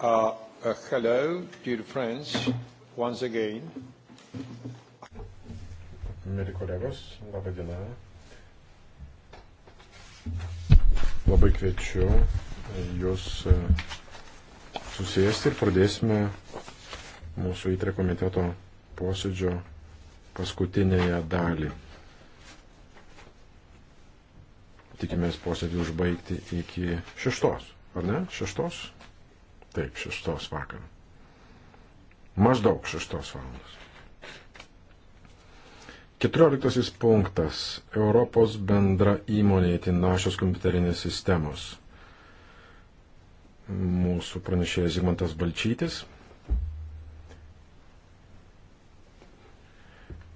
Uh, uh, hello, dear friends, once again. Mėly kolegos, laba diena. Labai kviečiu jūs e, susėsti ir pradėsime mūsų įtre komiteto posėdžio paskutinėje dalį. Tikimės posėdį užbaigti iki šeštos, ar ne? Šeštos Taip, šeštos vakar. Maždaug šeštos valandos. Keturioliktasis punktas. Europos bendra įmonė įtinašios kompiuterinės sistemos. Mūsų pranešėjas Zigmantas Balčytis.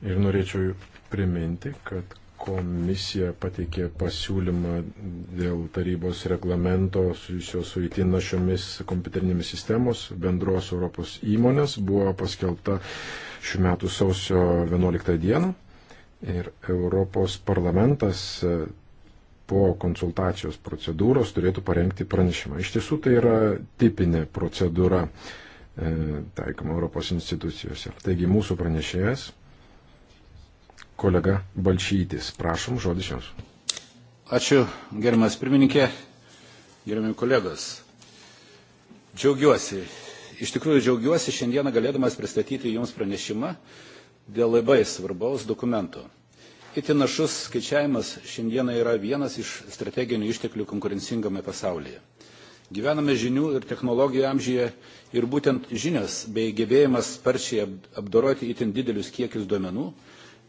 Ir norėčiau priminti, kad komisija pateikė pasiūlymą dėl tarybos reglamento susijusio su įtin našiomis kompiuterinėmis sistemos bendros Europos įmonės buvo paskelbta šių metų sausio 11 dieną ir Europos parlamentas e, po konsultacijos procedūros turėtų parengti pranešimą. Iš tiesų tai yra tipinė procedūra e, taikoma Europos institucijose. Taigi mūsų pranešėjas kolega Balčytis. Prašom, žodis jums. Ačiū, gerimas pirmininkė, gerimi kolegos. Džiaugiuosi, iš tikrųjų džiaugiuosi šiandieną galėdamas pristatyti Jums pranešimą dėl labai svarbaus dokumento. Itin našus skaičiavimas šiandieną yra vienas iš strateginių išteklių konkurencingame pasaulyje. Gyvename žinių ir technologijų amžyje ir būtent žinios bei gebėjimas sparčiai apdoroti itin didelius kiekius duomenų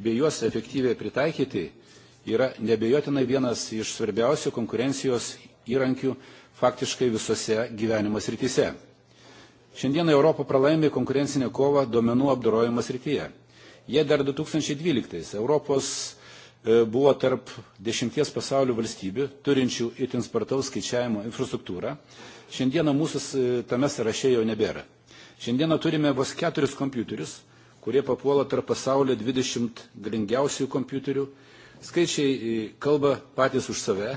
bei juos efektyviai pritaikyti yra nebejotinai vienas iš svarbiausių konkurencijos įrankių faktiškai visose gyvenimo srityse. Šiandien Europą pralaimi konkurencinę kovą duomenų apdorojimo srityje. Jie dar 2012 Europos e, buvo tarp dešimties pasaulio valstybių, turinčių itin spartaus skaičiavimo infrastruktūrą. Šiandieną mūsų tame sąraše jau nebėra. Šiandieną turime vos keturis kompiuterius, kurie papuola tarp pasaulio 20 galingiausių kompiuterių. Skaičiai e, kalba patys už save.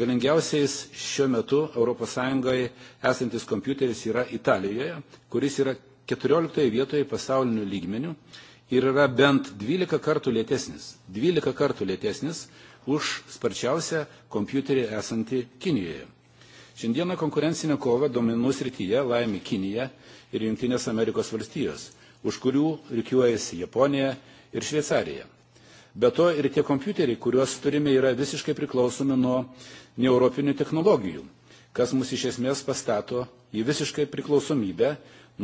Galingiausiais šiuo metu ES esantis kompiuteris yra Italijoje, kuris yra 14 vietoje pasaulinių lygmenių ir yra bent 12 kartų lėtesnis. 12 kartų lėtesnis už sparčiausią kompiuterį esantį Kinijoje. Šiandieną konkurencinę kovą domenų srityje laimi Kinija ir Junktinės Amerikos valstijos už kurių rikiuojasi Japonija ir Šveicarija. Be to ir tie kompiuteriai, kuriuos turime, yra visiškai priklausomi nuo neeuropinių technologijų, kas mus iš esmės pastato į visiškai priklausomybę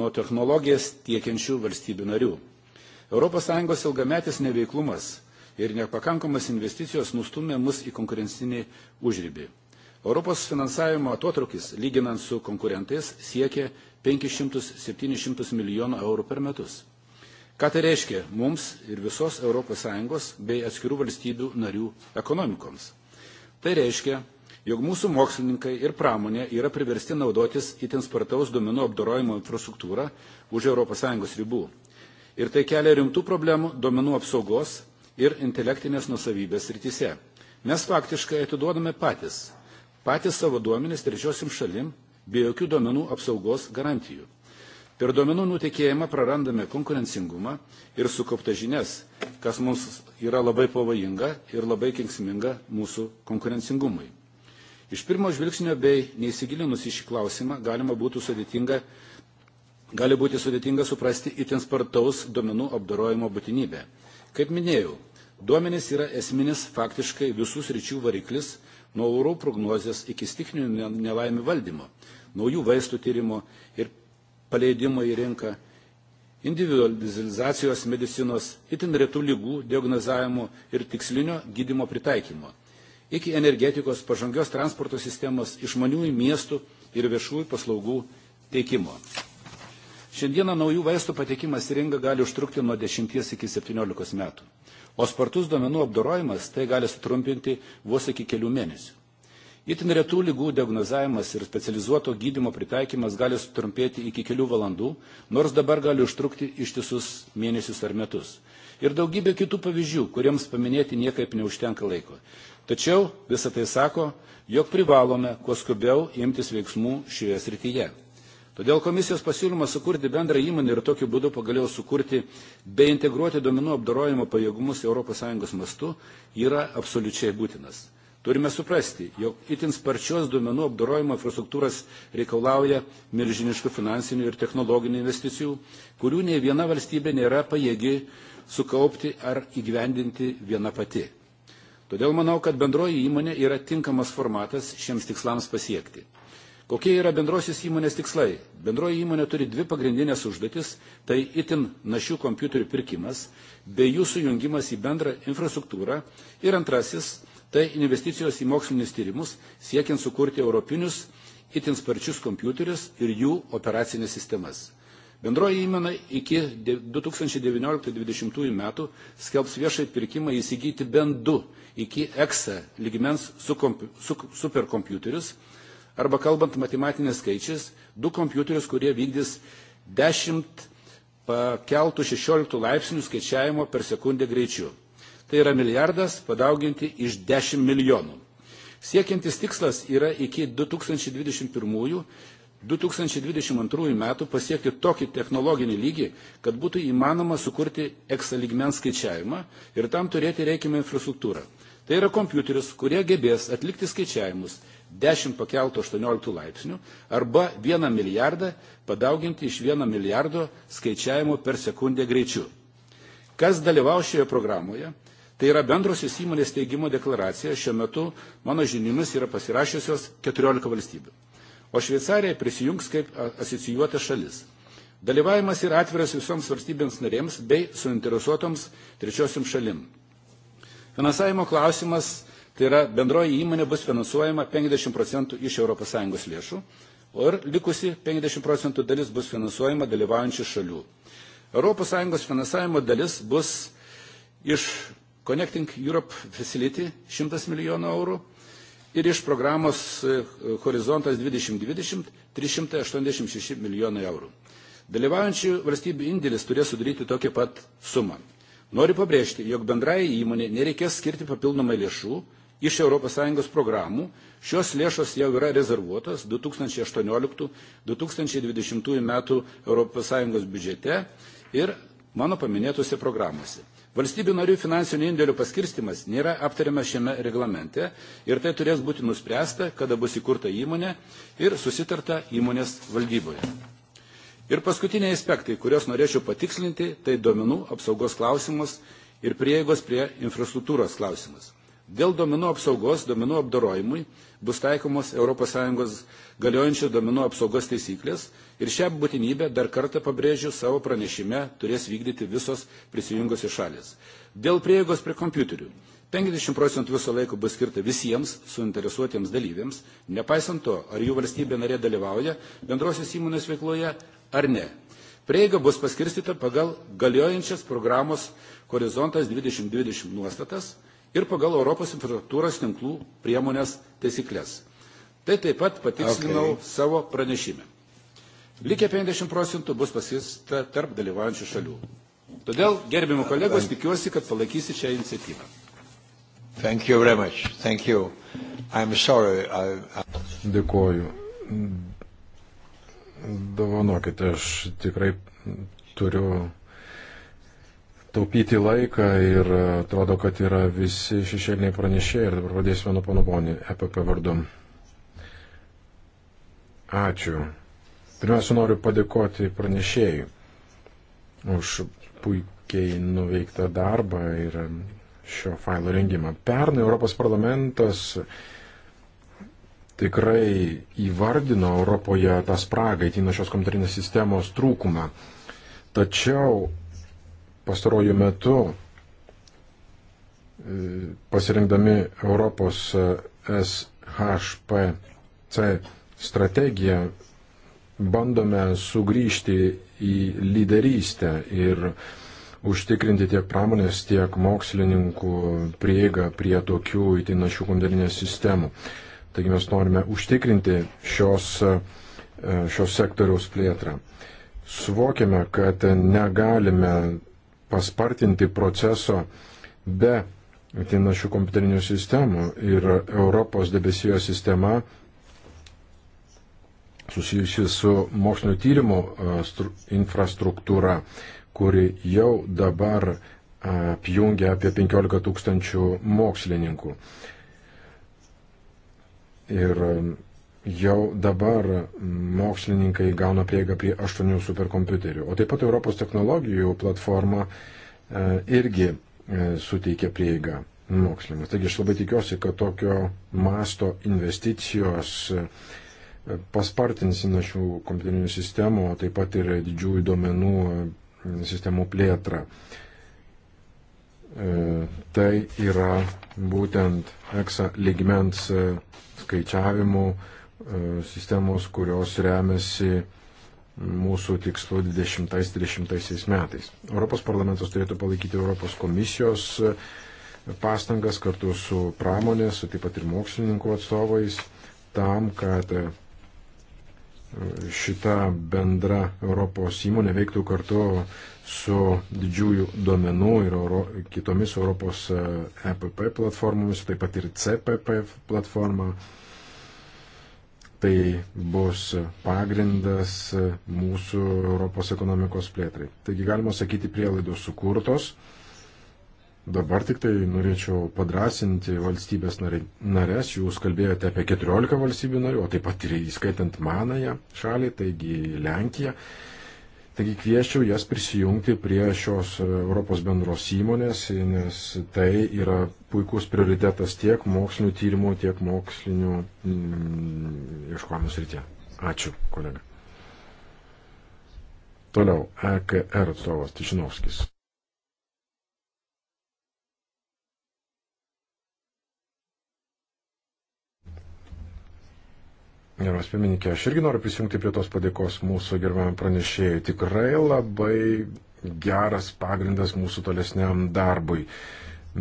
nuo technologijas tiekiančių valstybių narių. ES ilgametis neveiklumas ir nepakankamas investicijos nustumė mus į konkurencinį užrybį. Europos finansavimo atotrukis, lyginant su konkurentais, siekia 500-700 milijonų eurų per metus. Ką tai reiškia mums ir visos ES bei atskirų valstybių narių ekonomikoms? Tai reiškia, jog mūsų mokslininkai ir pramonė yra priversti naudotis itin spartaus duomenų apdorojimo infrastruktūrą už ES ribų. Ir tai kelia rimtų problemų duomenų apsaugos ir intelektinės nusavybės rytise. Mes faktiškai atiduodame patys patys savo duomenis trečiosim šalim be jokių duomenų apsaugos garantijų. Per duomenų nutekėjimą prarandame konkurencingumą ir sukauptą žinias, kas mums yra labai pavojinga ir labai kengsminga mūsų konkurencingumui. Iš pirmo žvilgsnio bei neįsigilinus į šį klausimą galima būtų sudėtinga, gali būti sudėtinga suprasti itin spartaus duomenų apdarojimo būtinybę. Kaip minėjau, duomenys yra esminis faktiškai visų sričių variklis nuo orų prognozės iki stikinių nelaimių valdymo, naujų vaistų tyrimo ir paleidimo į rinką, individualizacijos medicinos, itin retų lygų diagnozavimo ir tikslinio gydimo pritaikymo, iki energetikos pažangios transporto sistemos išmaniųjų miestų ir viešųjų paslaugų teikimo. Šiandieną naujų vaistų patekimas į rinką gali užtrukti nuo 10 iki 17 metų, o spartus duomenų apdorojimas tai gali sutrumpinti vos iki kelių mėnesių. Itin retų lygų diagnozavimas ir specializuoto gydymo pritaikymas gali sutrumpėti iki kelių valandų, nors dabar gali užtrukti ištisus mėnesius ar metus. Ir daugybė kitų pavyzdžių, kuriems paminėti niekaip neužtenka laiko. Tačiau visą tai sako, jog privalome kuo skubiau imtis veiksmų šioje srityje. Todėl komisijos pasiūlymas sukurti bendrą įmonę ir tokiu būdu pagaliau sukurti bei integruoti duomenų apdarojimo pajėgumus ES mastu yra absoliučiai būtinas. Turime suprasti, jog itin sparčios duomenų apdorojimo infrastruktūras reikalauja milžiniškų finansinių ir technologinių investicijų, kurių nei viena valstybė nėra pajėgi sukaupti ar įgyvendinti viena pati. Todėl manau, kad bendroji įmonė yra tinkamas formatas šiems tikslams pasiekti. Kokie yra bendrosios įmonės tikslai? Bendroji įmonė turi dvi pagrindinės užduotis - tai itin našių kompiuterių pirkimas bei jų sujungimas į bendrą infrastruktūrą ir antrasis - tai investicijos į mokslinius tyrimus siekiant sukurti europinius itin sparčius kompiuterius ir jų operacinės sistemas. Bendroji įmonė iki 2019-2020 metų skelbs viešai pirkimą įsigyti bent du iki EXA lygmens superkompiuterius, su arba kalbant matematinės skaičiais, du kompiuterius, kurie vykdys 10 pakeltų 16 laipsnių skaičiavimo per sekundę greičiu. Tai yra milijardas padauginti iš 10 milijonų. Siekiantis tikslas yra iki 2021-2022 metų pasiekti tokį technologinį lygį, kad būtų įmanoma sukurti eksaligmens skaičiavimą ir tam turėti reikiamą infrastruktūrą. Tai yra kompiuteris, kurie gebės atlikti skaičiavimus 10 pakeltų 18 laipsnių arba 1 milijardą padauginti iš 1 milijardo skaičiavimo per sekundę greičiu. Kas dalyvau šioje programoje, tai yra bendrosios įmonės teigimo deklaracija, šiuo metu mano žinimis yra pasirašiusios 14 valstybių. O Šveicarija prisijungs kaip asocijuota šalis. Dalyvavimas yra atviras visoms valstybėms narėms bei suinteresuotoms trečiosiam šalim. Finansavimo klausimas Tai yra bendroji įmonė bus finansuojama 50 procentų iš ES lėšų, o ir likusi 50 procentų dalis bus finansuojama dalyvaujančių šalių. ES finansavimo dalis bus iš Connecting Europe Facility 100 milijonų eurų ir iš programos e, Horizontas 2020 386 milijonai eurų. Dalyvaujančių valstybių indėlis turės sudaryti tokią pat sumą. Noriu pabrėžti, jog bendrai įmonė nereikės skirti papildomai lėšų, iš ES programų. Šios lėšos jau yra rezervuotos 2018-2020 metų ES biudžete ir mano paminėtose programuose. Valstybių narių finansinių indėlių paskirstimas nėra aptariamas šiame reglamente ir tai turės būti nuspręsta, kada bus įkurta įmonė ir susitarta įmonės valdyboje. Ir paskutiniai aspektai, kuriuos norėčiau patikslinti, tai duomenų apsaugos klausimas ir prieigos prie infrastruktūros klausimas. Dėl domenų apsaugos domenų apdarojimui bus taikomos ES galiojančių domenų apsaugos taisyklės ir šią būtinybę dar kartą pabrėžiu savo pranešime turės vykdyti visos prisijungusios šalis. Dėl prieigos prie kompiuterių. 50 procentų viso laiko bus skirta visiems suinteresuotiems dalyviams, nepaisant to, ar jų valstybė narė dalyvauja bendrosios įmonės veikloje ar ne. Prieiga bus paskirstyta pagal galiojančias programos Horizontas 2020 nuostatas, ir pagal Europos infrastruktūros tinklų priemonės taisyklės. Tai taip pat patikslinau okay. savo pranešime. Likę 50 procentų bus pasista tarp dalyvaujančių šalių. Todėl, gerbimo kolegos, tikiuosi, kad palaikysi šią iniciatyvą. Thank you very much. Thank you. I'm sorry. I, I... Dėkuoju. Dovanokite, aš tikrai turiu taupyti laiką ir e, atrodo, kad yra visi šešėliniai pranešėjai ir dabar pradėsime nuo pono Boni, EPP vardu. Ačiū. Pirmiausia, noriu padėkoti pranešėjui už puikiai nuveiktą darbą ir šio failo rengimą. Pernai Europos parlamentas tikrai įvardino Europoje tą spragą įtinašios kompiuterinės sistemos trūkumą. Tačiau pastarojų metų e, pasirinkdami Europos e, SHPC strategiją bandome sugrįžti į lyderystę ir užtikrinti tiek pramonės, tiek mokslininkų prieigą prie tokių įtinašių komdalinės sistemų. Taigi mes norime užtikrinti šios, e, šios sektoriaus plėtrą. Suvokiame, kad negalime paspartinti proceso be atinašių kompiuterinių sistemų ir Europos debesijos sistema susijusi su mokslinio tyrimo infrastruktūra, kuri jau dabar apjungia apie 15 tūkstančių mokslininkų. Ir Jau dabar mokslininkai gauna prieigą prie aštuonių superkompiuterių, o taip pat Europos technologijų platforma e, irgi e, suteikia prieigą mokslininkams. Taigi aš labai tikiuosi, kad tokio masto investicijos e, paspartins našių kompiuterinių sistemų, o taip pat ir didžiųjų duomenų sistemų plėtrą. Tai yra būtent EXA ligmens skaičiavimų E, sistemos, kurios remiasi mūsų tikslu 20-30 metais. Europos parlamentas turėtų palaikyti Europos komisijos pastangas kartu su pramonės, su taip pat ir mokslininkų atstovais, tam, kad šita bendra Europos įmonė veiktų kartu su didžiųjų duomenų ir Euro, kitomis Europos EPP e platformomis, taip pat ir CPP platforma. Tai bus pagrindas mūsų Europos ekonomikos plėtrai. Taigi galima sakyti prielaidos sukurtos. Dabar tik tai norėčiau padrasinti valstybės narės, jūs kalbėjote apie 14 valstybių narių, o taip pat ir įskaitant manąją šalį, taigi Lenkiją. Taigi kviečiau jas prisijungti prie šios e, Europos bendros įmonės, nes tai yra puikus prioritetas tiek mokslinių tyrimų, tiek mokslinių mm, ieškojimų srityje. Ačiū, kolega. Toliau, EKR atstovas Tišinovskis. Geros pirmininkė, aš irgi noriu prisijungti prie tos padėkos mūsų gerbiamam pranešėjui. Tikrai labai geras pagrindas mūsų tolesniam darbui.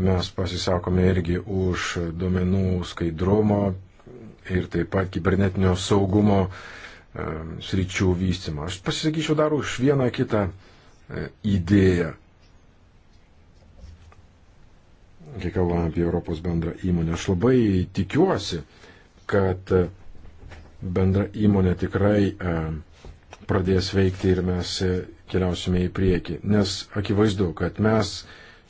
Mes pasisakome irgi už duomenų skaidrumo ir taip pat kibernetinio saugumo e, sričių vystymą. Aš pasisakyčiau dar už vieną kitą e, idėją. Kai kalbame apie Europos bendrą įmonę, aš labai tikiuosi, kad e, bendra įmonė tikrai e, pradės veikti ir mes e, keliausime į priekį. Nes akivaizdu, kad mes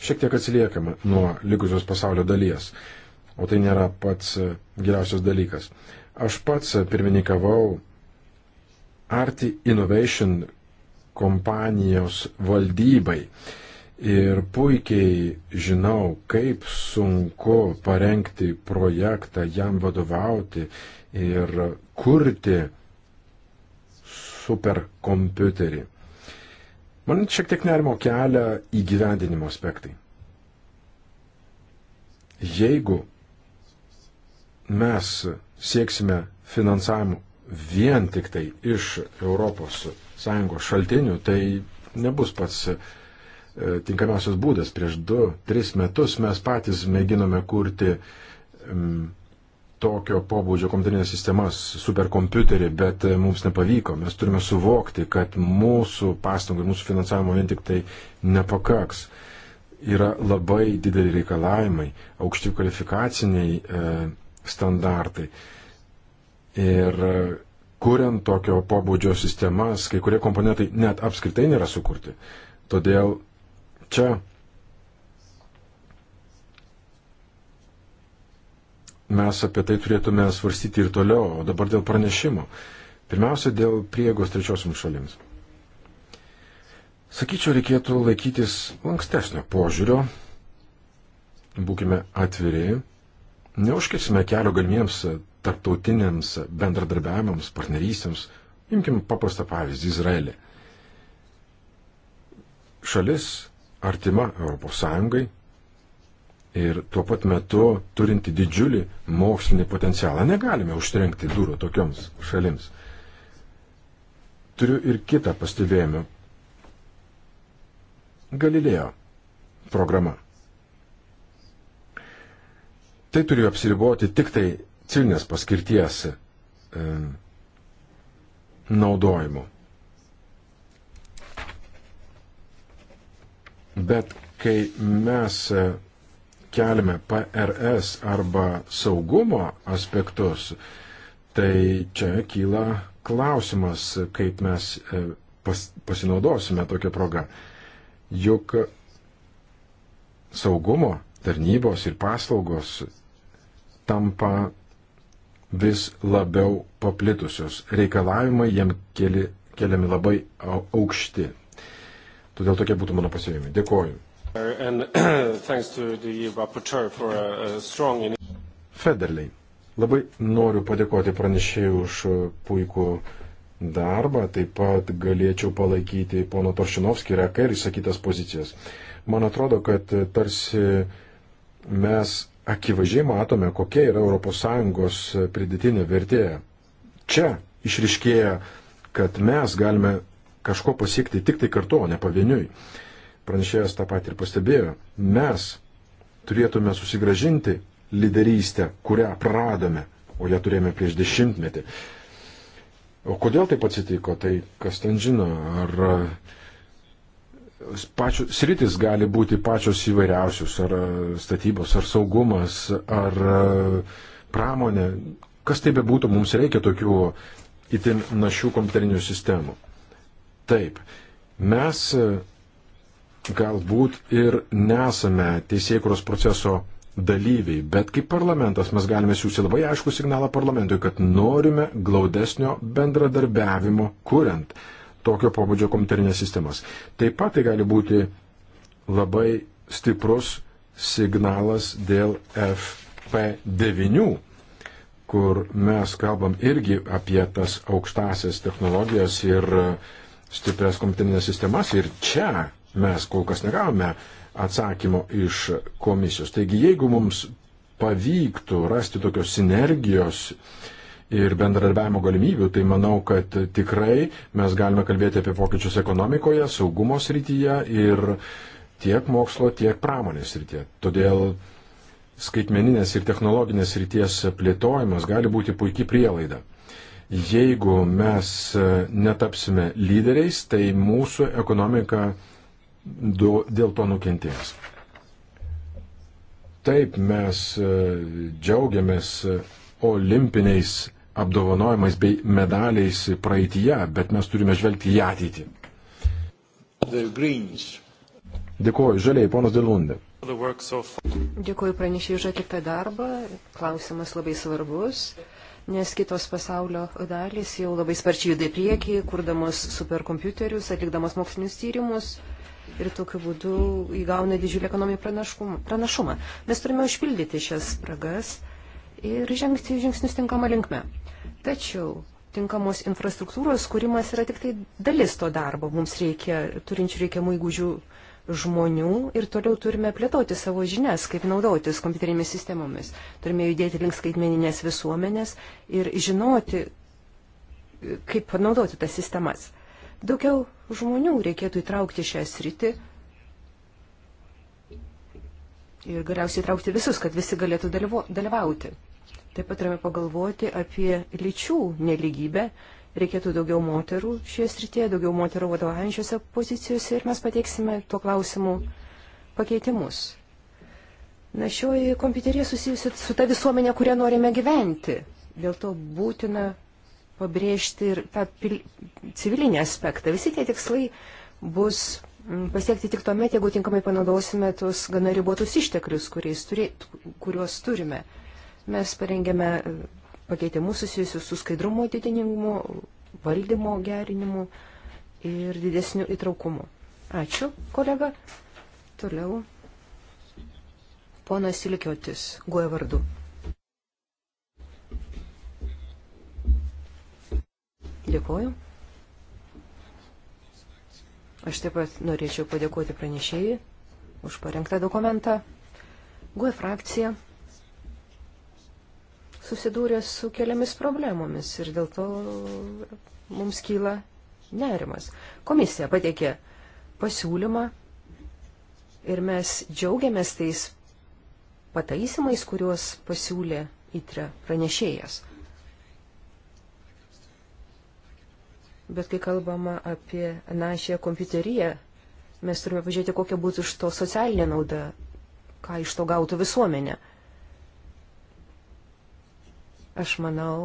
šiek tiek atsiliekame nuo likusios pasaulio dalies. O tai nėra pats e, geriausias dalykas. Aš pats pirmininkavau Arti Innovation kompanijos valdybai. Ir puikiai žinau, kaip sunku parengti projektą, jam vadovauti ir kurti superkompiuterį. Man šiek tiek nerimo kelia įgyvendinimo aspektai. Jeigu mes sieksime finansavimų vien tik tai iš ES šaltinių, tai nebus pats e, tinkamiausias būdas. Prieš 2-3 metus mes patys mėginome kurti mm, tokio pobūdžio kompiuterinės sistemas, superkompiuterį, bet e, mums nepavyko. Mes turime suvokti, kad mūsų pastangų ir mūsų finansavimo vien tik tai nepakaks. Yra labai dideli reikalavimai, aukšti kvalifikaciniai e, standartai. Ir e, kuriant tokio pobūdžio sistemas, kai kurie komponentai net apskritai nėra sukurti. Todėl čia mes apie tai turėtume svarstyti ir toliau, o dabar dėl pranešimo. Pirmiausia, dėl priegos trečiosioms šalims. Sakyčiau, reikėtų laikytis lankstesnio požiūrio, būkime atviri, neužkirsime kelio galimiems tarptautiniams bendradarbiavimams, partnerystėms. Imkime paprastą pavyzdį - Izraelį. Šalis artima ES, ir tuo pat metu turinti didžiulį mokslinį potencialą. Negalime užtrenkti durų tokioms šalims. Turiu ir kitą pastebėjimą. Galilėjo programa. Tai turėjo apsiriboti tik tai civilinės paskirties e, naudojimu. Bet kai mes e, keliame PRS arba saugumo aspektus, tai čia kyla klausimas, kaip mes e, pas, pasinaudosime tokią progą. Juk saugumo tarnybos ir paslaugos tampa vis labiau paplitusios. Reikalavimai jiem keli, keliami labai aukšti. Todėl tokie būtų mano pasirinkimai. Dėkoju. Federley, labai noriu padėkoti pranešėjui už puikų darbą, taip pat galėčiau palaikyti pono Toršinovskį ir AK ir išsakytas pozicijas. Man atrodo, kad tarsi mes akivaizdžiai matome, kokia yra ES pridėtinė vertė. Čia išriškėja, kad mes galime kažko pasiekti tik tai kartu, o ne pavieniui pranešėjas tą patį ir pastebėjo, mes turėtume susigražinti lyderystę, kurią praradome, o ją turėjome prieš dešimtmetį. O kodėl taip atsitiko, tai kas ten žino, ar e, pačio, sritis gali būti pačios įvairiausios, ar e, statybos, ar saugumas, ar e, pramonė, kas tai bebūtų, mums reikia tokių itin našių kompiuterinių sistemų. Taip, mes galbūt ir nesame teisėkuros proceso dalyviai, bet kaip parlamentas mes galime siūsti labai aišku signalą parlamentui, kad norime glaudesnio bendradarbiavimo kuriant tokio pobūdžio kompiuterinės sistemas. Taip pat tai gali būti labai stiprus signalas dėl FP9, kur mes kalbam irgi apie tas aukštasias technologijas ir stiprias kompiuterinės sistemas. Ir čia Mes kol kas negavome atsakymo iš komisijos. Taigi, jeigu mums pavyktų rasti tokios sinergijos ir bendradarbiavimo galimybių, tai manau, kad tikrai mes galime kalbėti apie pokyčius ekonomikoje, saugumo srityje ir tiek mokslo, tiek pramonės srityje. Todėl skaitmeninės ir technologinės srities plėtojimas gali būti puikiai prielaida. Jeigu mes netapsime lyderiais, tai mūsų ekonomika dėl to nukentės. Taip mes e, džiaugiamės e, olimpiniais apdovanojimais bei medaliais praeitie, bet mes turime žvelgti į ateitį. Dėkuoju, žaliai, ponas Dilundė. Dėkuoju pranešiai už atliktą darbą. Klausimas labai svarbus, nes kitos pasaulio dalys jau labai sparčiai juda į priekį, kurdamos superkompiuterius, atlikdamos mokslinius tyrimus ir tokiu būdu įgauna didžiulį ekonominį pranašumą. Mes turime užpildyti šias spragas ir žengti žingsnius tinkamą linkmę. Tačiau tinkamos infrastruktūros kūrimas yra tik tai dalis to darbo. Mums reikia turinčių reikiamų įgūdžių žmonių ir toliau turime plėtoti savo žinias, kaip naudotis kompiuterinėmis sistemomis. Turime judėti link skaitmeninės visuomenės ir žinoti, kaip panaudoti tas sistemas. Daugiau žmonių reikėtų įtraukti šią sritį ir galiausiai įtraukti visus, kad visi galėtų dalyvauti. Taip pat turime pagalvoti apie lyčių neligybę. Reikėtų daugiau moterų šioje srityje, daugiau moterų vadovaujančiose pozicijose ir mes pateiksime tuo klausimu pakeitimus. Na, šioji kompiuterė susijusi su ta visuomenė, kurią norime gyventi. Dėl to būtina pabrėžti ir tą pil... civilinį aspektą. Visi tie tikslai bus mm, pasiekti tik tuomet, jeigu tinkamai panaudosime tuos gana ribotus išteklius, turė, kuriuos turime. Mes parengėme e, pakeitimus susijusius su skaidrumo didinimu, valdymo gerinimu ir didesniu įtraukumu. Ačiū, kolega. Toliau. Ponas Ilikiotis, guoja e vardu. Dėkoju. Aš taip pat norėčiau padėkoti pranešėjai už parengtą dokumentą. GUE frakcija susidūrė su keliomis problemomis ir dėl to mums kyla nerimas. Komisija pateikė pasiūlymą ir mes džiaugiamės tais pataisimais, kuriuos pasiūlė įtre pranešėjas. Bet kai kalbama apie našią kompiuteriją, mes turime pažiūrėti, kokia būtų iš to socialinė nauda, ką iš to gautų visuomenė. Aš manau,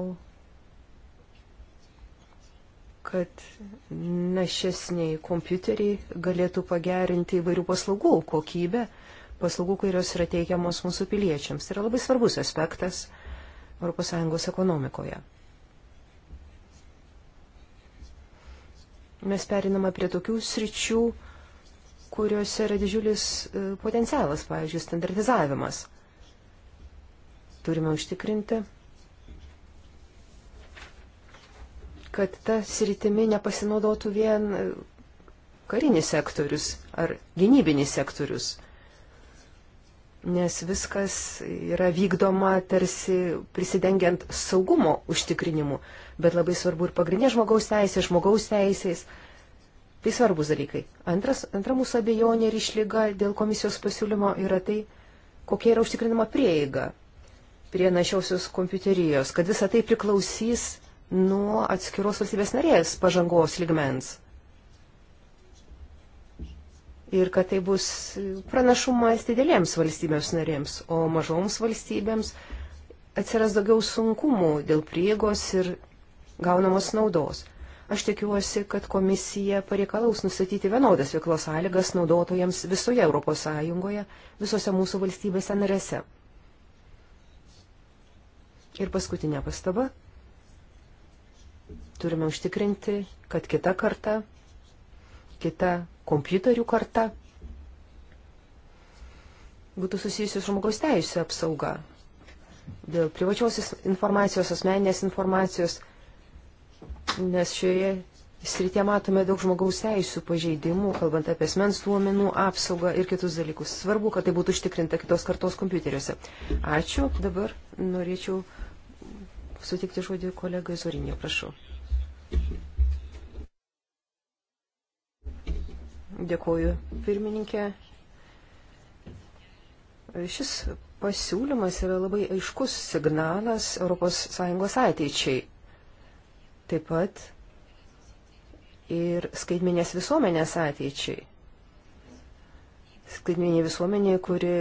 kad našesniai kompiuteriai galėtų pagerinti įvairių paslaugų kokybę, paslaugų, kurios yra teikiamos mūsų piliečiams. Tai yra labai svarbus aspektas ES ekonomikoje. mes periname prie tokių sričių, kuriuose yra didžiulis e, potencialas, pavyzdžiui, standartizavimas. Turime užtikrinti, kad ta sritimi nepasinaudotų vien e, karinis sektorius ar gynybinis sektorius nes viskas yra vykdoma tarsi prisidengiant saugumo užtikrinimu, bet labai svarbu ir pagrindinė žmogaus teisė, žmogaus teisės. Tai svarbus dalykai. Antras, antra mūsų abejonė ir išlyga dėl komisijos pasiūlymo yra tai, kokia yra užtikrinama prieiga prie našiausios kompiuterijos, kad visa tai priklausys nuo atskiros valstybės narės pažangos ligmens ir kad tai bus pranašumas didelėms valstybėms narėms, o mažoms valstybėms atsiras daugiau sunkumų dėl priegos ir gaunamos naudos. Aš tikiuosi, kad komisija pareikalaus nustatyti vienodas veiklos sąlygas naudotojams visoje ES, visose mūsų valstybėse narėse. Ir paskutinė pastaba. Turime užtikrinti, kad kita karta kita kompiuterių karta būtų susijusi su žmogaus teisų apsauga. Dėl privačios informacijos, asmeninės informacijos, nes šioje srityje matome daug žmogaus teisų pažeidimų, kalbant apie asmens duomenų apsaugą ir kitus dalykus. Svarbu, kad tai būtų užtikrinta kitos kartos kompiuteriuose. Ačiū. Dabar norėčiau sutikti žodį kolegai Zorinio, prašau. Dėkuoju, pirmininkė. Šis pasiūlymas yra labai aiškus signalas ES ateičiai. Taip pat ir skaitminės visuomenės ateičiai. Skaitminė visuomenė, kuri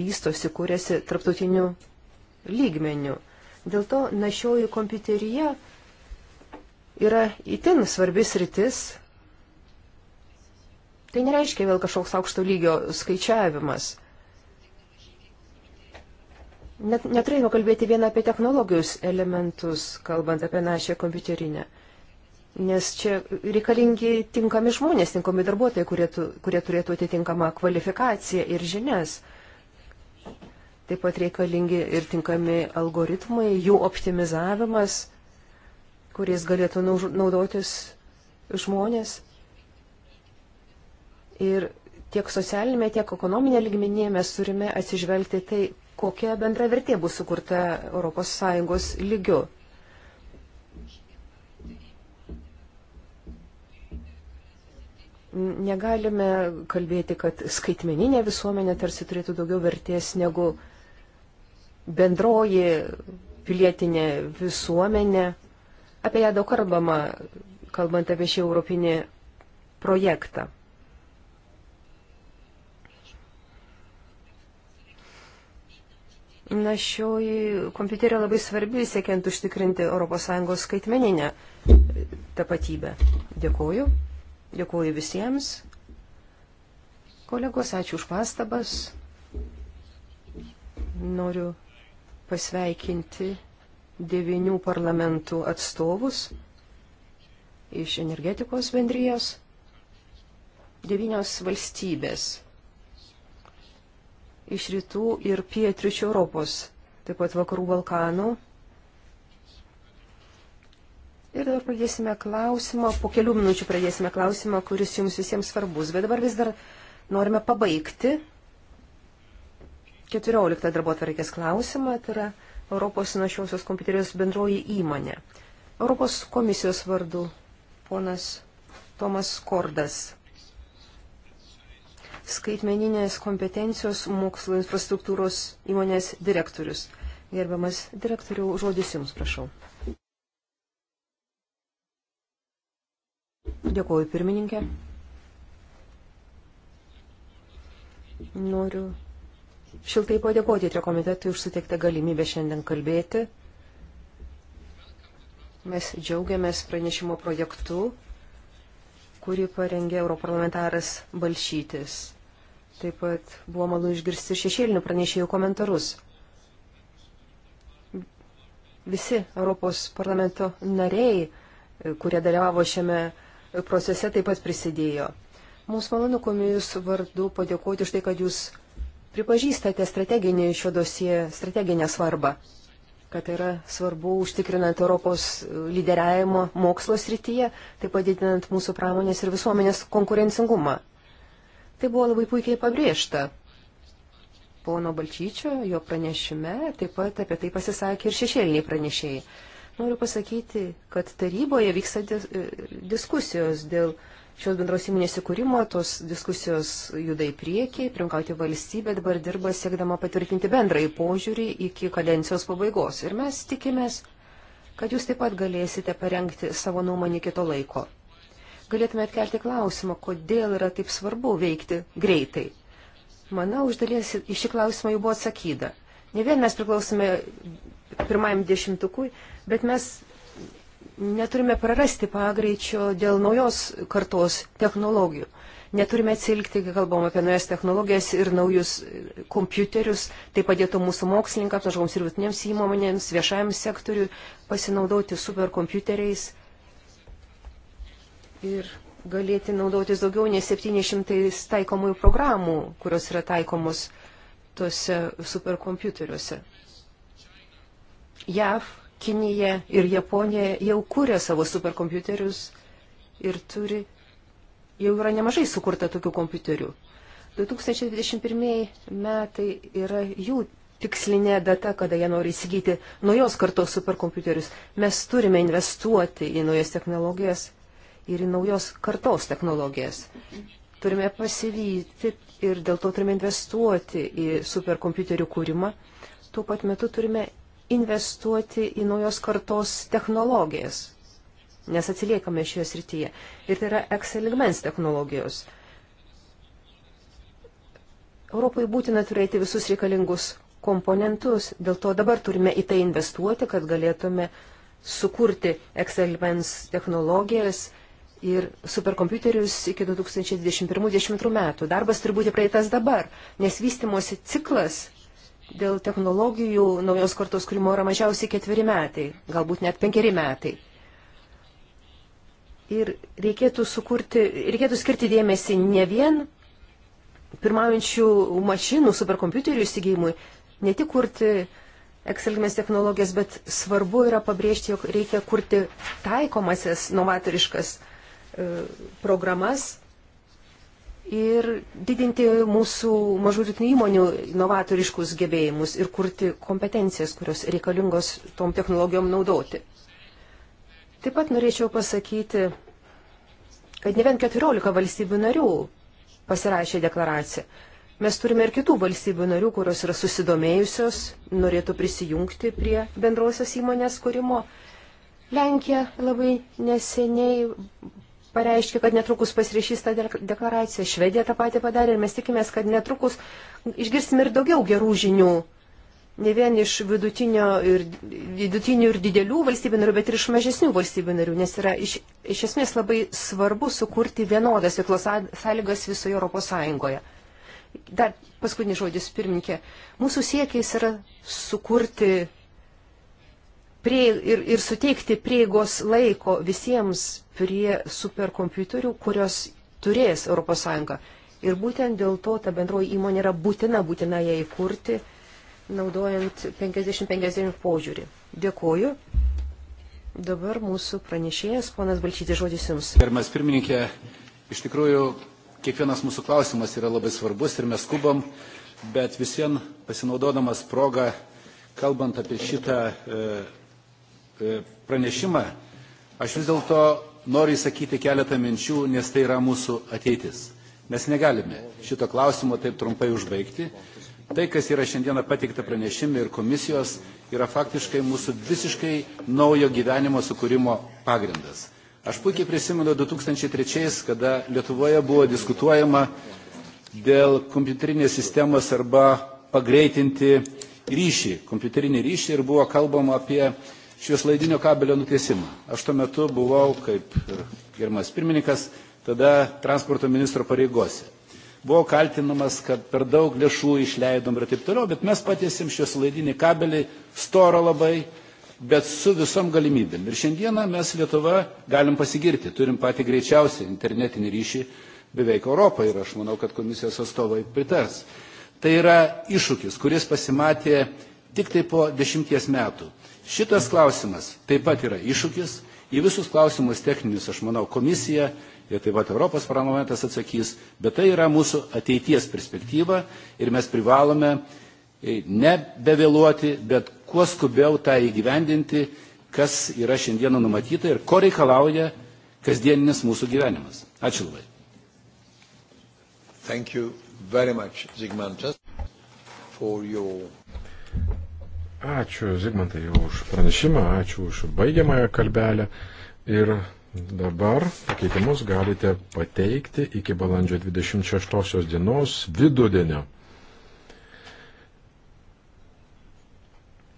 vystosi, kuriasi tarptautiniu lygmeniu. Dėl to našioji kompiuterija yra itin svarbis rytis, Tai nereiškia vėl kažkoks aukšto lygio skaičiavimas. Net neturėjome kalbėti vien apie technologijos elementus, kalbant apie našią kompiuterinę. Nes čia reikalingi tinkami žmonės, tinkami darbuotojai, kurie, tu, kurie turėtų atitinkamą kvalifikaciją ir žinias. Taip pat reikalingi ir tinkami algoritmai, jų optimizavimas, kuriais galėtų naudotis žmonės. Ir tiek socialinėme, tiek ekonominėme lygmenyje mes turime atsižvelgti tai, kokia bendra vertė bus sukurta ES lygiu. Negalime kalbėti, kad skaitmeninė visuomenė tarsi turėtų daugiau vertės negu bendroji pilietinė visuomenė. Apie ją daug kalbama, kalbant apie šį europinį projektą. Na, šioji kompiuterė labai svarbi, siekiant užtikrinti ES skaitmeninę tapatybę. Dėkuoju. Dėkuoju visiems. Kolegos, ačiū už pastabas. Noriu pasveikinti devinių parlamentų atstovus iš energetikos bendrijos, devynios valstybės iš rytų ir pietričių Europos, taip pat vakarų Balkanų. Ir dabar pradėsime klausimą, po kelių minučių pradėsime klausimą, kuris jums visiems svarbus. Bet dabar vis dar norime pabaigti 14 darbo atvarkės klausimą, tai yra Europos našiosios kompiuterijos bendroji įmonė. Europos komisijos vardu ponas Tomas Kordas skaitmeninės kompetencijos mokslo infrastruktūros įmonės direktorius. Gerbiamas direktoriau, žodis Jums, prašau. Dėkuoju, pirmininkė. Noriu šiltai padėkoti trekomitetui už suteiktą galimybę šiandien kalbėti. Mes džiaugiamės pranešimo projektu, kurį parengė europarlamentaras Balšytis. Taip pat buvo malonu išgirsti šešėlinių pranešėjų komentarus. Visi Europos parlamento nariai, kurie dalyvavo šiame procese, taip pat prisidėjo. Mums malonu komijos vardu padėkoti už tai, kad jūs pripažįstate strateginį šio dosie, strateginę svarbą, kad yra svarbu užtikrinant Europos lyderiavimo mokslo srityje, taip padidinant mūsų pramonės ir visuomenės konkurencingumą. Tai buvo labai puikiai pabrėžta. Pono Balčyčio, jo pranešime taip pat apie tai pasisakė ir šešėliniai pranešėjai. Noriu pasakyti, kad taryboje vyksta dis e, diskusijos dėl šios bendros įmonės įkūrimo, tos diskusijos juda į priekį, primkauti valstybė dabar dirba siekdama patvirtinti bendrąjį požiūrį iki kadencijos pabaigos. Ir mes tikimės, kad jūs taip pat galėsite parengti savo nuomonį kito laiko galėtume atkelti klausimą, kodėl yra taip svarbu veikti greitai. Manau, iš dalies į šį klausimą jau buvo atsakyta. Ne vien mes priklausome pirmajam dešimtukui, bet mes neturime prarasti pagreičio dėl naujos kartos technologijų. Neturime atsilgti, kai kalbam apie naujas technologijas ir naujus kompiuterius. Tai padėtų mūsų mokslininkams, žmogaus ir vidutinėms įmonėms, viešajam sektoriui pasinaudoti superkompiuteriais ir galėti naudotis daugiau nei 700 taikomųjų programų, kurios yra taikomos tuose superkompiuteriuose. JAV, Kinija ir Japonija jau kūrė savo superkompiuterius ir turi, jau yra nemažai sukurta tokių kompiuterių. 2021 metai yra jų tikslinė data, kada jie nori įsigyti naujos kartos superkompiuterius. Mes turime investuoti į naujas technologijas ir į naujos kartos technologijas. Turime pasivyti ir dėl to turime investuoti į superkompiuterių kūrimą. Tuo pat metu turime investuoti į naujos kartos technologijas, nes atsiliekame šioje srityje. Ir tai yra ekseligmens technologijos. Europai būtina turėti visus reikalingus komponentus, dėl to dabar turime į tai investuoti, kad galėtume sukurti ekselimens technologijas ir superkompiuterius iki 2021-2022 metų. Darbas turi būti praeitas dabar, nes vystimosi ciklas dėl technologijų naujos kartos kūrimo yra mažiausiai ketveri metai, galbūt net penkeri metai. Ir reikėtų, sukurti, reikėtų skirti dėmesį ne vien pirmaujančių mašinų, superkompiuterių įsigijimui, ne tik kurti ekselgmės technologijas, bet svarbu yra pabrėžti, jog reikia kurti taikomasias, novatoriškas uh, E, programas ir didinti mūsų mažuritinių įmonių inovatoriškus gebėjimus ir kurti kompetencijas, kurios reikalingos tom technologijom naudoti. Taip pat norėčiau pasakyti, kad ne vien 14 valstybių narių pasirašė deklaraciją. Mes turime ir kitų valstybių narių, kurios yra susidomėjusios, norėtų prisijungti prie bendrosios įmonės kūrimo. Lenkija labai neseniai pareiškė, kad netrukus pasirašys tą deklaraciją. Švedija tą patį padarė ir mes tikimės, kad netrukus išgirsime ir daugiau gerų žinių. Ne vien iš vidutinio ir, vidutinių ir didelių valstybių narių, bet ir iš mažesnių valstybių narių, nes yra iš, iš esmės labai svarbu sukurti vienodas veiklos sąlygas visoje Europos Sąjungoje. Dar paskutinis žodis, pirminkė. Mūsų siekis yra sukurti prie, ir, ir suteikti prieigos laiko visiems prie superkompiuterių, kurios turės ES. Ir būtent dėl to ta bendroji įmonė yra būtina, būtina ją įkurti, naudojant 50-50 požiūrį. Dėkuoju. Dabar mūsų pranešėjas, ponas Balčytis, žodis jums. Gerbiamas pirmininkė, iš tikrųjų kiekvienas mūsų klausimas yra labai svarbus ir mes skubam, bet visien pasinaudodamas progą, kalbant apie šitą e, E, pranešimą, aš vis dėlto noriu įsakyti keletą minčių, nes tai yra mūsų ateitis. Mes negalime šito klausimo taip trumpai užbaigti. Tai, kas yra šiandieną pateikta pranešime ir komisijos, yra faktiškai mūsų visiškai naujo gyvenimo sukūrimo pagrindas. Aš puikiai prisimenu 2003, kada Lietuvoje buvo diskutuojama dėl kompiuterinės sistemos arba pagreitinti ryšį, kompiuterinį ryšį ir buvo kalbama apie švieslaidinio kabelio nutiesimą. Aš tuo metu buvau, kaip gerimas pirmininkas, tada transporto ministro pareigose. Buvo kaltinamas, kad per daug lėšų išleidom ir taip toliau, bet mes patiesim švieslaidinį kabelį, storo labai, bet su visom galimybėm. Ir šiandieną mes Lietuva galim pasigirti, turim patį greičiausią internetinį ryšį beveik Europoje ir aš manau, kad komisijos atstovai pritars. Tai yra iššūkis, kuris pasimatė tik tai po dešimties metų. Šitas klausimas taip pat yra iššūkis. Į visus klausimus techninius, aš manau, komisija ir taip pat Europos parlamentas atsakys, bet tai yra mūsų ateities perspektyva ir mes privalome e, nebevėluoti, bet kuo skubiau tą įgyvendinti, kas yra šiandieną numatyta ir ko reikalauja kasdieninis mūsų gyvenimas. Ačiū labai. Thank you very much, Zygmantas, for your... Ačiū Zigmantai už pranešimą, ačiū už baigiamąją kalbelę. Ir dabar pakeitimus galite pateikti iki balandžio 26 dienos vidudienio.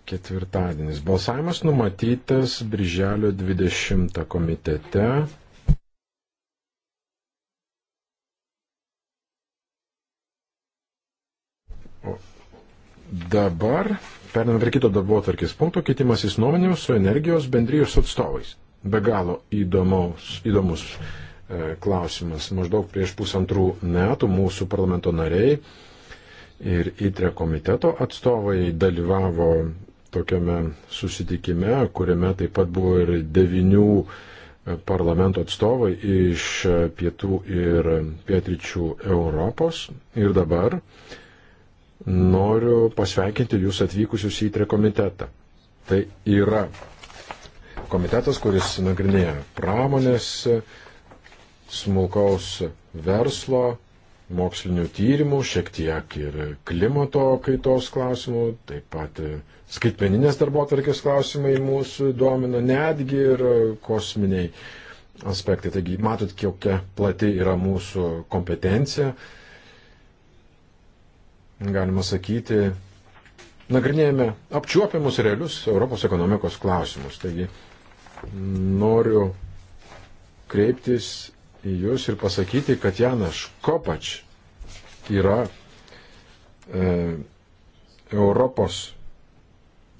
Ketvirtadienis. Balsavimas numatytas Birželio 20 komitete. O dabar Pernam prie kito darbo atvarkės punkto keitimasis nuomonėmis su energijos bendrijos atstovais. Be galo įdomaus, įdomus e, klausimas. Maždaug prieš pusantrų metų mūsų parlamento nariai ir ITRE komiteto atstovai dalyvavo tokiame susitikime, kuriame taip pat buvo ir devinių e, parlamento atstovai iš e, pietų ir pietryčių Europos. Ir dabar noriu pasveikinti jūs atvykusius į įtrę komitetą. Tai yra komitetas, kuris nagrinėja pramonės, smulkaus verslo, mokslinių tyrimų, šiek tiek ir klimato kaitos klausimų, taip pat skaitmeninės darbo atvarkės klausimai mūsų domina, netgi ir kosminiai aspektai. Taigi matot, kokia plati yra mūsų kompetencija. Uh, galima sakyti, nagrinėjame apčiuopiamus realius Europos ekonomikos klausimus. Taigi noriu kreiptis į Jūs ir pasakyti, kad Janas Kopač yra e, Europos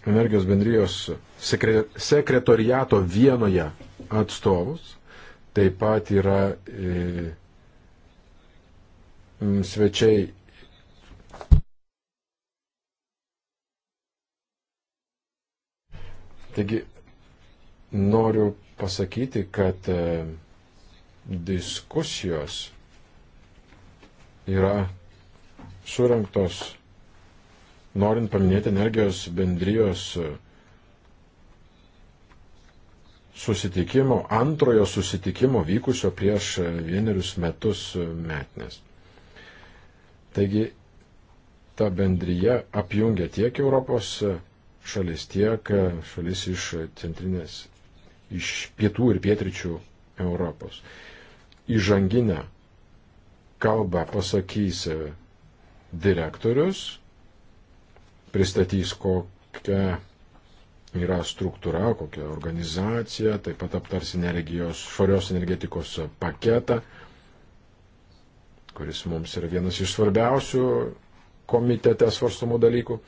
energijos bendrijos sekre, sekretoriato vienoje atstovus, taip pat yra e, svečiai Taigi noriu pasakyti, kad e, diskusijos yra surinktos, norint paminėti energijos bendrijos e, susitikimo, antrojo susitikimo vykusio prieš e, vienerius metus metnes. Taigi ta bendryje apjungia tiek Europos šalis, tiek šalis iš centrinės, iš pietų ir pietričių Europos. Įžanginę kalbą pasakys direktorius, pristatys kokią yra struktūra, kokia organizacija, taip pat aptars energijos, švarios energetikos paketą, kuris mums yra vienas iš svarbiausių komitete svarstomų dalykų.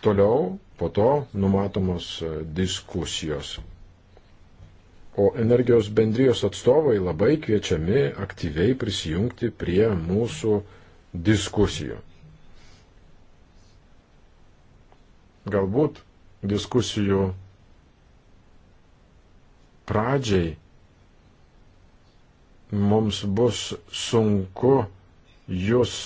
Toliau po to numatomos e, diskusijos. O energijos bendrijos atstovai labai kviečiami aktyviai prisijungti prie mūsų diskusijų. Galbūt diskusijų pradžiai mums bus sunku jūs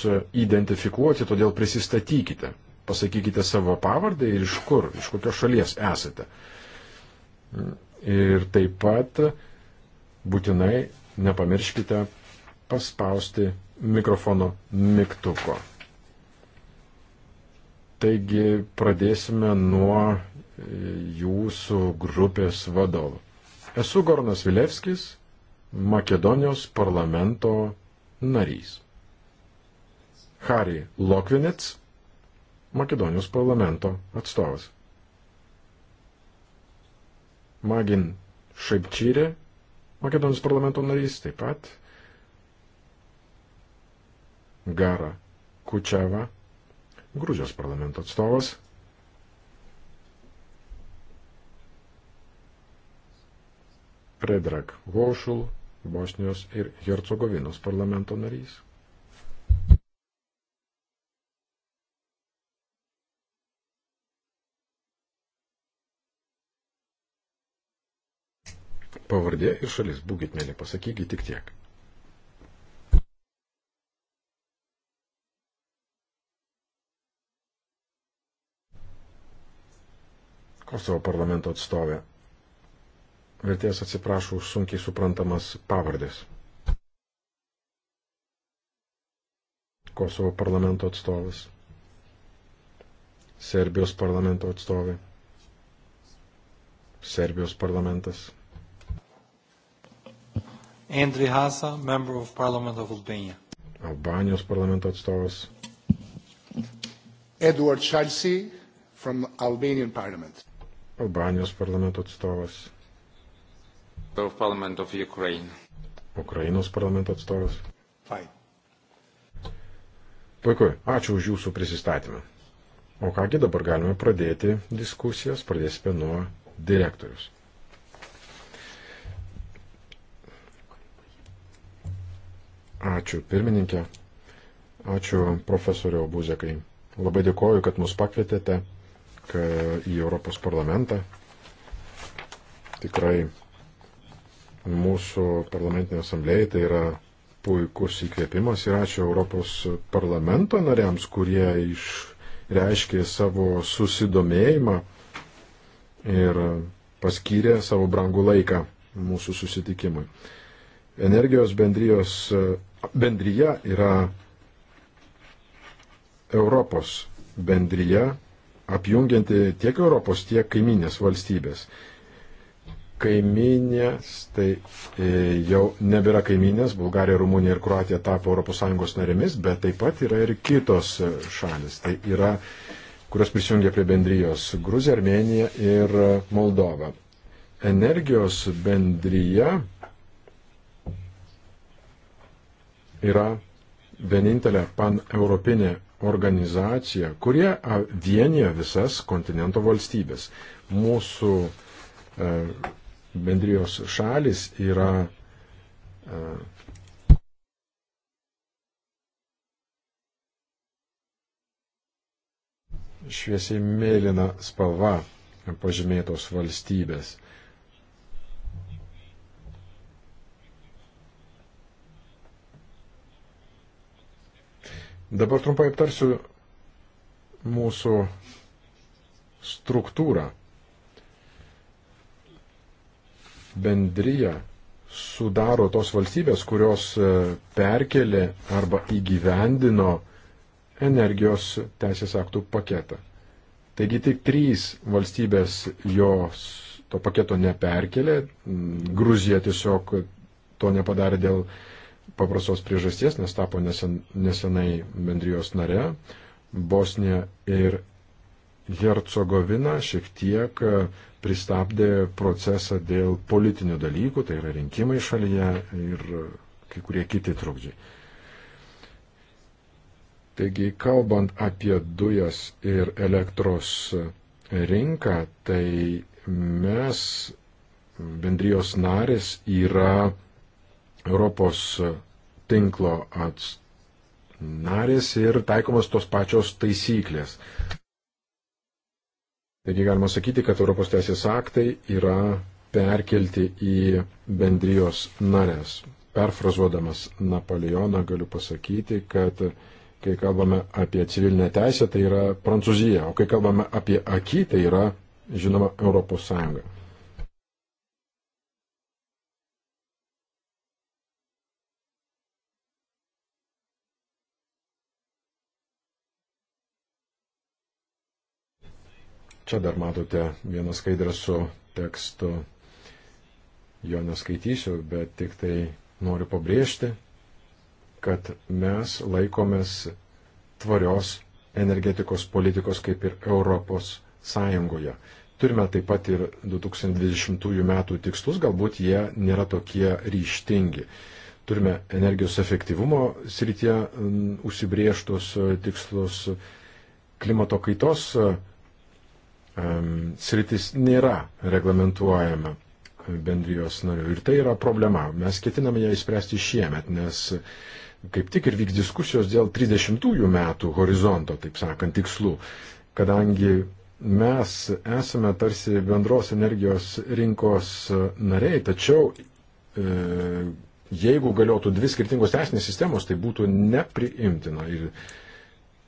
identifikuoti, todėl prisistatykite pasakykite savo pavardę ir iš kur, iš kokios šalies esate. Ir taip pat būtinai nepamirškite paspausti mikrofono mygtuko. Taigi pradėsime nuo jūsų grupės vadovų. Esu Gornas Vilevskis, Makedonijos parlamento narys. Harry Lokvinets, Makedonijos parlamento atstovas. Magin Šaipčyrė, Makedonijos parlamento narys taip pat. Gara Kučiava, Grūžijos parlamento atstovas. Predrag Vošul, Bosnijos ir Hercegovinos parlamento narys. pavardė ir šalis. Būkit mėly, pasakykit tik tiek. Kosovo parlamento atstovė. Vertėjas atsiprašau už sunkiai suprantamas pavardės. Kosovo parlamento atstovas. Serbijos parlamento atstovė. Serbijos parlamentas. Andri Hasa, Member of Parliament of Albania. Albanijos parlamento atstovas. Edward Chalsi from Albanian Parliament. Albanijos parlamento atstovas. Of Parliament of Ukraine. Ukrainos parlamento atstovas. Fine. Puiku, ačiū už jūsų prisistatymą. O kągi dabar galime pradėti diskusijas, pradėsime nuo direktorius. Ačiū pirmininkė, ačiū profesoriau Buzekai. Labai dėkoju, kad mus pakvietėte į Europos parlamentą. Tikrai mūsų parlamentinė asamblėja tai yra puikus įkvėpimas ir ačiū Europos parlamento nariams, kurie išreiškė savo susidomėjimą ir paskyrė savo brangų laiką mūsų susitikimui. Energijos bendrijos bendryje yra Europos bendryje, apjungianti tiek Europos, tiek kaiminės valstybės. Kaiminės, tai e, jau nebėra kaiminės, Bulgarija, Rumunija ir Kroatija tapo ES narėmis, bet taip pat yra ir kitos e, šalis, tai yra, kurios prisijungia prie bendrijos - Gruzija, Armenija ir Moldova. Energijos bendryje yra vienintelė paneuropinė organizacija, kurie vienyje visas kontinento valstybės. Mūsų e, bendrijos šalis yra e, šviesiai mėlyna spalva pažymėtos valstybės. Dabar trumpai aptarsiu mūsų struktūrą. Bendryje sudaro tos valstybės, kurios e, perkelė arba įgyvendino energijos teisės aktų paketą. Taigi tik trys valstybės jos to paketo neperkelė. Gruzija tiesiog to nepadarė dėl uh, paprastos priežasties, nes tapo nesen, nesenai bendrijos nare. Bosnija ir Hercegovina šiek tiek e, pristabdė procesą dėl politinių dalykų, tai yra rinkimai šalyje ir kai kurie kiti trukdžiai. Taigi, kalbant apie dujas ir elektros rinką, tai mes, bendrijos narės, yra Europos tinklo narės ir taikomas tos pačios taisyklės. Taigi galima sakyti, kad Europos teisės aktai yra perkelti į bendrijos narės. Perfrazuodamas Napoleoną galiu pasakyti, kad kai kalbame apie civilinę teisę, tai yra Prancūzija, o kai kalbame apie akį, tai yra, žinoma, Europos Sąjunga. Čia dar matote vieną skaidrą su tekstu. Jo neskaitysiu, bet tik tai noriu pabrėžti, kad mes laikomės tvarios energetikos politikos kaip ir Europos Sąjungoje. Turime taip pat ir 2020 metų tikslus, galbūt jie nėra tokie ryštingi. Turime energijos efektyvumo srityje užsibrieštus tikslus, klimato kaitos sritis nėra reglamentuojama bendrijos narių. Ir tai yra problema. Mes ketiname ją įspręsti šiemet, nes kaip tik ir vyks diskusijos dėl 30-ųjų metų horizonto, taip sakant, tikslų. Kadangi mes esame tarsi bendros energijos rinkos nariai, tačiau e, jeigu galiotų dvi skirtingos teisinės sistemos, tai būtų nepriimtina. Ir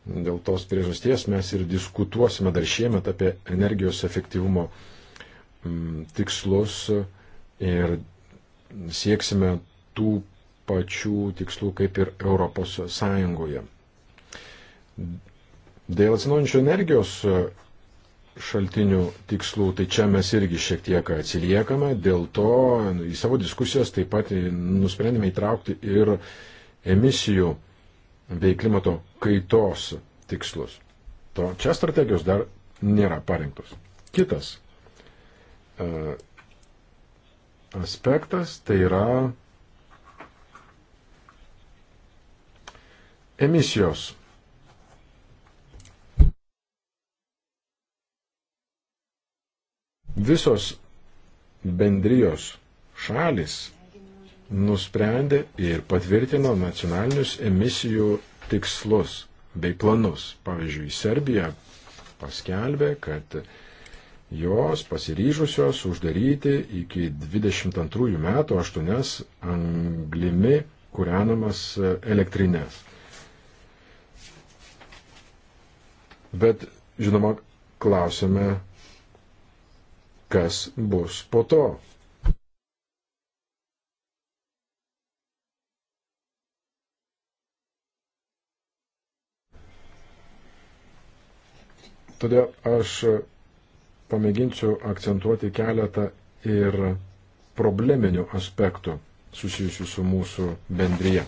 Dėl tos priežasties mes ir diskutuosime dar šiemet apie energijos efektyvumo mm, tikslus ir sieksime tų pačių tikslų kaip ir Europos Sąjungoje. Dėl atsinaujančio energijos šaltinių tikslų, tai čia mes irgi šiek tiek atsiliekame, dėl to nu, į savo diskusijas taip pat nusprendėme įtraukti ir emisijų bei klimato kaitos tikslus. To čia strategijos dar nėra parinktos. Kitas e, aspektas tai yra emisijos. Visos bendrijos šalis nusprendė ir patvirtino nacionalinius emisijų tikslus bei planus. Pavyzdžiui, Serbija paskelbė, kad jos pasiryžusios uždaryti iki 22 metų 8 anglimi kūrenamas elektrinės. Bet, žinoma, klausime, kas bus po to, Todėl aš pamėginsiu akcentuoti keletą ir probleminių aspektų susijusių su mūsų bendryje.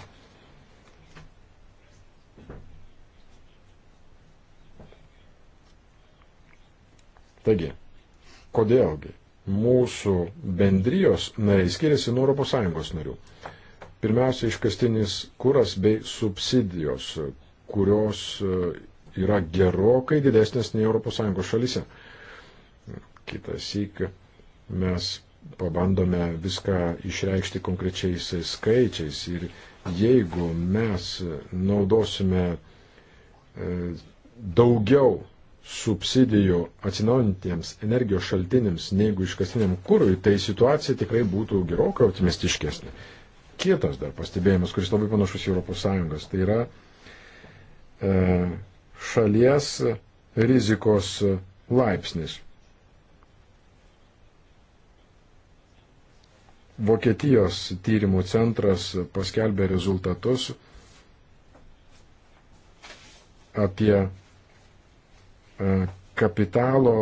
Taigi, kodėlgi mūsų bendrijos nariai skiriasi nuo ES narių? Pirmiausia, iškastinis kuras bei subsidijos, kurios yra gerokai didesnės nei ES šalise. Kitas įk mes pabandome viską išreikšti konkrečiais skaičiais ir jeigu mes naudosime e, daugiau subsidijų atsinaujantiems energijos šaltiniams negu iškastiniam kūrui, tai situacija tikrai būtų gerokai optimistiškesnė. Kitas dar pastebėjimas, kuris labai panašus į ES, tai yra e, šalies rizikos laipsnis. Vokietijos tyrimų centras paskelbė rezultatus apie e, kapitalo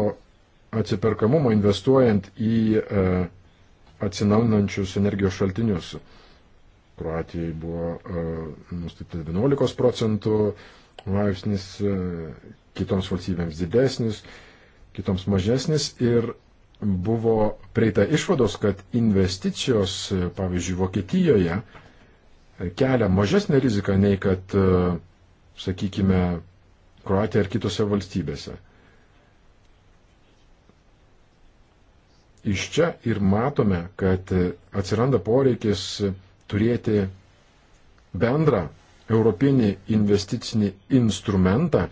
atsiperkamumo investuojant į e, atsinaujinančius energijos šaltinius. Kroatijai buvo e, nustatyta 11 procentų laipsnis, e, kitoms valstybėms didesnis, kitoms mažesnis ir buvo prieita išvados, kad investicijos, e, pavyzdžiui, Vokietijoje e, kelia mažesnę riziką nei kad, sakykime, Kroatija ar kitose valstybėse. Iš čia ir matome, kad atsiranda poreikis turėti bendrą europinį investicinį instrumentą,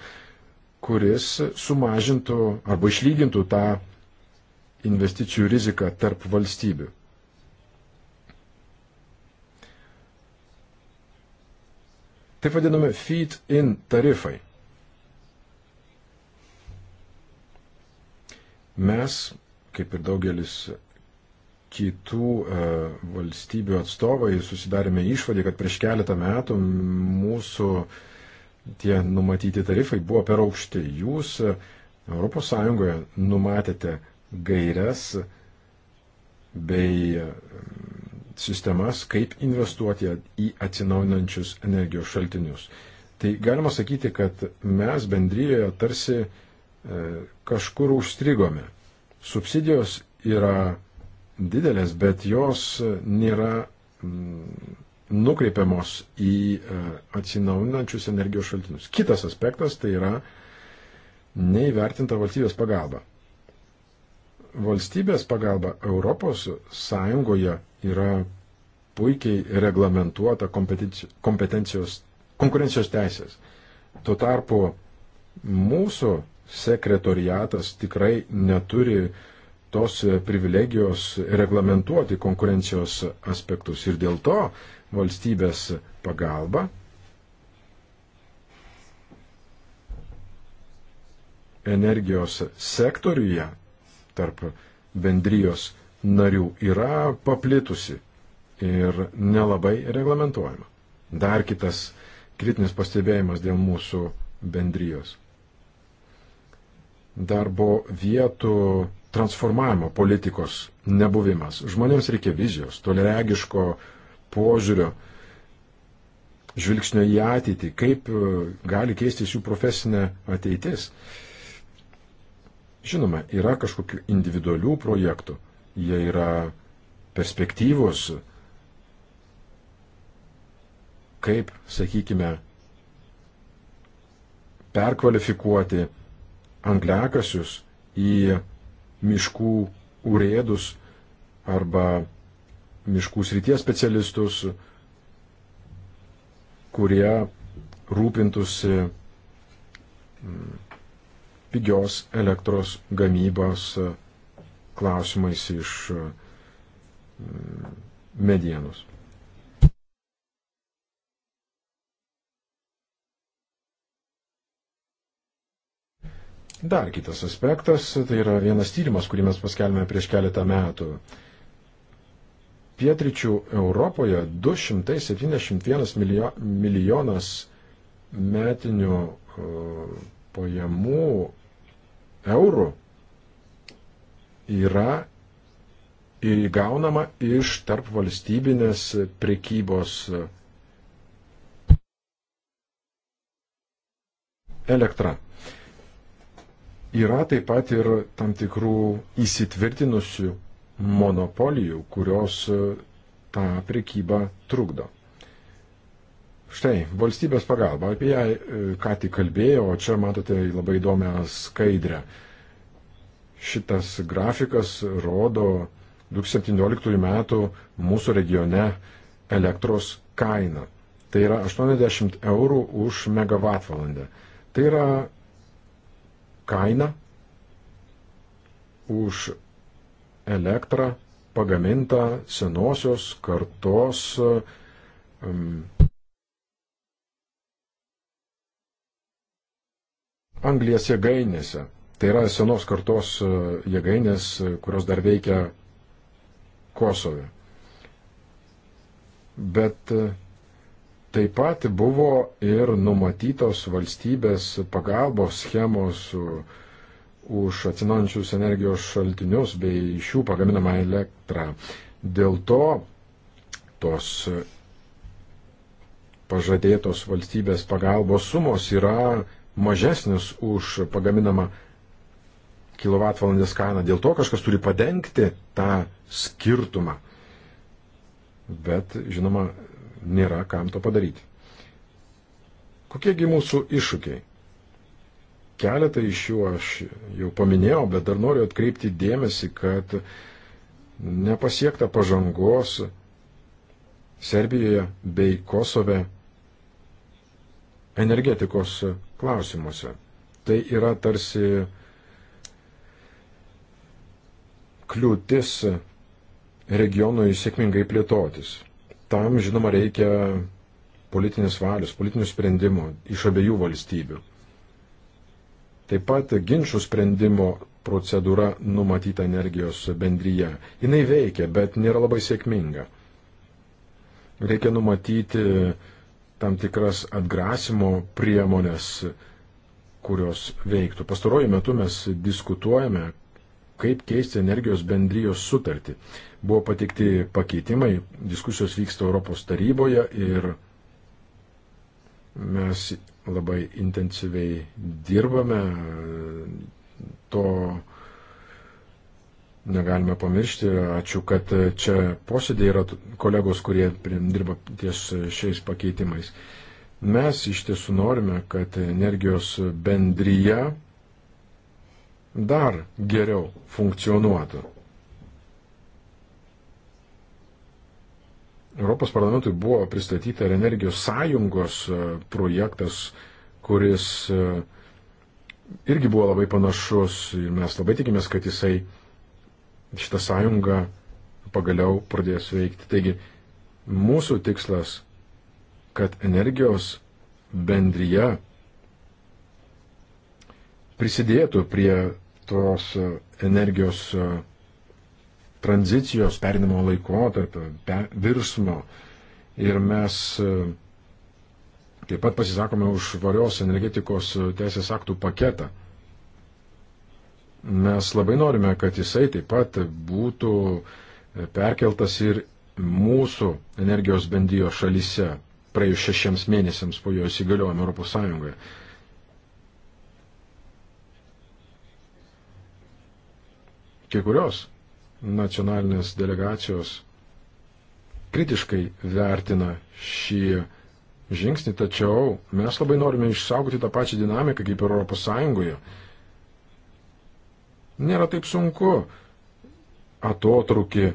kuris sumažintų arba išlygintų tą investicijų riziką tarp valstybių. Taip vadinami feed-in tarifai. Mes, kaip ir daugelis kitų e, valstybių atstovai susidarėme išvadį, kad prieš keletą metų mūsų tie numatyti tarifai buvo per aukšti. Jūs ES numatėte gairias bei e, sistemas, kaip investuoti į atsinaujinančius energijos šaltinius. Tai galima sakyti, kad mes bendryjoje tarsi e, kažkur užstrigome. Subsidijos yra didelės, bet jos nėra mm, nukreipiamos į e, atsinaujinančius energijos šaltinius. Kitas aspektas tai yra neįvertinta valstybės pagalba. Valstybės pagalba Europos Sąjungoje yra puikiai reglamentuota kompetencijos, konkurencijos teisės. Tuo tarpu mūsų sekretoriatas tikrai neturi uh, tos e, privilegijos reglamentuoti konkurencijos aspektus. Ir dėl to valstybės pagalba energijos sektoriuje tarp bendrijos narių yra paplitusi ir nelabai reglamentuojama. Dar kitas kritinis pastebėjimas dėl mūsų bendrijos. Darbo vietų transformavimo politikos nebuvimas. Žmonėms reikia vizijos, toleregiško požiūrio, žvilgsnio į ateitį, kaip e, gali keistis jų profesinė ateitis. Žinoma, yra kažkokių individualių projektų, jie yra perspektyvos, kaip, sakykime, perkvalifikuoti angliakasius į miškų urėdus arba miškų srities specialistus, kurie rūpintųsi mm, pigios elektros gamybos e, klausimais iš mm, medienos. Dar kitas aspektas, tai yra vienas tyrimas, kurį mes paskelbėme prieš keletą metų. Pietričių Europoje 271 milijo, milijonas metinių uh, pajamų eurų yra įgaunama iš tarp valstybinės prekybos elektra. Yra taip pat ir tam tikrų įsitvirtinusių monopolijų, kurios e, tą prekybą trukdo. Štai, valstybės pagalba, apie ją e, ką tik kalbėjau, o čia matote labai įdomią skaidrę. Šitas grafikas rodo 2017 metų mūsų regione elektros kainą. Tai yra 80 eurų už megavatvalandę. Tai yra kainą už elektrą pagamintą senosios kartos um, anglijas jėgainėse. Tai yra senos kartos uh, jėgainės, uh, kurios dar veikia Kosove. Bet uh, Taip pat buvo ir numatytos valstybės pagalbos schemos už atsinaujančius energijos šaltinius bei iš jų pagaminamą elektrą. Dėl to tos pažadėtos valstybės pagalbos sumos yra mažesnis už pagaminamą kilovatvalandės kainą. Dėl to kažkas turi padengti tą skirtumą. Bet, žinoma, nėra kam to padaryti. Kokiegi mūsų iššūkiai? Keletą iš jų aš jau paminėjau, bet dar noriu atkreipti dėmesį, kad nepasiekta pažangos Serbijoje bei Kosove energetikos klausimuose. Tai yra tarsi kliūtis regionui sėkmingai plėtotis. Tam, žinoma, reikia politinės valios, politinių sprendimų iš abiejų valstybių. Taip pat ginčių sprendimo procedūra numatyta energijos bendryje. Jinai veikia, bet nėra labai sėkminga. Reikia numatyti tam tikras atgrasimo priemonės, kurios veiktų. Pastaruoju metu mes diskutuojame, kaip keisti energijos bendrijos sutartį. Buvo patikti pakeitimai, diskusijos vyksta Europos taryboje ir mes labai intensyviai dirbame. To negalime pamiršti. Ačiū, kad čia posėdė yra kolegos, kurie dirba ties šiais pakeitimais. Mes iš tiesų norime, kad energijos bendryje dar geriau funkcionuotų. Europos parlamentui buvo pristatyta ir energijos sąjungos e, projektas, kuris e, irgi buvo labai panašus ir mes labai tikimės, kad jisai šitą sąjungą pagaliau pradės veikti. Taigi mūsų tikslas, kad energijos bendryje prisidėtų prie tos e, energijos e, tranzicijos perinimo laikotarpio, pe, virsmo. Ir mes e, taip pat pasisakome už švarios energetikos teisės aktų paketą. Mes labai norime, kad jisai taip pat būtų perkeltas ir mūsų energijos bendrijos šalyse praėjus šešiems mėnesiams po jo įsigaliojimo Europos Sąjungoje. kai kurios nacionalinės delegacijos kritiškai vertina šį žingsnį, tačiau mes labai norime išsaugoti tą pačią dinamiką kaip ir Europos Sąjungoje. Nėra taip sunku atotrukį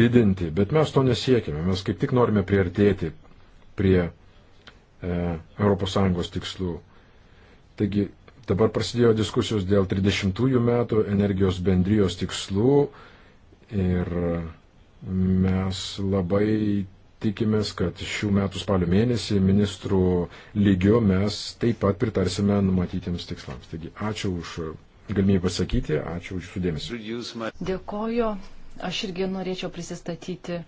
didinti, bet mes to nesiekime. Mes kaip tik norime priartėti prie e, ES tikslų. Taigi Dabar prasidėjo diskusijos dėl 30-ųjų metų energijos bendrijos tikslų ir mes labai tikimės, kad šių metų spalio mėnesį ministrų lygio mes taip pat pritarsime numatytiems tikslams. Taigi ačiū už galimybę pasakyti, ačiū už jūsų dėmesį. Dėkoju, aš irgi norėčiau prisistatyti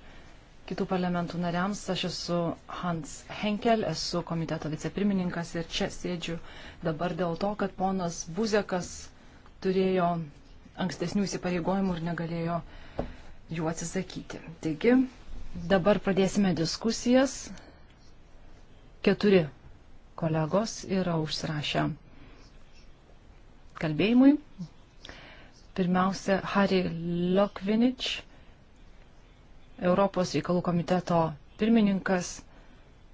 kitų parlamentų nariams. Aš esu Hans Henkel, esu komiteto vicepirmininkas ir čia sėdžiu dabar dėl to, kad ponas Buzekas turėjo ankstesnių įsipareigojimų ir negalėjo jų atsisakyti. Taigi, dabar pradėsime diskusijas. Keturi kolegos yra užsirašę kalbėjimui. Pirmiausia, Harry Lokvinič Europos reikalų komiteto pirmininkas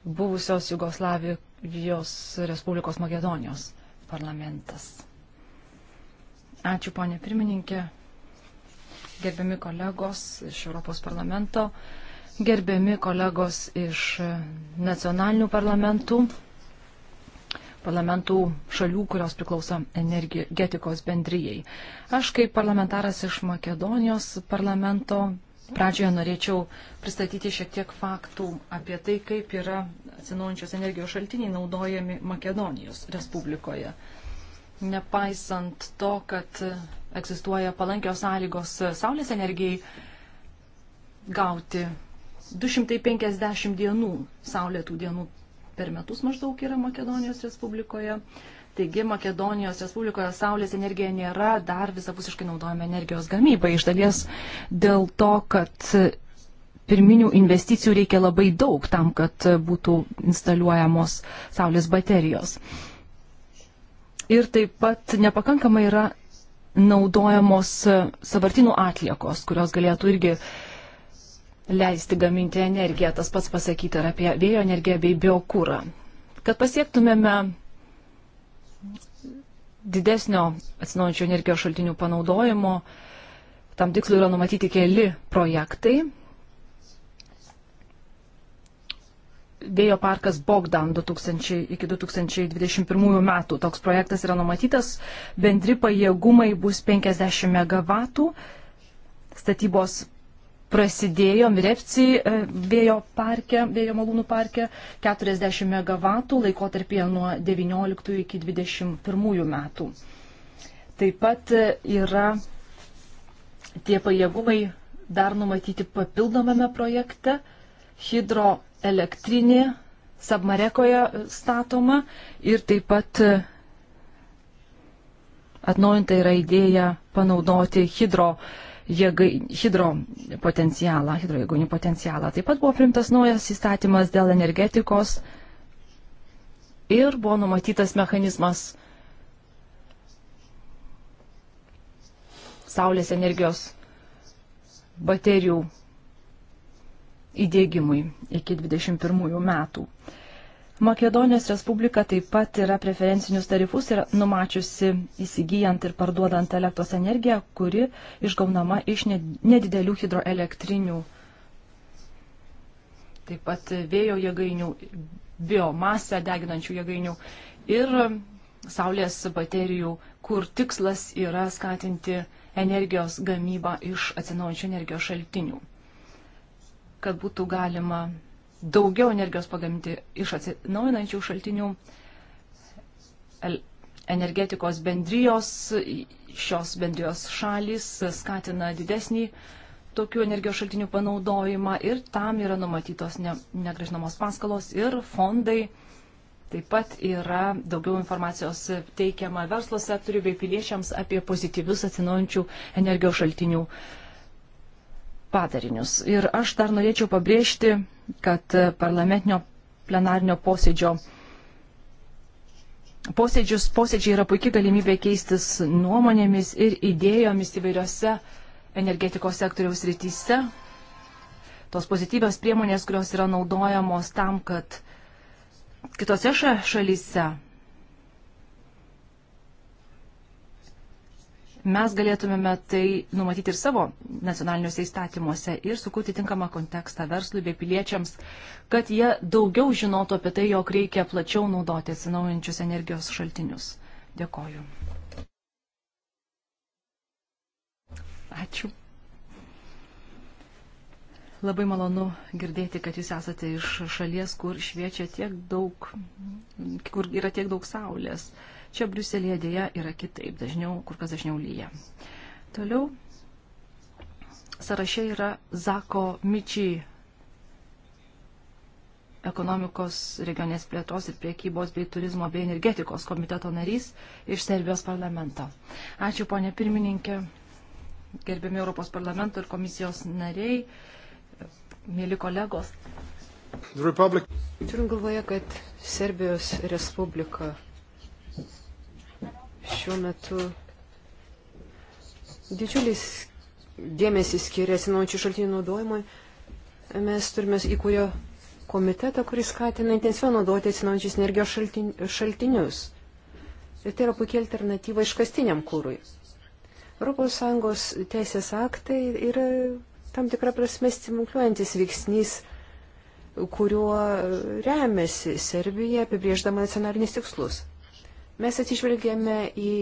buvusios Jugoslavijos Respublikos Makedonijos parlamentas. Ačiū, ponė pirmininkė, gerbiami kolegos iš Europos parlamento, gerbiami kolegos iš nacionalinių parlamentų, parlamentų šalių, kurios priklauso energetikos bendryjei. Aš kaip parlamentaras iš Makedonijos parlamento Pradžioje norėčiau pristatyti šiek tiek faktų apie tai, kaip yra atsinaujančios energijos šaltiniai naudojami Makedonijos Respublikoje. Nepaisant to, kad egzistuoja palankios sąlygos Saulės energijai gauti 250 dienų, Saulėtų dienų per metus maždaug yra Makedonijos Respublikoje. Taigi Makedonijos Respublikoje saulės energija nėra dar visapusiškai naudojama energijos gamyba. Iš dalies dėl to, kad pirminių investicijų reikia labai daug tam, kad būtų instaliuojamos saulės baterijos. Ir taip pat nepakankamai yra naudojamos savartinų atliekos, kurios galėtų irgi leisti gaminti energiją. Tas pats pasakyti ir apie vėjo energiją bei biokūrą. Kad pasiektumėme didesnio atsinaujančių energijos šaltinių panaudojimo. Tam tikslui yra numatyti keli projektai. Vėjo parkas Bogdan 2000, iki 2021 metų. Toks projektas yra numatytas. Bendri pajėgumai bus 50 MW. Statybos prasidėjo Mirepci e, vėjo parke, vėjo malūnų parke, 40 MW laikotarpyje nuo 19 iki 21 metų. Taip pat e, yra tie pajėgumai dar numatyti papildomame projekte hidroelektrinė Sabmarekoje e, statoma ir taip pat atnaujinta yra idėja panaudoti hidroelektrinę jėgai, hidro potencialą, hidrojėgonių potencialą. Taip pat buvo primtas naujas įstatymas dėl energetikos ir buvo numatytas mechanizmas saulės energijos baterijų įdėgymui iki 21 metų. Makedonijos Respublika taip pat yra preferencinius tarifus ir numačiusi įsigijant ir parduodant elektros energiją, kuri išgaunama iš nedidelių hidroelektrinių, taip pat vėjo jėgainių, biomasę deginančių jėgainių ir saulės baterijų, kur tikslas yra skatinti energijos gamybą iš atsinaujančių energijos šaltinių, kad būtų galima daugiau energijos pagaminti iš atsinaujinančių šaltinių. Energetikos bendrijos, šios bendrijos šalis skatina didesnį tokių energijos šaltinių panaudojimą ir tam yra numatytos ne, negražinamos paskalos ir fondai. Taip pat yra daugiau informacijos teikiama verslo sektoriu bei piliečiams apie pozityvius atsinaujančių energijos šaltinių padarinius. Ir aš dar norėčiau pabrėžti kad e, parlamentinio plenarnio posėdžio posėdžius, posėdžiai yra puikia galimybė keistis nuomonėmis ir idėjomis įvairiose energetikos sektoriaus rytise. Tos pozityvios priemonės, kurios yra naudojamos tam, kad kitose šalyse mes galėtumėme tai numatyti ir savo nacionaliniuose įstatymuose ir sukurti tinkamą kontekstą verslui bei piliečiams, kad jie daugiau žinotų apie tai, jog reikia plačiau naudoti atsinaujančius energijos šaltinius. Dėkoju. Ačiū. Labai malonu girdėti, kad jūs esate iš šalies, kur šviečia tiek daug, kur yra tiek daug saulės. Uh, Čia Briuselėje dėja yra kitaip, dažniau, kur kas dažniau lyja. Toliau sąraše yra Zako Mičiai ekonomikos regionės plėtos ir priekybos bei turizmo bei energetikos komiteto narys iš Serbijos parlamento. Ačiū, ponė pirmininkė, gerbiami Europos parlamento ir komisijos nariai, mėly kolegos. Turim galvoje, kad Serbijos Respublika šiuo metu didžiulis dėmesį skiria atsinaujančių šaltinių naudojimui. Mes turime įkūrę komitetą, kuris skatina intensyviau naudoti atsinaujančius energijos šaltinius. Ir tai yra puikia alternatyva iškastiniam kūrui. ES teisės aktai yra tam tikra prasme stimuliuojantis veiksnys, kuriuo remiasi Serbija apibrieždama nacionalinius tikslus. Mes atsižvelgėme į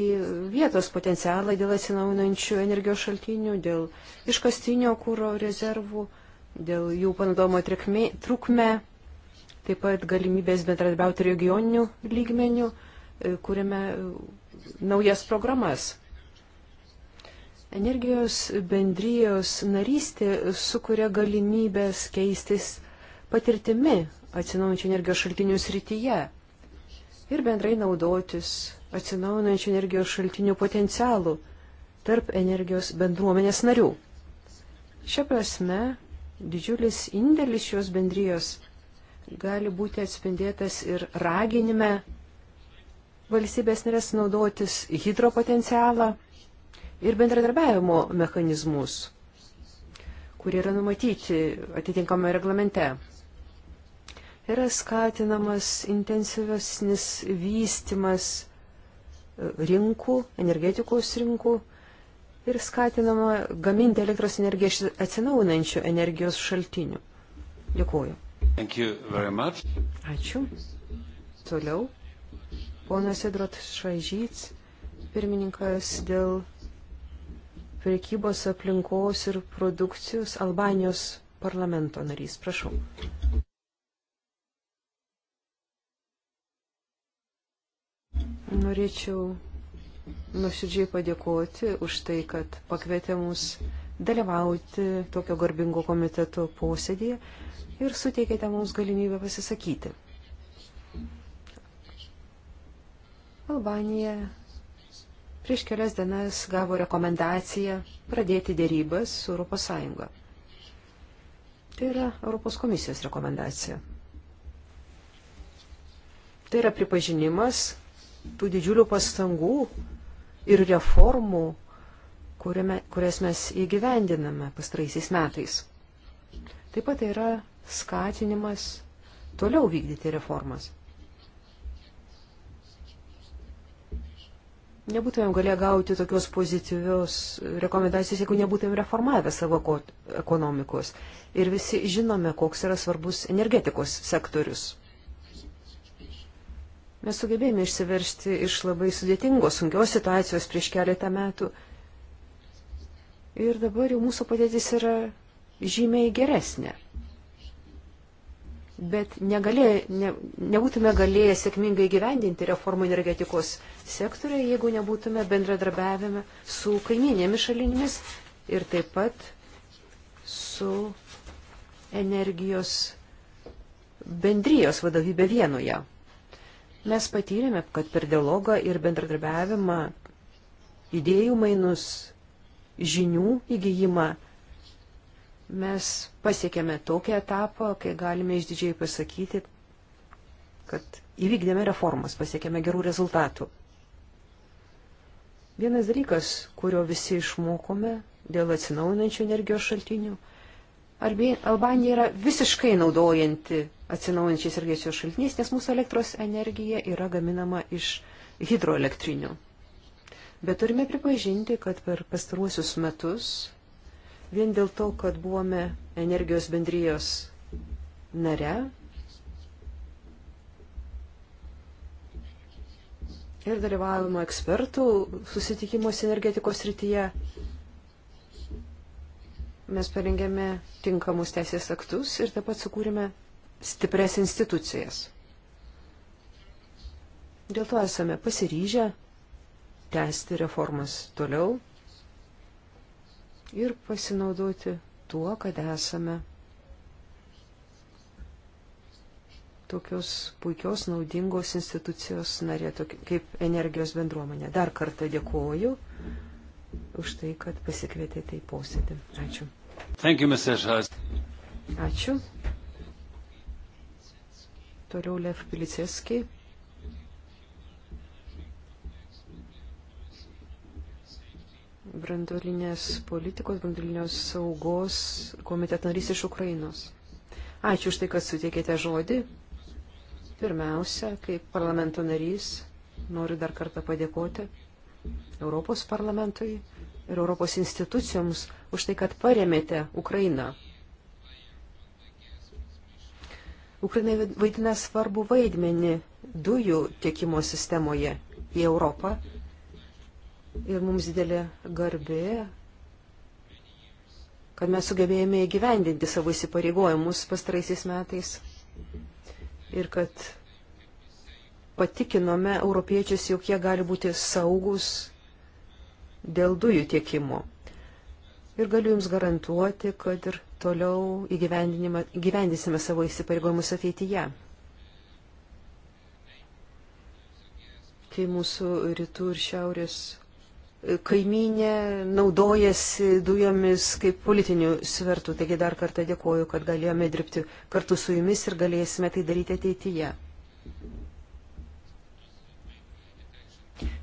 vietos potencialą dėl atsinaujinančių energijos šaltinių, dėl iškastinio kūro rezervų, dėl jų panaudojimo trukmę, taip pat galimybės bendradarbiauti regioninių lygmenių, e, kuriame e, naujas programas. Energijos bendrijos narystė sukuria galimybės keistis patirtimi atsinaujančių energijos šaltinių srityje ir bendrai naudotis atsinaujinančių energijos šaltinių potencialų tarp energijos bendruomenės narių. Šia prasme, didžiulis indėlis šios bendrijos gali būti atspindėtas ir raginime valstybės narės naudotis hidropotencialą ir bendradarbiavimo mechanizmus, kurie yra numatyti atitinkame reglamente yra skatinamas intensyvesnis vystimas e, rinkų, energetikos rinkų ir skatinama gaminti elektros energiją iš atsinaujinančių energijos šaltinių. Dėkuoju. Ačiū. Toliau. Ponas Edrot Šaižyts, pirmininkas dėl prekybos aplinkos ir produkcijos Albanijos parlamento narys. Prašau. Norėčiau nuoširdžiai padėkoti už tai, kad pakvietė mus dalyvauti tokio garbingo komiteto posėdėje ir suteikėte mums galimybę pasisakyti. Albanija prieš kelias dienas gavo rekomendaciją pradėti dėrybas su ES. Tai yra Europos komisijos rekomendacija. Tai yra pripažinimas, tų didžiulių pastangų ir reformų, kuriame, kurias mes įgyvendiname pastraisiais metais. Taip pat tai yra skatinimas toliau vykdyti reformas. Nebūtumėm galėję gauti tokios pozityvios rekomendacijos, jeigu nebūtumėm reformavę savo ekonomikos. Ir visi žinome, koks yra svarbus energetikos sektorius. Mes sugebėjome išsiveršti iš labai sudėtingos, sunkios situacijos prieš keletą metų. Ir dabar jau mūsų padėtis yra žymiai geresnė. Bet negalė, ne, nebūtume galėję sėkmingai gyvendinti reformų energetikos sektoriuje, jeigu nebūtume bendradarbiavime su kaiminėmis šalinimis ir taip pat su energijos bendrijos vadovybė vienoje. Mes patyrėme, kad per dialogą ir bendradarbiavimą, idėjų mainus, žinių įgyjimą, mes pasiekėme tokią etapą, kai galime išdidžiai pasakyti, kad įvykdėme reformas, pasiekėme gerų rezultatų. Vienas dalykas, kurio visi išmokome dėl atsinaujinančių energijos šaltinių – Albanija yra visiškai naudojanti atsinaujančiais energijos šaltiniais, nes mūsų elektros energija yra gaminama iš hidroelektrinių. Bet turime pripažinti, kad per pastaruosius metus, vien dėl to, kad buvome energijos bendrijos nare, ir dalyvavimo ekspertų susitikimuose energetikos srityje, mes parengėme tinkamus teisės aktus ir taip pat sukūrėme stiprias institucijas. Dėl to esame pasiryžę tęsti reformas toliau ir pasinaudoti tuo, kad esame tokios puikios, naudingos institucijos narė, kaip energijos bendruomenė. Dar kartą dėkuoju už tai, kad pasikvietėte į posėdį. Ačiū. Thank you, Mr. Šas. Ačiū. Toliau Lev Pilicevski. branduolinės politikos, branduolinės saugos komiteto narys iš Ukrainos. Ačiū už tai, kad suteikėte žodį. Pirmiausia, kaip parlamento narys, noriu dar kartą padėkoti Europos parlamentui ir Europos institucijoms už tai, kad paremėte Ukrainą. Ukraina vaidina svarbu vaidmenį dujų tiekimo sistemoje į Europą ir mums didelė garbė, kad mes sugebėjome įgyvendinti savo įsipareigojimus pastaraisiais metais ir kad patikinome europiečius, jog jie gali būti saugus dėl dujų tiekimo. Ir galiu Jums garantuoti, kad ir toliau įgyvendysime savo įsipareigojimus ateityje. Kai mūsų rytų ir šiaurės e, kaimynė naudojasi dujomis kaip politinių svertų. Taigi dar kartą dėkoju, kad galėjome dirbti kartu su jumis ir galėsime tai daryti ateityje.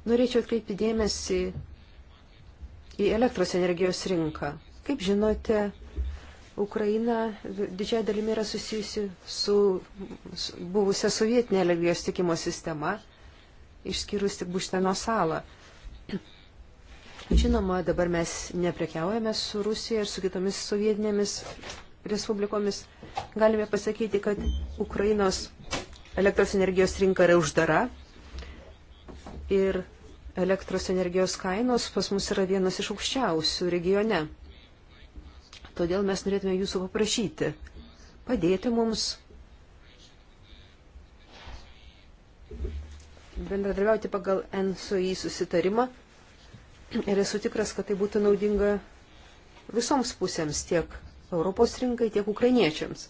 Norėčiau atkreipti dėmesį į elektros energijos rinką. Kaip žinote, Ukraina didžiai dalimi yra susijusi su, su buvusia sovietinė energijos tikimo sistema, išskyrus tik Bušteno salą. Žinoma, dabar mes neprekiaujame su Rusija ir su kitomis sovietinėmis respublikomis. Galime pasakyti, kad Ukrainos elektros energijos rinka yra uždara ir elektros energijos kainos pas mus yra vienas iš aukščiausių regione. Todėl mes norėtume jūsų paprašyti, padėti mums bendradarbiauti pagal NSOI susitarimą. Ir esu tikras, kad tai būtų naudinga visoms pusėms, tiek Europos rinkai, tiek ukrainiečiams.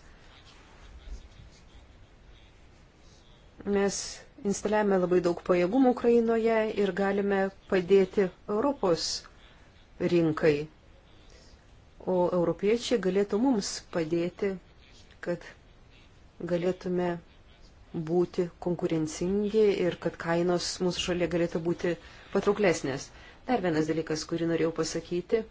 Mes instaliavome labai daug pajėgumų Ukrainoje ir galime padėti Europos rinkai. O europiečiai galėtų mums padėti, kad galėtume būti konkurencingi ir kad kainos mūsų šalyje galėtų būti patrauklesnės. Dar vienas dalykas, kurį norėjau pasakyti.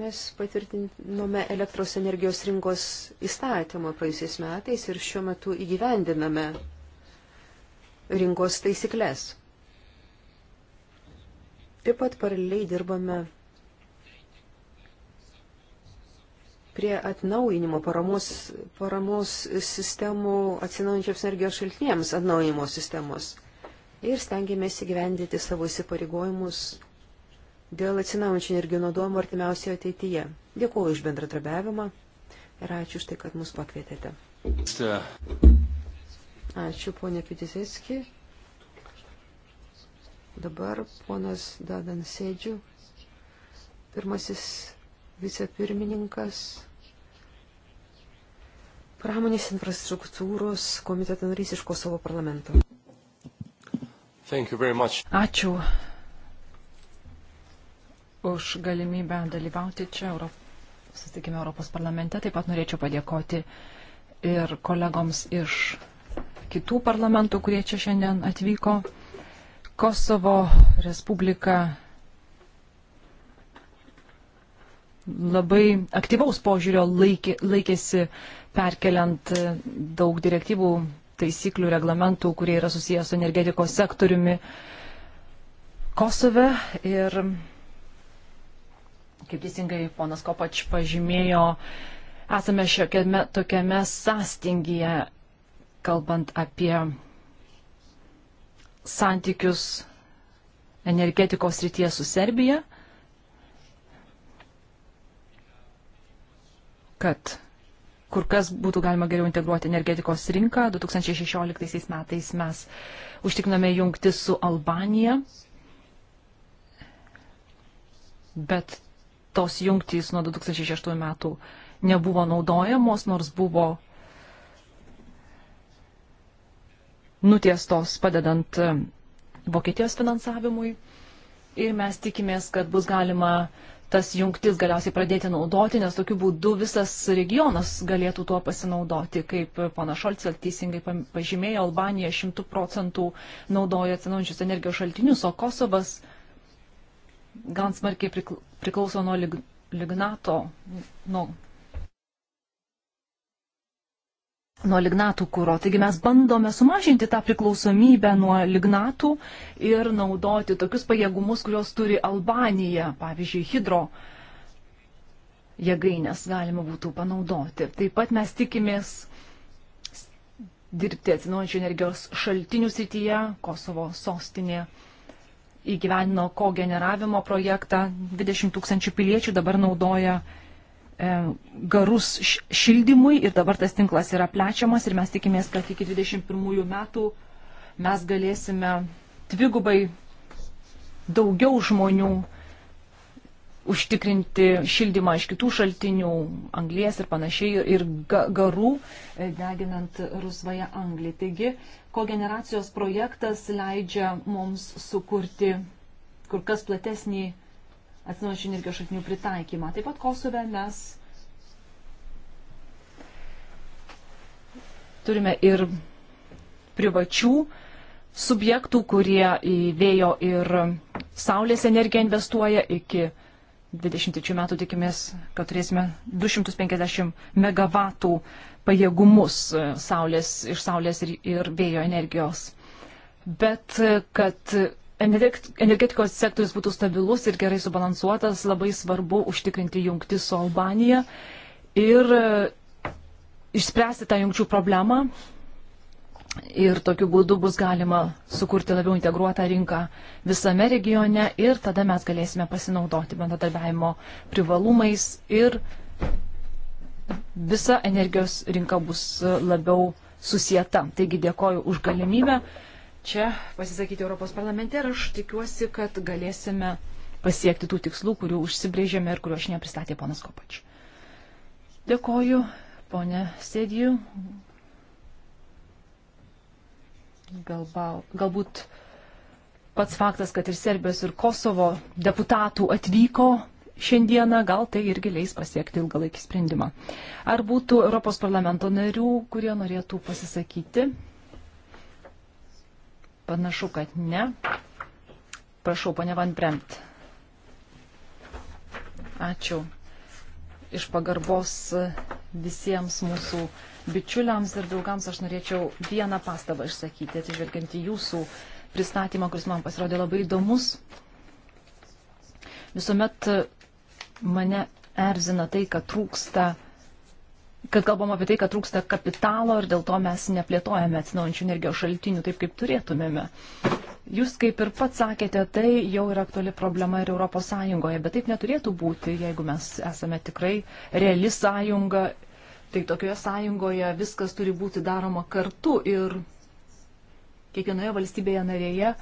Mes patvirtinome elektros energijos rinkos įstatymą praėjusiais metais ir šiuo metu įgyvendiname rinkos taisyklės. Taip pat paraleliai dirbame prie atnaujinimo paramos, paramos sistemų atsinaujančiams energijos šaltiniams atnaujinimo sistemos ir stengiamės įgyvendyti savo įsipareigojimus dėl atsinaujančių energijų naudojimo artimiausioje ateityje. Dėkuoju už bendradarbiavimą ir ačiū už tai, kad mus pakvietėte. Stė. Ačiū, ponė Pitiseski. Dabar ponas Dadan Sėdžių, pirmasis vicepirmininkas, pramonės infrastruktūros komiteto narys iš Kosovo parlamento. Ačiū už galimybę dalyvauti čia Europ... susitikime Europos parlamente. Taip pat norėčiau padėkoti ir kolegoms iš kitų parlamentų, kurie čia šiandien atvyko. Kosovo Respublika labai aktyvaus požiūrio laikė, laikėsi perkeliant daug direktyvų, taisyklių, reglamentų, kurie yra susijęs su energetikos sektoriumi Kosove. Ir kaip teisingai ponas Kopač pažymėjo, esame šiokiame tokiame sąstingyje kalbant apie santykius energetikos rytyje su Serbija, kad kur kas būtų galima geriau integruoti energetikos rinką. 2016 metais mes užtikriname jungti su Albanija, bet tos jungtys nuo 2006 metų nebuvo naudojamos, nors buvo nutiestos padedant e, Vokietijos finansavimui. Ir mes tikimės, kad bus galima tas jungtis galiausiai pradėti naudoti, nes tokiu būdu visas regionas galėtų tuo pasinaudoti. Kaip pana Šolcel teisingai pažymėjo, Albanija šimtų procentų naudoja atsinaujančius energijos šaltinius, o Kosovas gan smarkiai priklauso nuo lignato, nuo nuo lignatų kūro. Taigi mes bandome sumažinti tą priklausomybę nuo lignatų ir naudoti tokius pajėgumus, kurios turi Albanija, pavyzdžiui, hidro jėgainės galima būtų panaudoti. Taip pat mes tikimės dirbti atsinaujančių energijos šaltinių srityje, Kosovo sostinė įgyvenino kogeneravimo projektą, 20 tūkstančių piliečių dabar naudoja E, garus šildymui ir dabar tas tinklas yra plečiamas ir mes tikimės, kad iki 21 metų mes galėsime dvigubai daugiau žmonių užtikrinti šildymą iš kitų šaltinių, anglies ir panašiai, ir ga garų, e, deginant rusvąją anglį. Taigi, kogeneracijos projektas leidžia mums sukurti kur kas platesnį atsinaujančių energijos šaltinių pritaikymą. Taip pat Kosove mes turime ir privačių subjektų, kurie į vėjo ir saulės energiją investuoja iki 23 metų tikimės, kad turėsime 250 megavatų pajėgumus e, saulės, iš saulės ir, ir vėjo energijos. Bet e, kad energetikos sektorius būtų stabilus ir gerai subalansuotas, labai svarbu užtikrinti jungti su Albanija ir e, išspręsti tą jungčių problemą. Ir tokiu būdu bus galima sukurti labiau integruotą rinką visame regione ir tada mes galėsime pasinaudoti bendradarbiavimo privalumais ir visa energijos rinka bus e, labiau susieta. Taigi dėkoju už galimybę čia pasisakyti Europos parlamente ir aš tikiuosi, kad galėsime pasiekti tų tikslų, kurių užsibrėžėme ir kuriuos šiandien pristatė ponas Kopač. Dėkoju, ponė Sėdijų. Galbūt pats faktas, kad ir Serbijos ir Kosovo deputatų atvyko šiandieną, gal tai irgi leis pasiekti ilgalaikį sprendimą. Ar būtų Europos parlamento narių, kurie norėtų pasisakyti? Panašu, kad ne. Prašau, ponia Van Bremt. Ačiū. Iš pagarbos visiems mūsų bičiuliams ir draugams aš norėčiau vieną pastabą išsakyti, atižvelgiant į jūsų pristatymą, kuris man pasirodė labai įdomus. Visuomet mane erzina tai, kad trūksta uh, kad kalbam apie tai, kad trūksta kapitalo ir dėl to mes neplėtojame atsinaujančių energijos šaltinių taip, kaip turėtumėme. Jūs kaip ir pats sakėte, tai jau yra aktuali problema ir ES, bet taip neturėtų būti, jeigu mes esame tikrai reali sąjunga, tai tokioje sąjungoje viskas turi būti daroma kartu ir kiekvienoje valstybėje narėje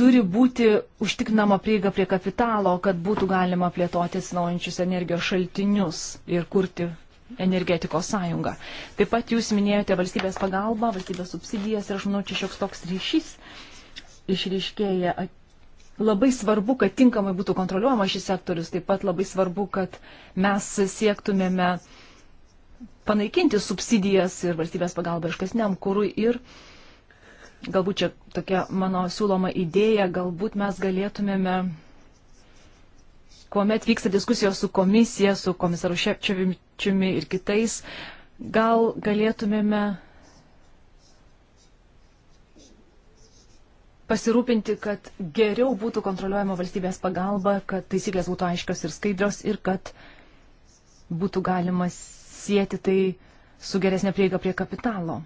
turi būti užtikrinama prieiga prie kapitalo, kad būtų galima plėtoti atsinaujančius energijos šaltinius ir kurti energetikos sąjungą. Taip pat jūs minėjote valstybės pagalbą, valstybės subsidijas ir aš manau, čia šioks toks ryšys išryškėja. Labai svarbu, kad tinkamai būtų kontroliuojama šis sektorius, taip pat labai svarbu, kad mes siektumėme panaikinti subsidijas ir valstybės pagalbą iškasniam kūrui ir galbūt čia tokia mano siūloma idėja, galbūt mes galėtumėme kuomet vyksta diskusijos su komisija, su komisaru Šepčiovičiumi ir kitais, gal galėtumėme pasirūpinti, kad geriau būtų kontroliuojama valstybės pagalba, kad taisyklės būtų aiškios ir skaidrios ir kad būtų galima sieti tai su geresnė prieiga prie kapitalo.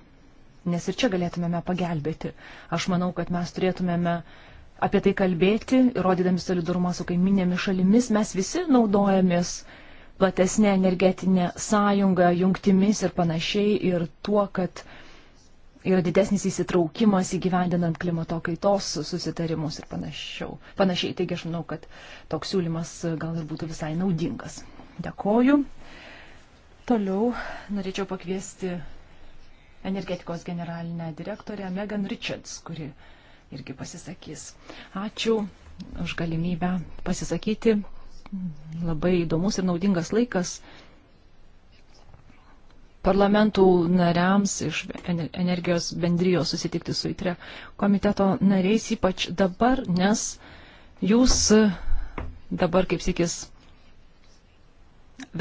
Nes ir čia galėtumėme pagelbėti. Aš manau, kad mes turėtumėme uh, apie tai kalbėti, rodydami solidarumą su kaiminėmis šalimis, mes visi naudojamės platesnė energetinė sąjunga, jungtimis ir panašiai, ir tuo, kad yra didesnis įsitraukimas įgyvendinant klimato kaitos susitarimus ir panašiau. panašiai. Taigi aš manau, kad toks siūlymas gal ir būtų visai naudingas. Dėkoju. Toliau norėčiau pakviesti energetikos generalinę direktorę Megan Richards, kuri irgi pasisakys. Ačiū už galimybę pasisakyti. Labai įdomus ir naudingas laikas parlamentų nariams iš energijos bendrijos susitikti su ITRE komiteto nariais, ypač dabar, nes jūs dabar, kaip sėkis,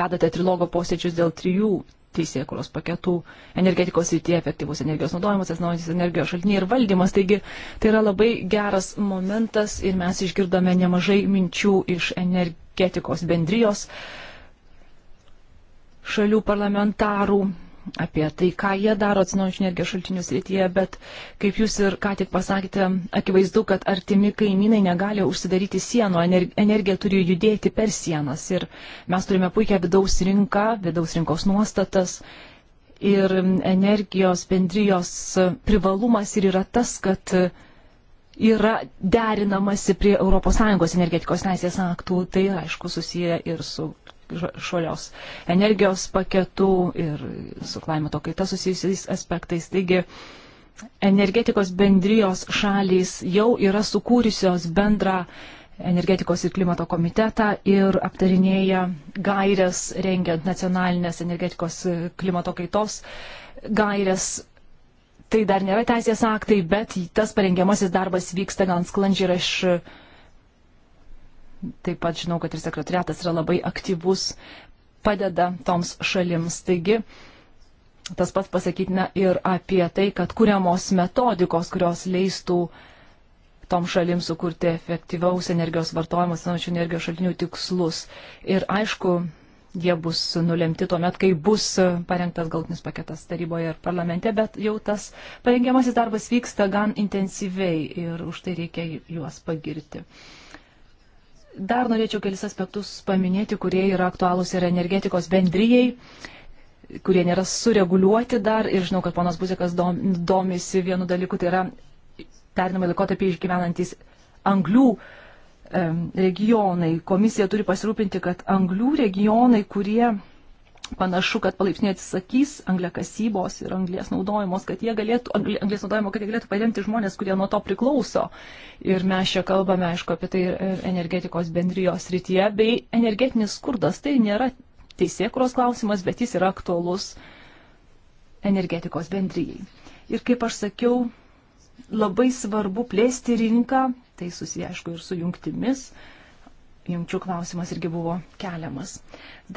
vedate trilogo posėdžius dėl trijų teisėkuros paketų energetikos rytyje, efektyvus energijos naudojimas, atsinaujantis energijos šaltiniai ir valdymas. Taigi tai yra labai geras momentas ir mes išgirdome nemažai minčių iš energetikos bendrijos šalių parlamentarų apie tai, ką jie daro atsinaujinčių energijos šaltinių srityje, bet kaip jūs ir ką tik pasakėte, akivaizdu, kad artimi kaimynai negali užsidaryti sienų, energija turi judėti per sienas ir mes turime puikią vidaus rinką, vidaus rinkos nuostatas. Ir energijos bendrijos privalumas ir yra tas, kad yra derinamasi prie ES energetikos teisės aktų, tai aišku susiję ir su švarios energijos paketu ir su klimato kaita susijusiais aspektais. Taigi, energetikos bendrijos šalys jau yra sukūrusios bendrą energetikos ir klimato komitetą ir aptarinėja gairias rengiant nacionalinės energetikos klimato kaitos gairias. Tai dar nėra teisės aktai, bet tas parengiamasis darbas vyksta gan sklandžiai ir aš Taip pat žinau, kad ir sekretariatas yra labai aktyvus, padeda toms šalims. Taigi, tas pats pasakytina ir apie tai, kad kuriamos metodikos, kurios leistų tom šalim sukurti efektyvaus energijos vartojimo, senačių energijos šaltinių tikslus. Ir aišku, jie bus nulemti tuo met, kai bus parengtas galtinis paketas taryboje ir parlamente, bet jau tas parengiamasis darbas vyksta gan intensyviai ir už tai reikia juos pagirti. Dar norėčiau kelis aspektus paminėti, kurie yra aktualūs ir energetikos bendryjei kurie nėra sureguliuoti dar ir žinau, kad ponas Buzikas dom, domisi vienu dalyku, tai yra perinamai laikotarpį išgyvenantis anglių regionai. Komisija turi pasirūpinti, kad anglių regionai, kurie panašu, kad palaipsniui atsisakys angliakasybos ir anglės naudojimos, kad jie galėtų, anglės naudojimo, kad jie galėtų paremti žmonės, kurie nuo to priklauso. Ir mes čia kalbame, aišku, apie tai energetikos bendrijos rytyje, bei energetinis skurdas. Tai nėra teisėkuros klausimas, bet jis yra aktuolus energetikos bendryjai. Ir kaip aš sakiau, labai svarbu plėsti rinką, tai susiję, aišku, ir su jungtimis. Uh, jungčių klausimas irgi buvo keliamas.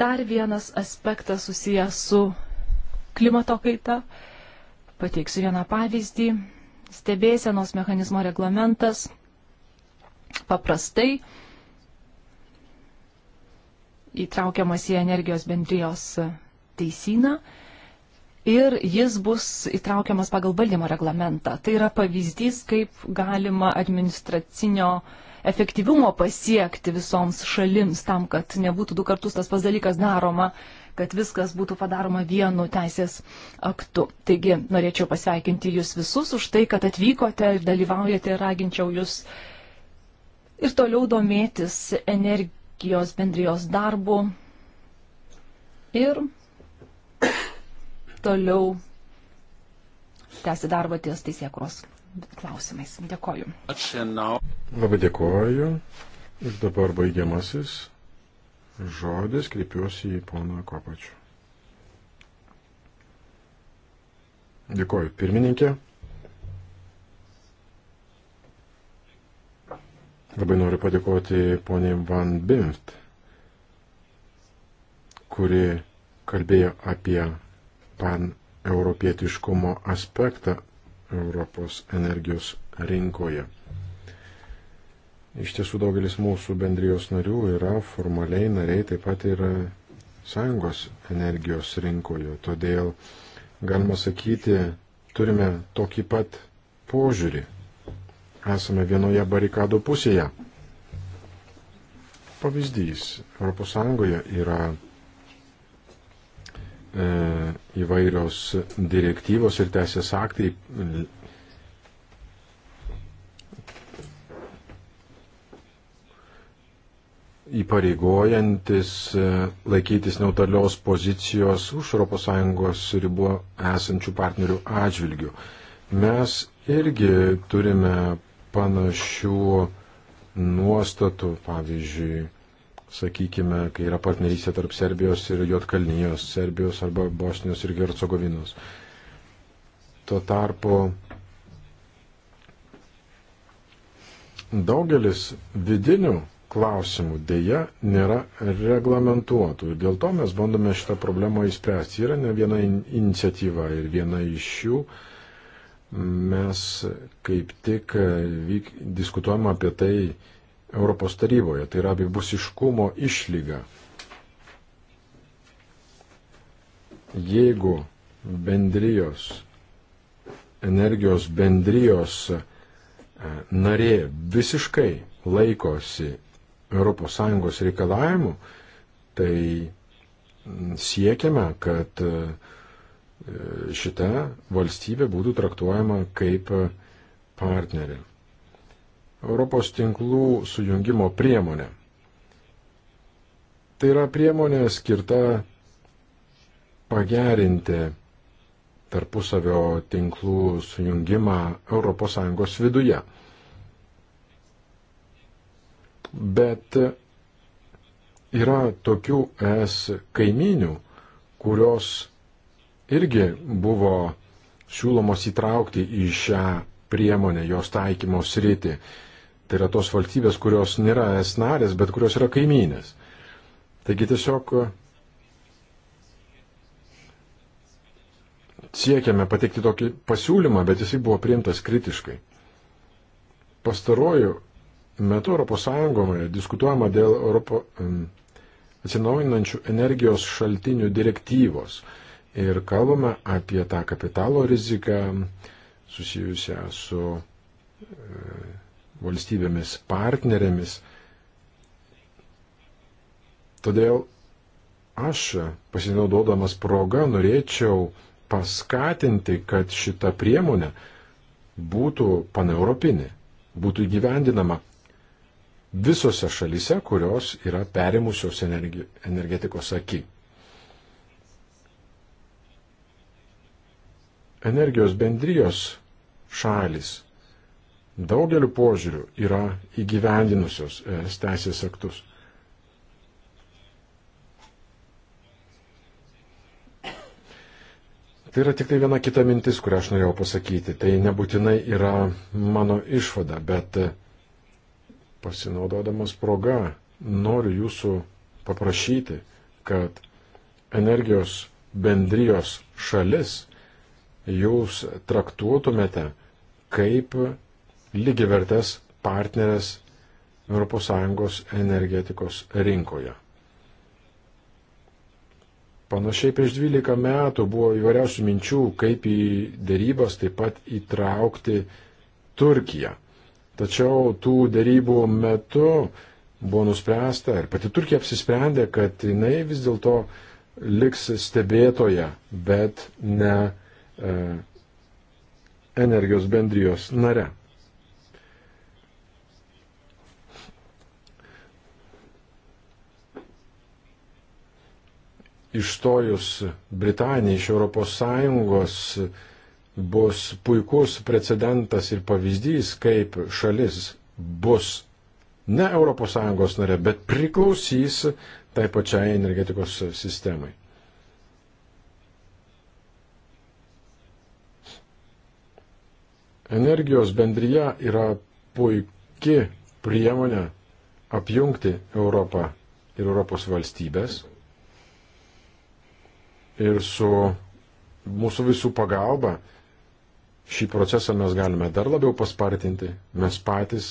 Dar vienas aspektas susijęs su klimato kaita. Pateiksiu vieną pavyzdį. Stebėsenos mechanizmo reglamentas paprastai įtraukiamas į energijos bendrijos teisyną ir jis bus įtraukiamas pagal valdymo reglamentą. Tai yra pavyzdys, kaip galima administracinio efektyvumo pasiekti visoms šalims tam, kad nebūtų du kartus tas pas dalykas daroma, kad viskas būtų padaroma vienu teisės aktu. Taigi norėčiau pasveikinti jūs visus už tai, kad atvykote ir dalyvaujate ir raginčiau jūs ir toliau domėtis energijos bendrijos darbu. Ir toliau tęsti darbą ties teisėkros klausimais. Dėkoju. Labai dėkoju. Ir dabar baigiamasis žodis kreipiuosi į poną Kopačių. Dėkoju, pirmininkė. Labai noriu padėkoti poniai Van Bimft, kuri kalbėjo apie paneuropietiškumo aspektą Europos energijos rinkoje. Iš tiesų daugelis mūsų bendrijos narių yra formaliai nariai, taip pat ir sąjungos energijos rinkoje. Todėl, galima sakyti, turime tokį pat požiūrį. Esame vienoje barikado pusėje. Pavyzdys. ES yra E, įvairios direktyvos ir teisės aktai įpareigojantis e, laikytis neutralios pozicijos už ES ribų esančių partnerių atžvilgių. Mes irgi turime panašių nuostatų, pavyzdžiui, sakykime, kai yra partnerystė tarp Serbijos ir Jotkalnyjos, Serbijos arba Bosnijos ir Hercegovinos. Tuo tarpu daugelis vidinių klausimų dėja nėra reglamentuotų. Ir dėl to mes bandome šitą problemą įspręsti. Yra ne viena in iniciatyva ir viena iš jų mes kaip tik vyk, diskutuojam apie tai, Europos taryboje, tai yra abipusiškumo išlyga. Jeigu bendrijos, energijos bendrijos e, narė visiškai laikosi ES reikalavimų, tai siekiame, kad e, šita valstybė būtų traktuojama kaip e, partnerė. Europos tinklų sujungimo priemonė. Tai yra priemonė skirta pagerinti tarpusavio tinklų sujungimą ES viduje. Bet yra tokių es kaiminių, kurios irgi buvo siūlomos įtraukti į šią priemonę, jos taikymo sritį. Tai yra tos valstybės, kurios nėra es narės, bet kurios yra kaimynės. Taigi tiesiog siekiame pateikti tokį pasiūlymą, bet jisai buvo priimtas kritiškai. Pastaruoju metu ES diskutuojama dėl Europo, atsinaujinančių energijos šaltinių direktyvos ir kalbame apie tą kapitalo riziką susijusią su e, valstybėmis partnerėmis. Todėl aš pasinaudodamas progą norėčiau paskatinti, kad šita priemonė būtų paneuropinė, būtų įgyvendinama visose šalise, kurios yra perimusios energi, energetikos akį. Energijos bendrijos šalis daugeliu požiūrių yra įgyvendinusios ES teisės aktus. Tai yra tik tai viena kita mintis, kurią aš norėjau pasakyti. Tai nebūtinai yra mano išvada, bet e, pasinaudodamas proga noriu jūsų paprašyti, kad energijos bendrijos šalis jūs traktuotumėte kaip lygivertes partnerės ES energetikos rinkoje. Panašiai prieš 12 metų buvo įvairiausių minčių, kaip į dėrybas taip pat įtraukti Turkiją. Tačiau tų dėrybų metu buvo nuspręsta ir pati Turkija apsisprendė, kad jinai vis dėlto liks stebėtoja, bet ne e, energijos bendrijos nare. ištojus Britanijai iš ES bus puikus precedentas ir pavyzdys, kaip šalis bus ne ES nare, bet priklausys tai pačiai energetikos sistemai. Energijos bendryje yra puiki priemonė apjungti Europą ir Europos valstybės ir su mūsų visų pagalba šį procesą mes galime dar labiau paspartinti. Mes patys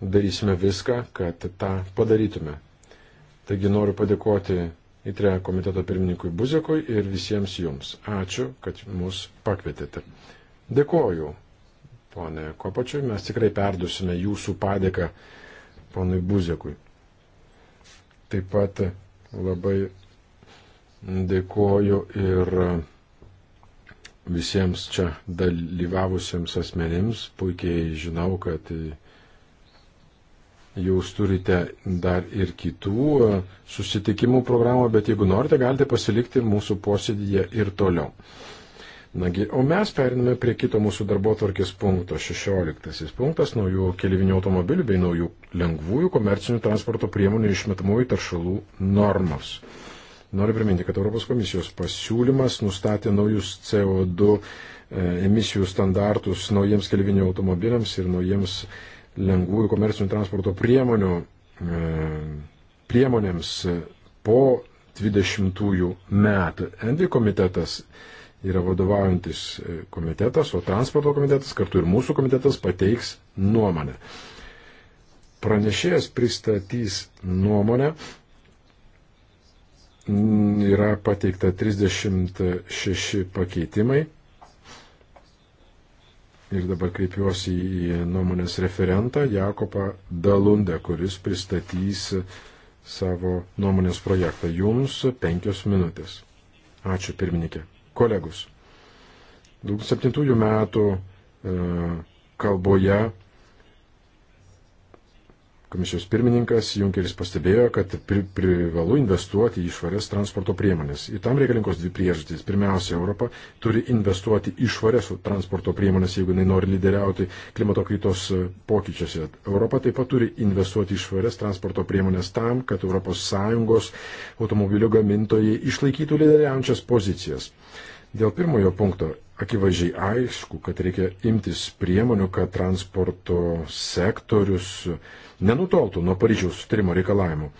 darysime viską, kad tą padarytume. Taigi noriu padėkoti įtre komiteto pirmininkui Buzekui ir visiems jums. Ačiū, kad mus pakvietėte. Dėkoju, ponė Kopačiui, mes tikrai perdusime jūsų padėką ponui Buzekui. Taip pat labai Dėkuoju ir visiems čia dalyvavusiems asmenims. Puikiai žinau, kad jūs turite dar ir kitų susitikimų programą, bet jeigu norite, galite pasilikti mūsų posėdėje ir toliau. Nagi, o mes periname prie kito mūsų darbo tvarkės punkto, 16 punktas, naujų keliavinių automobilių bei naujų lengvųjų komercinių transporto priemonių išmetamųjų taršalų normos. Noriu priminti, kad Europos komisijos pasiūlymas nustatė naujus CO2 e, emisijų standartus naujiems kelvinių automobiliams ir naujiems lengvųjų komercinių transporto priemonių, e, priemonėms po 20 metų. Envi komitetas yra vadovaujantis e, komitetas, o transporto komitetas kartu ir mūsų komitetas pateiks nuomonę. Pranešėjas pristatys nuomonę Mm, yra pateikta 36 pakeitimai. Ir dabar kreipiuosi į nuomonės referentą Jakobą Dalundę, kuris pristatys savo nuomonės projektą. Jums penkios minutės. Ačiū pirmininkė. Kolegus. 2007 metų e, kalboje Komisijos pirmininkas Junkeris pastebėjo, kad pri, privalu investuoti į švarias transporto priemonės. Į tam reikalingos dvi priežastys. Pirmiausia, Europa turi investuoti į švarias transporto priemonės, jeigu jinai nori lyderiauti klimato kaitos pokyčiuose. Europa taip pat turi investuoti į švarias transporto priemonės tam, kad ES automobilių gamintojai išlaikytų lyderiaujančias pozicijas. Dėl pirmojo punkto akivaizdžiai aišku, kad reikia imtis priemonių, kad transporto sektorius nenutoltų nuo Paryžiaus sutarimo reikalavimų.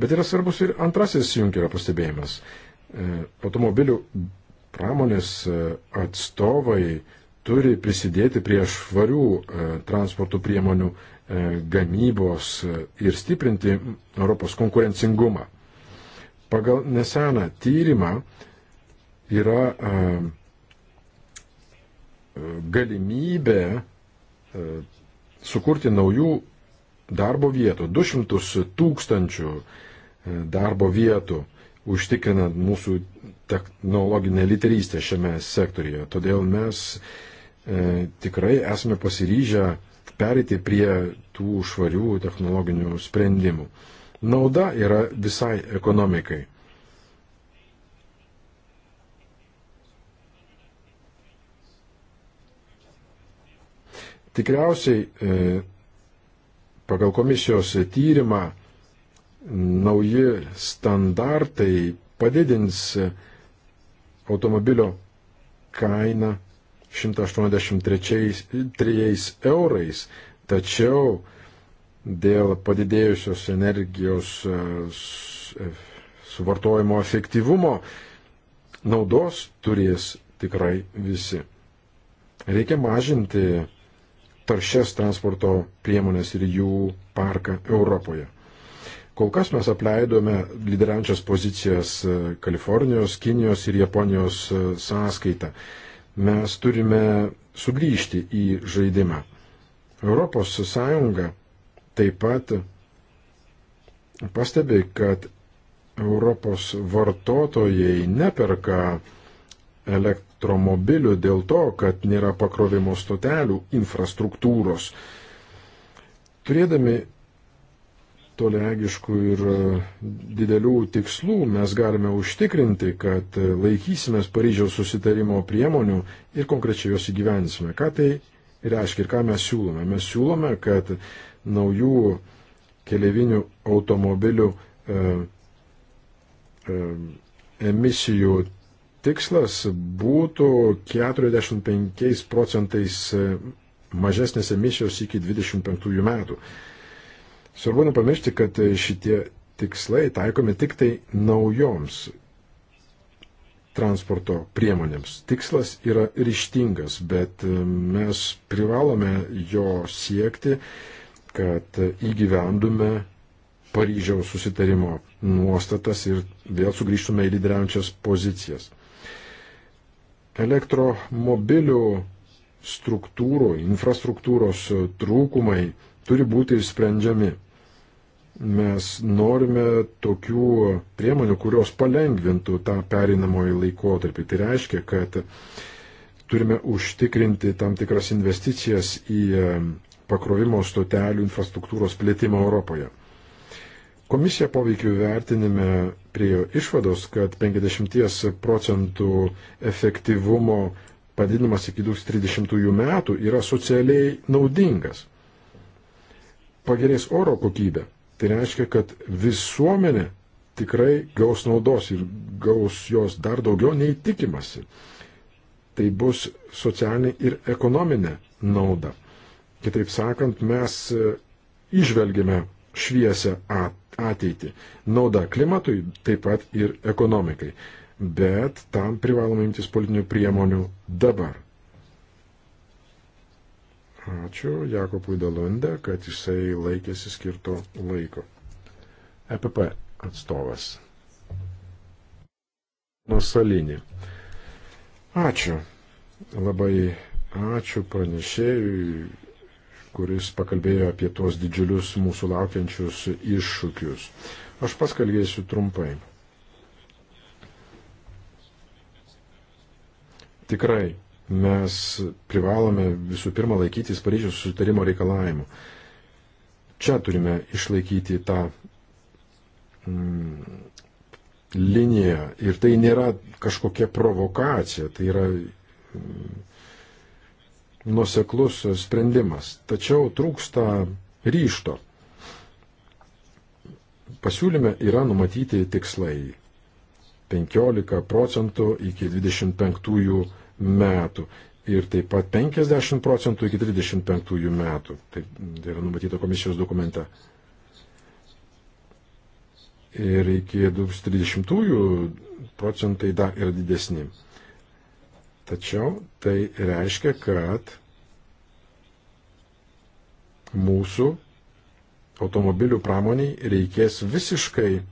Bet yra svarbus ir antrasis Junkerio pastebėjimas. E, automobilių pramonės e, atstovai turi prisidėti prie švarių e, transporto priemonių gamybos ir stiprinti Europos konkurencingumą. Pagal neseną tyrimą yra galimybė sukurti naujų darbo vietų, 200 tūkstančių e, darbo vietų, užtikrinant mūsų technologinę literystę šiame sektorijoje. Todėl mes e, tikrai esame pasiryžę perėti prie tų švarių technologinių sprendimų. Nauda yra visai ekonomikai. Tikriausiai e, Pagal komisijos tyrimą nauji standartai padidins automobilio kainą 183 eurais, tačiau dėl padidėjusios energijos e, suvartojimo efektyvumo naudos turės tikrai visi. Reikia mažinti taršias transporto priemonės ir jų parką Europoje. Kol kas mes apleidome lyderiančias pozicijas e, Kalifornijos, Kinijos ir Japonijos e, sąskaitą. Mes turime sugrįžti į žaidimą. Europos Sąjunga taip pat pastebi, kad Europos vartotojai neperka elekt elektromobilių dėl to, kad nėra pakrovimo stotelių infrastruktūros. Turėdami tolegiškų ir e, didelių tikslų mes galime užtikrinti, kad laikysimės Paryžiaus susitarimo priemonių ir konkrečiai jos įgyvensime. Ką tai reiškia ir ką mes siūlome? Mes siūlome, kad naujų keliavinių automobilių e, e, emisijų tikslas būtų 45 procentais e, mažesnės emisijos iki 25 metų. Svarbu nepamiršti, kad šitie tikslai taikomi tik tai naujoms transporto priemonėms. Tikslas yra ryštingas, bet e, mes privalome jo siekti, kad įgyvendume Paryžiaus susitarimo nuostatas ir vėl sugrįžtume į lyderiaujančias pozicijas. Elektromobilių struktūrų, infrastruktūros trūkumai turi būti išsprendžiami. Mes norime tokių priemonių, kurios palengvintų tą pereinamojį laikotarpį. Tai reiškia, kad turime užtikrinti tam tikras investicijas į pakrovimo stotelių infrastruktūros plėtimą Europoje. Komisija poveikių vertinime priejo išvados, kad 50 procentų efektyvumo padidinimas iki 2030 metų yra socialiai naudingas. Pagerės oro kokybė. Tai reiškia, kad visuomenė tikrai gaus naudos ir gaus jos dar daugiau nei tikimasi. Tai bus socialinė ir ekonominė nauda. Kitaip sakant, mes e, išvelgėme šviesę ateitį. Nauda klimatui, taip pat ir ekonomikai. Bet tam privalome imtis politinių priemonių dabar. Ačiū Jakobui Dalunde, kad jisai laikėsi skirto laiko. EPP atstovas. Nusalinį. Ačiū. Labai ačiū pranešėjui kuris pakalbėjo apie tuos didžiulius mūsų laukiančius iššūkius. Aš paskalbėsiu trumpai. Tikrai mes privalome visų pirma laikytis Paryžiaus susitarimo reikalavimų. Čia turime išlaikyti tą mm, liniją ir tai nėra kažkokia provokacija, tai yra mm, nuseklus sprendimas, tačiau trūksta ryšto. Pasiūlyme yra numatyti tikslai 15 procentų iki 25 metų ir taip pat 50 procentų iki 35 metų. Tai, tai yra numatyta komisijos dokumente. Ir iki 2030 procentai dar yra didesni. Tačiau tai reiškia, kad mūsų automobilių pramoniai reikės visiškai e,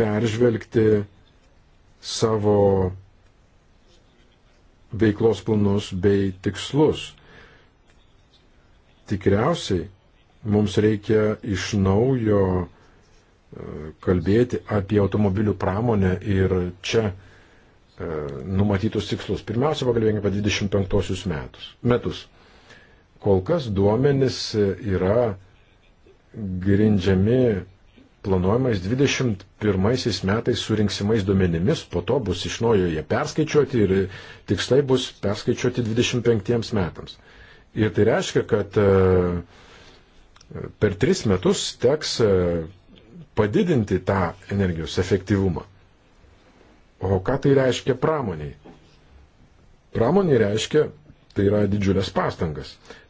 peržvelgti savo veiklos planus bei tikslus. Tikriausiai mums reikia iš naujo e, kalbėti apie automobilių pramonę ir čia E, numatytus tikslus. Pirmiausia, pagalvėkime apie 25 metus. metus. Kol kas duomenys yra grindžiami planuojamais 21 metais surinksimais duomenimis, po to bus iš naujo jie perskaičiuoti ir tikslai bus perskaičiuoti 25 metams. Ir tai reiškia, kad e, per 3 metus teks e, padidinti tą energijos efektyvumą. O ką tai reiškia pramoniai? Pramonė reiškia, tai yra didžiulės pastangas.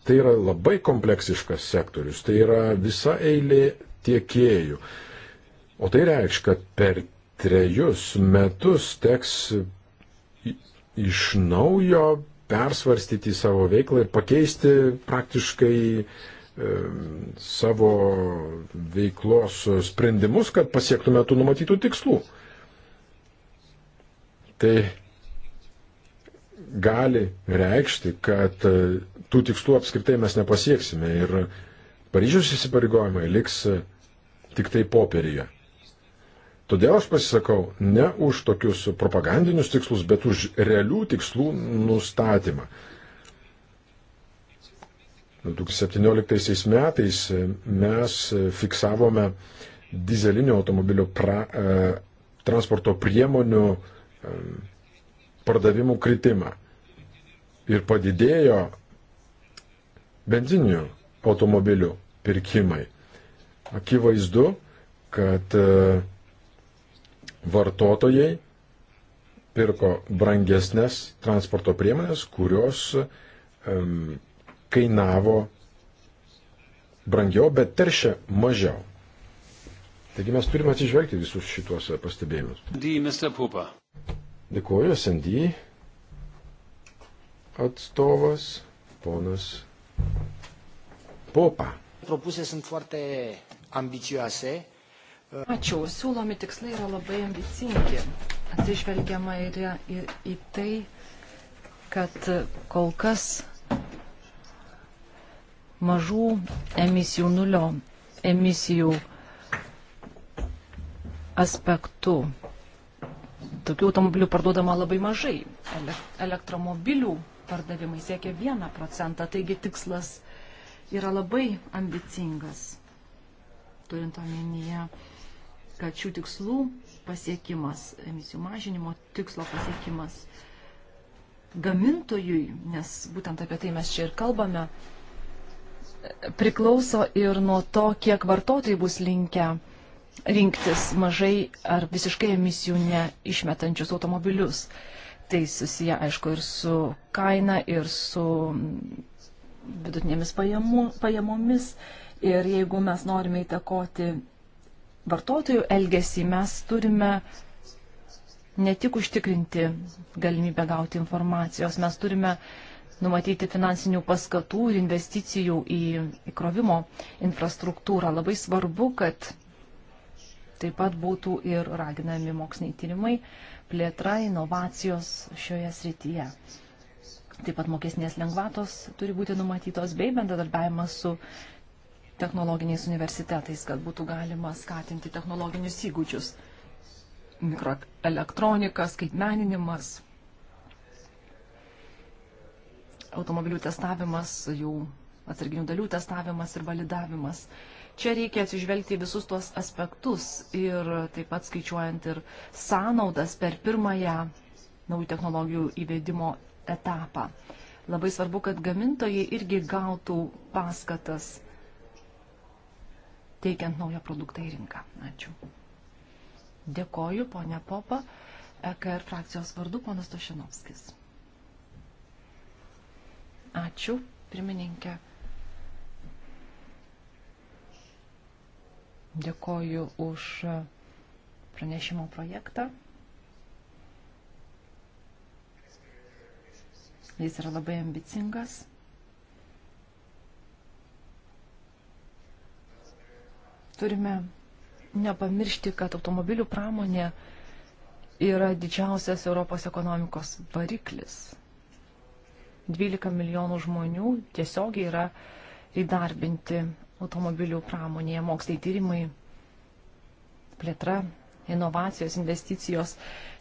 Tai yra labai kompleksiškas sektorius, tai yra visa eilė tiekėjų. O tai reikš, kad per trejus metus teks iš naujo persvarstyti savo veiklą ir pakeisti praktiškai e, savo veiklos sprendimus, kad pasiektume tų numatytų tikslų. Tai gali reikšti, kad e, tų tikslų apskritai mes nepasieksime ir Paryžiaus įsipareigojimai liks e, tik tai popieryje. Todėl aš pasisakau ne už tokius propagandinius tikslus, bet už realių tikslų nustatymą. 2017 metais e, mes fiksavome dizelinio automobilio pra, transporto priemonių pardavimų kritimą. Ir padidėjo benzinių automobilių pirkimai. Akivaizdu, kad e, vartotojai pirko brangesnės transporto priemonės, kurios um, kainavo brangiau, bet teršia mažiau. Taigi mes turime atsižvelgti visus šituos pastebėjimus. D. Mr. Pupa. Dėkuoju, SND atstovas, ponas Popa. Propuse sunt foarte ambicioase. Ačiū, siūlomi tikslai yra labai ambicingi. Atsižvelgiama yra ir į tai, kad kol kas mažų emisijų, nulio emisijų aspektų tokių automobilių parduodama labai mažai. Elektromobilių pardavimai siekia 1 procentą, taigi tikslas yra labai ambicingas, turint omenyje, kad šių tikslų pasiekimas, emisijų mažinimo tikslo pasiekimas gamintojui, nes būtent apie tai mes čia ir kalbame, priklauso ir nuo to, kiek vartotojai bus linkę rinktis mažai ar visiškai emisijų neišmetančius automobilius. Tai susiję, aišku, ir su kaina, ir su vidutinėmis pajamų, pajamomis. Ir jeigu mes norime įtakoti vartotojų elgesį, mes turime ne tik užtikrinti galimybę gauti informacijos, mes turime numatyti finansinių paskatų ir investicijų į įkrovimo infrastruktūrą. Labai svarbu, kad Taip pat būtų ir raginami moksliniai tyrimai, plėtra, inovacijos šioje srityje. Taip pat mokesnės lengvatos turi būti numatytos bei bendradarbiavimas su technologiniais universitetais, kad būtų galima skatinti technologinius įgūdžius. Mikroelektronika, skaitmeninimas, automobilių testavimas, jų atsarginių dalių testavimas ir validavimas. Čia reikia atsižvelgti visus tuos aspektus ir taip pat skaičiuojant ir sąnaudas per pirmąją naujų technologijų įvedimo etapą. Labai svarbu, kad gamintojai irgi gautų paskatas teikiant naują produktą į rinką. Ačiū. Dėkoju, ponia Popa, EKR er frakcijos vardu, ponas Tošinovskis. Ačiū, pirmininkė. Dėkoju už pranešimo projektą. Jis yra labai ambicingas. Turime nepamiršti, kad automobilių pramonė yra didžiausias Europos ekonomikos variklis. 12 milijonų žmonių tiesiogiai yra uh, įdarbinti automobilių pramonėje, mokslai tyrimai, plėtra, inovacijos, investicijos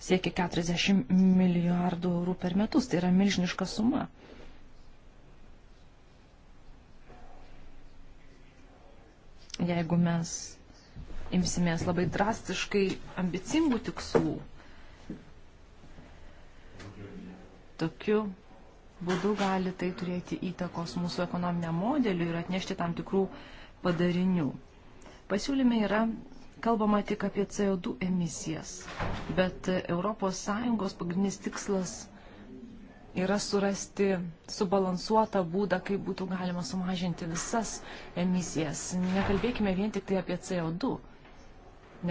siekia 40 milijardų eurų per metus. Tai yra milžiniška suma. Jeigu mes imsimės labai drastiškai ambicingų tikslų, tokiu būdu gali tai turėti įtakos mūsų ekonominiam modeliu ir atnešti tam tikrų padarinių. Pasiūlyme yra kalbama tik apie CO2 emisijas, bet ES pagrindinis tikslas yra surasti subalansuotą būdą, kaip būtų galima sumažinti visas emisijas. Nekalbėkime vien tik tai apie CO2,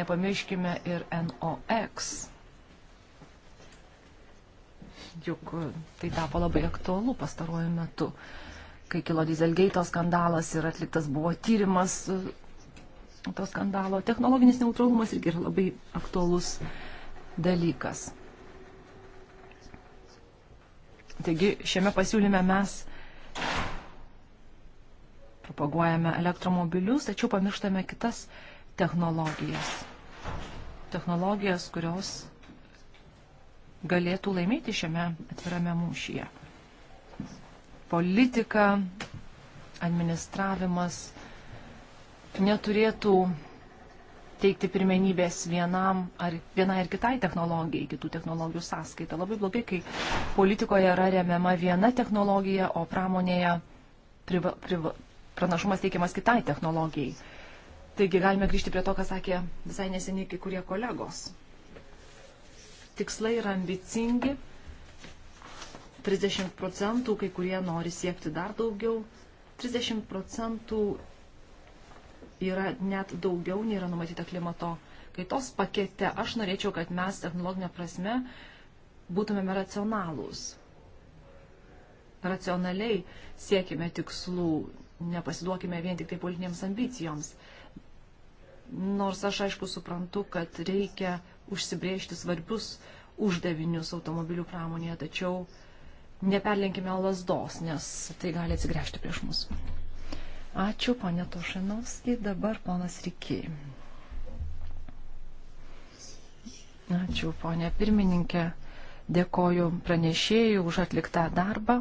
nepamirškime ir NOx juk e, tai tapo labai aktualu pastaruoju metu. Kai kilo dizelgeito skandalas ir atliktas buvo tyrimas e, to skandalo, technologinis neutralumas irgi yra labai aktualus dalykas. Taigi šiame pasiūlyme mes propaguojame elektromobilius, tačiau pamirštame kitas technologijas. Technologijas, kurios galėtų laimėti šiame atvirame mūšyje. Politika, administravimas neturėtų teikti pirmenybės vienam ar vienai ar kitai technologijai, kitų technologijų sąskaita. Labai blogai, kai politikoje yra remiama viena technologija, o pramonėje priva, priva, pranašumas teikiamas kitai technologijai. Taigi galime grįžti prie to, ką sakė visai neseniai kai kurie kolegos tikslai yra ambicingi. 30 procentų, kai kurie nori siekti dar daugiau. 30 procentų yra net daugiau, nei yra numatyta klimato kaitos pakete. Aš norėčiau, kad mes technologinė prasme būtumėme racionalūs. Racionaliai siekime tikslų, nepasiduokime vien tik tai politinėms ambicijoms. Nors aš aišku suprantu, kad reikia užsibriežti svarbius uždavinius automobilių pramonėje, tačiau neperlenkime lasdos, nes tai gali atsigręžti prieš mus. Ačiū, ponė Tošanovskiai, dabar ponas Rikiai. Ačiū, ponė pirmininkė, dėkoju pranešėjų už atliktą darbą.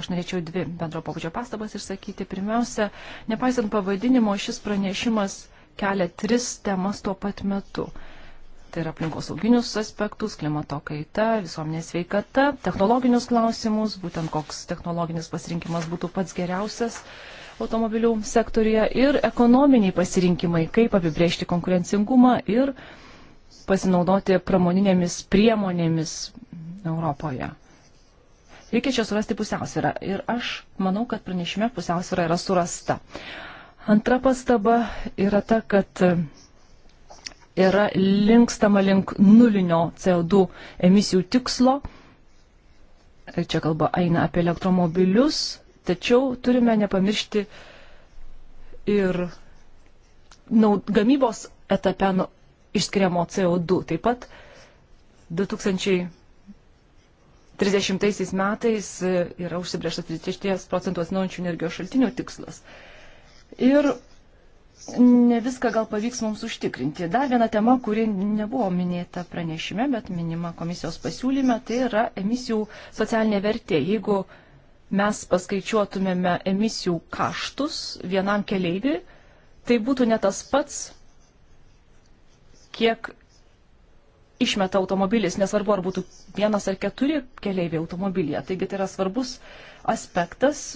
Aš norėčiau dvi bendro pabudžio pastabas išsakyti. Pirmiausia, nepaisant pavadinimo, šis pranešimas kelia tris temas tuo pat metu. Tai yra aplinkosauginius aspektus, klimato kaita, visuomenės veikata, technologinius klausimus, būtent koks technologinis pasirinkimas būtų pats geriausias automobilių sektorija ir ekonominiai pasirinkimai, kaip apibrėžti konkurencingumą ir pasinaudoti pramoninėmis priemonėmis Europoje. Reikia čia surasti pusiausvyrą ir aš manau, kad pranešime pusiausvyrą yra surasta. Antra pastaba yra ta, kad yra linkstama link nulinio CO2 emisijų tikslo. Čia kalba eina apie elektromobilius, tačiau turime nepamiršti ir naud, gamybos etape nu, išskiriamo CO2. Taip pat 2030 metais e, yra užsibrėžtas 30 procentų atsinaujančių energijos šaltinių tikslas. Ir ne viską gal pavyks mums užtikrinti. Dar viena tema, kuri nebuvo minėta pranešime, bet minima komisijos pasiūlyme, tai yra emisijų socialinė vertė. Jeigu mes paskaičiuotumėme emisijų kaštus vienam keleiviui, tai būtų ne tas pats, kiek išmeta automobilis, nesvarbu, ar būtų vienas ar keturi keleiviai automobilyje. Taigi tai yra svarbus aspektas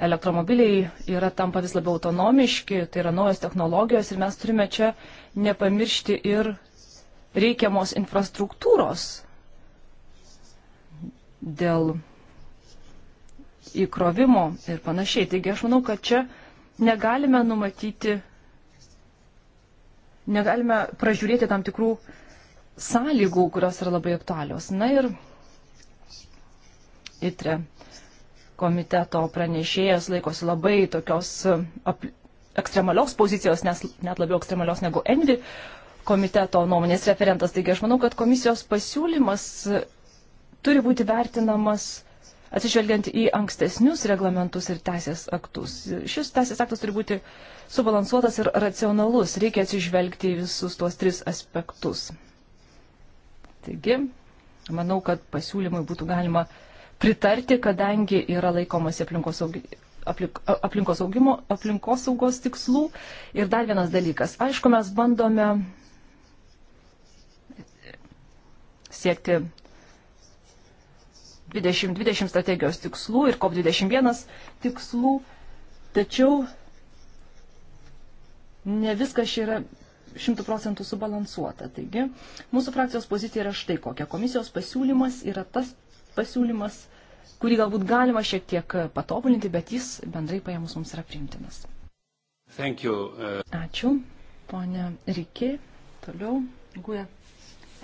elektromobiliai yra tampa vis labiau autonomiški, tai yra naujos technologijos ir mes turime čia nepamiršti ir reikiamos infrastruktūros dėl įkrovimo ir panašiai. Taigi aš manau, kad čia negalime numatyti, negalime pražiūrėti tam tikrų sąlygų, kurios yra labai aktualios. Na ir itre komiteto pranešėjas laikosi labai tokios e, ekstremalios pozicijos, nes net labiau ekstremalios negu Envi komiteto nuomonės referentas. Taigi aš manau, kad komisijos pasiūlymas e, turi būti vertinamas atsižvelgiant į ankstesnius reglamentus ir teisės aktus. Šis teisės aktas turi būti subalansuotas ir racionalus. Reikia atsižvelgti į visus tuos tris aspektus. Taigi, manau, kad pasiūlymui būtų galima uh, pritarti, kadangi yra laikomasi aplinkos saugimo aplinkos, augimo, aplinkos saugos tikslų. Ir dar vienas dalykas. Aišku, mes bandome siekti 2020 strategijos tikslų ir COP21 tikslų, tačiau ne viskas čia yra šimtų procentų subalansuota. Taigi, mūsų frakcijos pozicija yra štai kokia. Komisijos pasiūlymas yra tas, pasiūlymas, kurį galbūt galima šiek tiek patobulinti, bet jis bendrai paėmus mums yra priimtinas. Thank you, uh... Ačiū, ponia Rikė. Toliau, Guja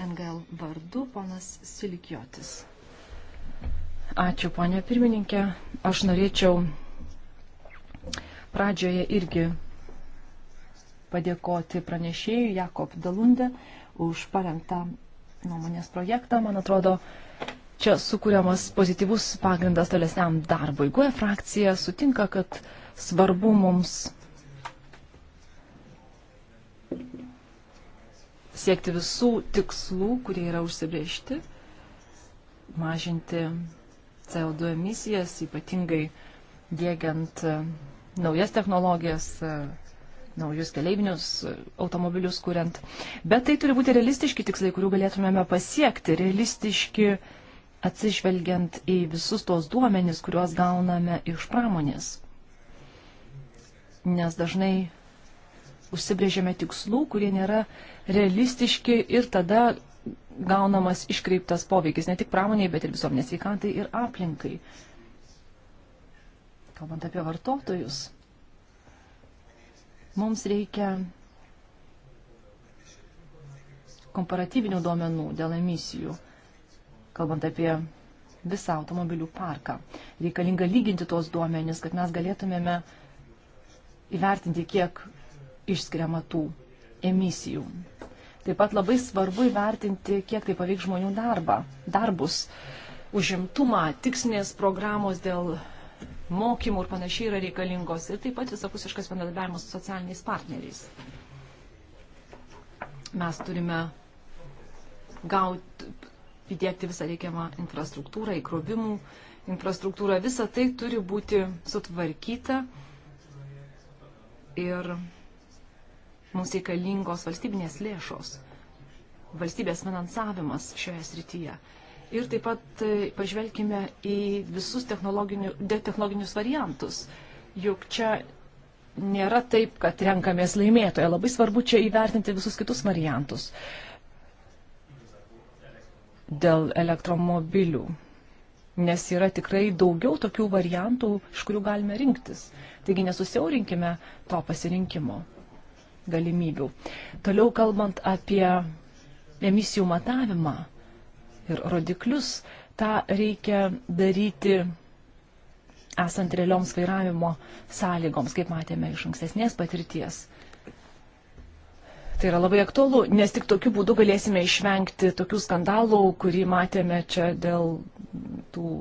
NGL vardu, ponas Silikiotis. Ačiū, ponia pirmininkė. Aš norėčiau pradžioje irgi padėkoti pranešėjui Jakob Dalunde už parengtą nuomonės projektą. Man atrodo, uh, čia sukūriamas pozityvus pagrindas tolesniam darbui. GUE frakcija sutinka, kad svarbu mums siekti visų tikslų, kurie yra užsibriežti, mažinti CO2 emisijas, ypatingai dėgiant naujas technologijas, naujus keleivinius automobilius kuriant. Bet tai turi būti realistiški tikslai, kurių galėtumėme pasiekti, realistiški uh, atsižvelgiant į visus tos duomenys, kuriuos gauname iš pramonės. Nes dažnai užsibrėžiame tikslų, kurie nėra realistiški ir tada gaunamas iškreiptas poveikis ne tik pramoniai, bet ir visuomenės veikatai ir aplinkai. Kalbant apie vartotojus, mums reikia komparatyvinių duomenų dėl emisijų kalbant apie visą automobilių parką. Reikalinga lyginti tuos duomenis, kad mes galėtumėme įvertinti, kiek išskiriama tų emisijų. Taip pat labai svarbu įvertinti, kiek tai paveiks žmonių darbą, darbus, užimtumą, tikslinės programos dėl mokymų ir panašiai yra reikalingos ir taip pat visapusiškas bendradarbiavimas su socialiniais partneriais. Mes turime gauti, įdėkti visą reikiamą infrastruktūrą, įkrovimų infrastruktūrą. Visa tai turi būti sutvarkyta ir mums reikalingos valstybinės lėšos, valstybės finansavimas šioje srityje. Ir taip pat e, pažvelkime į visus technologinių, technologinius variantus. Juk čia nėra taip, kad renkamės laimėtoje. Labai svarbu čia įvertinti visus kitus variantus. Uh, dėl elektromobilių. Nes yra tikrai daugiau tokių variantų, iš kurių galime rinktis. Taigi nesusiaurinkime to pasirinkimo galimybių. Toliau kalbant apie emisijų matavimą ir rodiklius, tą reikia daryti esant realioms vairavimo sąlygoms, kaip matėme iš ankstesnės patirties. Tai yra labai aktualu, nes tik tokiu būdu galėsime išvengti tokių skandalų, kurį matėme čia dėl tų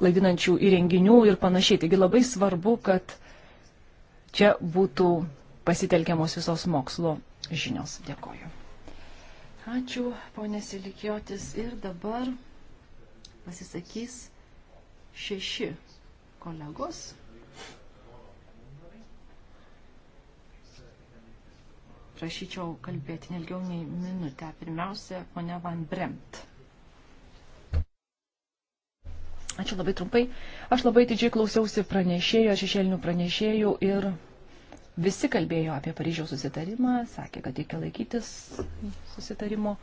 klaidinančių įrenginių ir panašiai. Taigi labai svarbu, kad čia būtų pasitelkiamos visos mokslo žinios. Dėkoju. Ačiū, ponė Silikiotis. Ir dabar pasisakys šeši kolegos. prašyčiau kalbėti nelgiau nei minutę. Pirmiausia, ponia Van Bremt. Ačiū labai trumpai. Aš labai didžiai klausiausi pranešėjo, šešėlinių pranešėjų ir visi kalbėjo apie Paryžiaus susitarimą, sakė, kad reikia laikytis susitarimo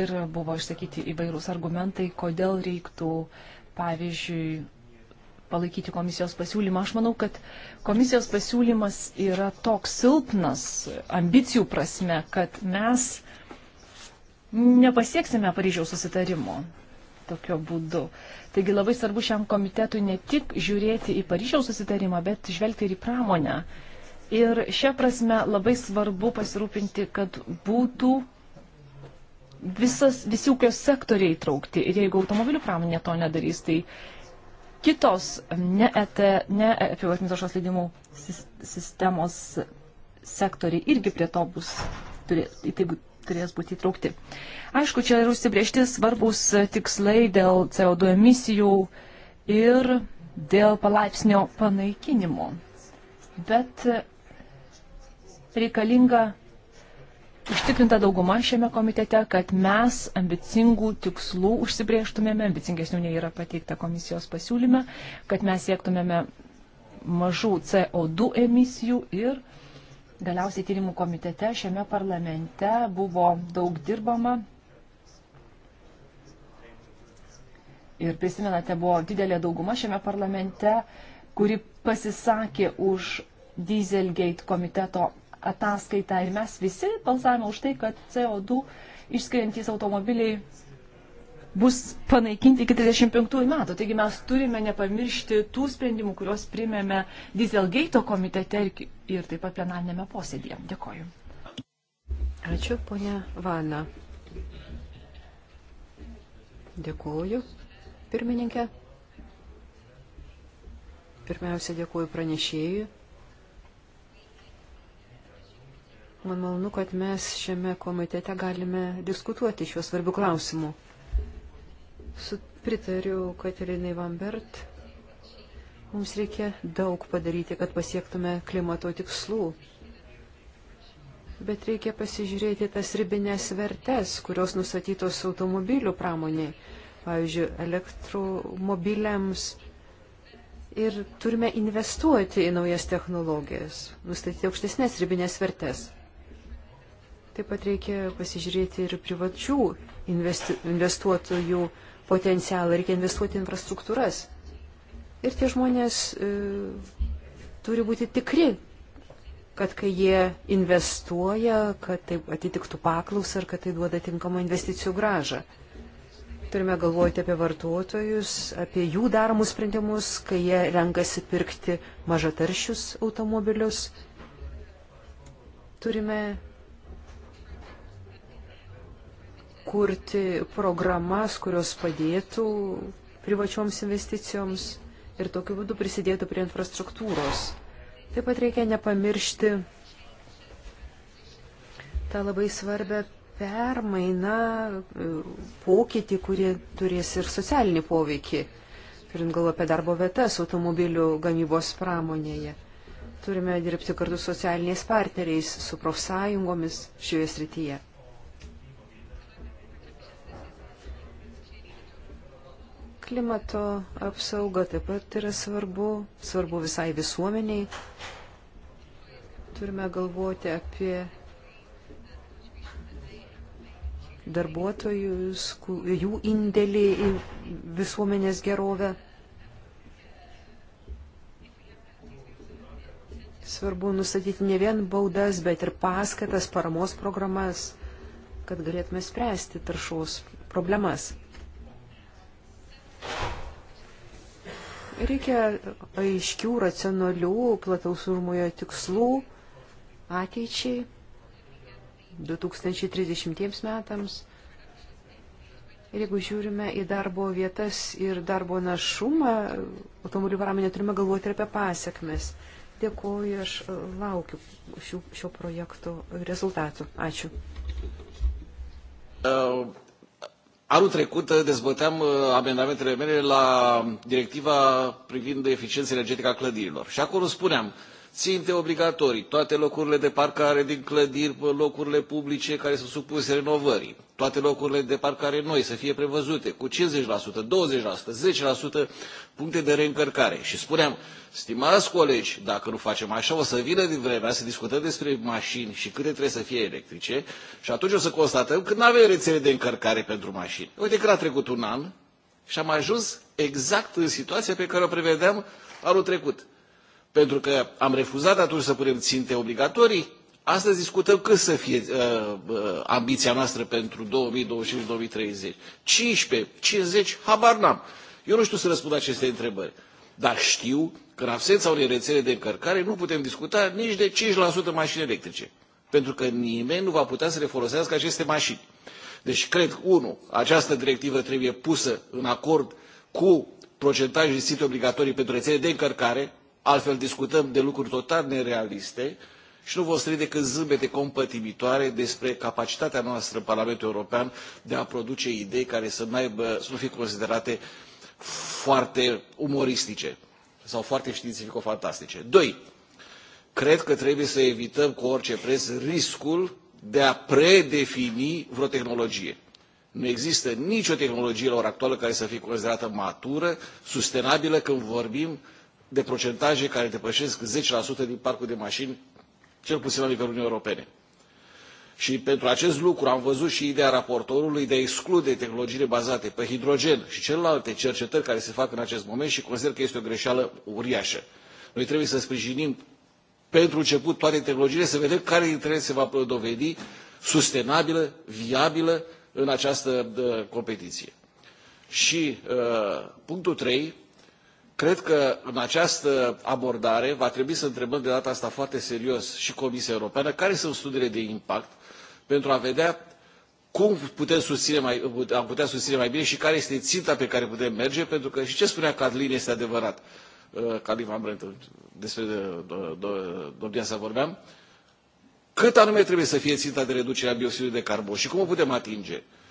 ir buvo išsakyti įvairūs argumentai, kodėl reiktų, pavyzdžiui, palaikyti komisijos pasiūlymą. Aš manau, kad komisijos pasiūlymas yra toks silpnas ambicijų prasme, kad mes nepasieksime Paryžiaus susitarimo tokiu būdu. Taigi labai svarbu šiam komitetui ne tik žiūrėti į Paryžiaus susitarimą, bet žvelgti ir į pramonę. Ir šią prasme labai svarbu pasirūpinti, kad būtų visas, visi ūkio sektoriai įtraukti. Ir jeigu automobilių pramonė to nedarys, tai kitos ne, ET, ne e apivartinių taršos leidimų sistemos sektoriai irgi prie to bus, turė, į tai turės būti įtraukti. Aišku, čia yra užsibriežti svarbus tikslai dėl CO2 emisijų ir dėl palaipsnio panaikinimo. Bet reikalinga užtikrinta dauguma šiame komitete, kad mes ambicingų tikslų užsibrieštumėme, ambicingesnių nei yra pateikta komisijos pasiūlyme, kad mes siektumėme mažų CO2 emisijų ir galiausiai tyrimų komitete šiame parlamente buvo daug dirbama. Ir prisimenate, buvo didelė dauguma šiame parlamente, kuri pasisakė už Dieselgate komiteto ataskaitą ir mes visi balsavome už tai, kad CO2 išskiriantys automobiliai bus panaikinti iki 35 metų. Taigi mes turime nepamiršti tų sprendimų, kuriuos primėme Dieselgate komitete ir, ir taip pat plenarinėme posėdėje. Dėkoju. Ačiū, ponia Vana. Dėkuoju, pirmininkė. Pirmiausia, dėkuoju pranešėjui Man malonu, kad mes šiame komitete galime diskutuoti šiuo svarbiu klausimu. Su, pritariu Katerinai Vambert. Mums reikia daug padaryti, kad pasiektume klimato tikslų. Bet reikia pasižiūrėti tas ribinės vertes, kurios nustatytos automobilių pramoniai, pavyzdžiui, elektromobiliams. Ir turime investuoti į naujas technologijas, nustatyti aukštesnės ribinės vertes. Taip pat reikia pasižiūrėti ir privačių investuotojų potencialą, reikia investuoti infrastruktūras. Ir tie žmonės e, turi būti tikri, kad kai jie investuoja, kad tai atitiktų paklausą ir kad tai duoda tinkamą investicijų gražą. Turime galvoti apie vartotojus, apie jų daromus sprendimus, kai jie renkasi pirkti mažataršius automobilius. Turime kurti programas, kurios padėtų privačioms investicijoms ir tokiu būdu prisidėtų prie infrastruktūros. Taip pat reikia nepamiršti tą labai svarbę permainą, e, pokytį, kurį turės ir socialinį poveikį, turint galvo apie darbo vietas automobilių gamybos pramonėje. Turime dirbti kartu socialiniais partneriais, su profsąjungomis šioje srityje. Klimato apsauga taip pat yra svarbu, svarbu visai visuomeniai. Turime galvoti apie darbuotojus, jų indėlį į visuomenės gerovę. Svarbu nustatyti ne vien baudas, bet ir paskatas, paramos programas, kad galėtume spręsti taršos problemas. Reikia aiškių, racionalių, plataus užmojo tikslų ateičiai 2030 metams. Ir jeigu žiūrime į darbo vietas ir darbo našumą, automobilių pramonė turime galvoti ir apie pasiekmes. Dėkuoju, aš e, laukiu šių, šio projekto rezultatų. Ačiū. Uh. Anul trecut eh, dezbăteam eh, amendamentele mele la mm, directiva privind eficiența energetică a clădirilor și acolo spuneam ținte obligatorii, toate locurile de parcare din clădiri, locurile publice care sunt supuse renovării, toate locurile de parcare noi să fie prevăzute cu 50%, 20%, 10% puncte de reîncărcare. Și spuneam, stimați colegi, dacă nu facem așa, o să vină din vremea să discutăm despre mașini și câte trebuie să fie electrice și atunci o să constatăm că nu avem rețele de încărcare pentru mașini. Uite că a trecut un an și am ajuns exact în situația pe care o prevedeam anul trecut pentru că am refuzat atunci să punem ținte obligatorii, astăzi discutăm cât să fie uh, uh ambiția noastră pentru 2025-2030. 15, 50, habar n-am. Eu nu știu să răspund aceste întrebări. Dar știu că în absența unei rețele de încărcare nu putem discuta nici de 5% mașini electrice. Pentru că nimeni nu va putea să le folosească aceste mașini. Deci cred, unu, această directivă trebuie pusă în acord cu procentajul de ținte obligatorii pentru rețele de încărcare, Altfel discutăm de lucruri total nerealiste și nu vor stride decât zâmbete compătimitoare despre capacitatea noastră în Parlamentul European de a produce idei care să, aibă, să nu fie considerate foarte umoristice sau foarte științifico-fantastice. Doi, cred că trebuie să evităm cu orice preț riscul de a predefini vreo tehnologie. Nu există nicio tehnologie la ora actuală care să fie considerată matură, sustenabilă când vorbim de procentaje care depășesc 10% din parcul de mașini, cel puțin la nivelul Uniunii Europene. Și pentru acest lucru am văzut și ideea raportorului de a exclude tehnologiile bazate pe hidrogen și celelalte cercetări care se fac în acest moment și consider că este o greșeală uriașă. Noi trebuie să sprijinim pentru început toate tehnologiile, să vedem care dintre ele se va dovedi sustenabilă, viabilă în această uh, competiție. Și uh, punctul 3, Cred că în această abordare va trebui să întrebăm de data asta foarte serios și Comisia Europeană care sunt studiile de impact pentru a vedea cum putem susține mai, am putea susține mai bine și care este ținta pe care putem merge, pentru că și ce spunea Cadlin este adevărat. Uh, Cadlin Van Brent, despre uh, domnia sa vorbeam. Cât anume trebuie să fie ținta de reducere a bioxidului de carbon și cum o putem atinge? Uh,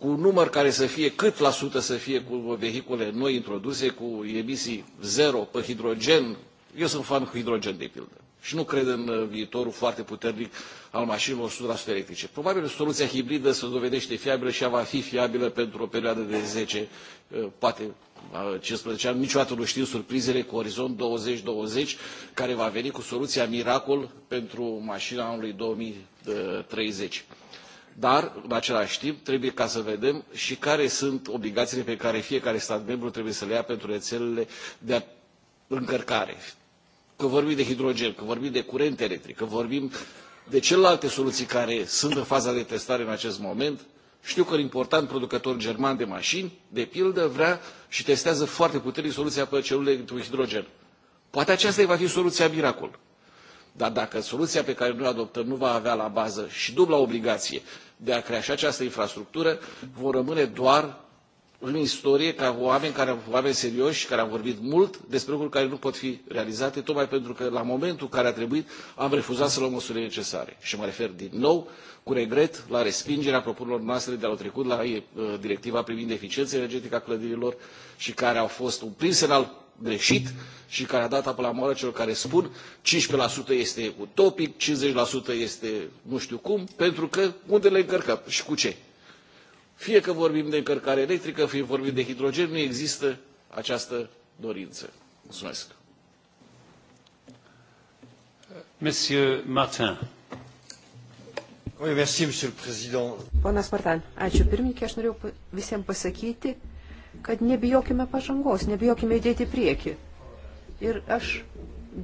cu un număr care să fie cât la sută să fie cu vehicule noi introduse, cu emisii zero pe hidrogen. Eu sunt fan cu hidrogen, de pildă. Și nu cred în uh, viitorul foarte puternic al mașinilor 100% electrice. Probabil soluția hibridă se dovedește fiabilă și ea va fi fiabilă pentru o perioadă de 10, uh, poate 15 uh, ani. Niciodată nu știm surprizele cu Orizont 2020, care va veni cu soluția miracol pentru mașina anului 2030 dar în același timp trebuie ca să vedem și care sunt obligațiile pe care fiecare stat membru trebuie să le ia pentru rețelele de încărcare. Că vorbim de hidrogen, că vorbim de curent electric, că vorbim de celelalte soluții care sunt în faza de testare în acest moment, știu că un important producător german de mașini, de pildă, vrea și testează foarte puternic soluția pe celule cu hidrogen. Poate aceasta va fi soluția miracol Dar dacă soluția pe care noi o adoptăm nu va avea la bază și dubla obligație de a crea și această infrastructură, vom rămâne doar în istorie ca oameni, care, oameni serioși care au vorbit mult despre lucruri care nu pot fi realizate, tocmai pentru că la momentul care a trebuit am refuzat să luăm măsurile necesare. Și mă refer din nou cu regret la respingerea propunerilor noastre de anul trecut la e, uh, directiva privind eficiența energetică a clădirilor și care au fost un prin semnal greșit și care a dat apă la moară celor care spun 15% este utopic, 50% este nu știu cum, pentru că unde le încărcăm și cu ce? Fie că vorbim de încărcare electrică, fie vorbim de hidrogen, nu există această dorință. Mulțumesc. Monsieur Martin. Oui, merci, Monsieur le Président. Ponas Martin, ačiū pirmininkė, aš norėjau visiems pasakyti, kad nebijokime pažangos, nebijokime judėti prieki. Ir aš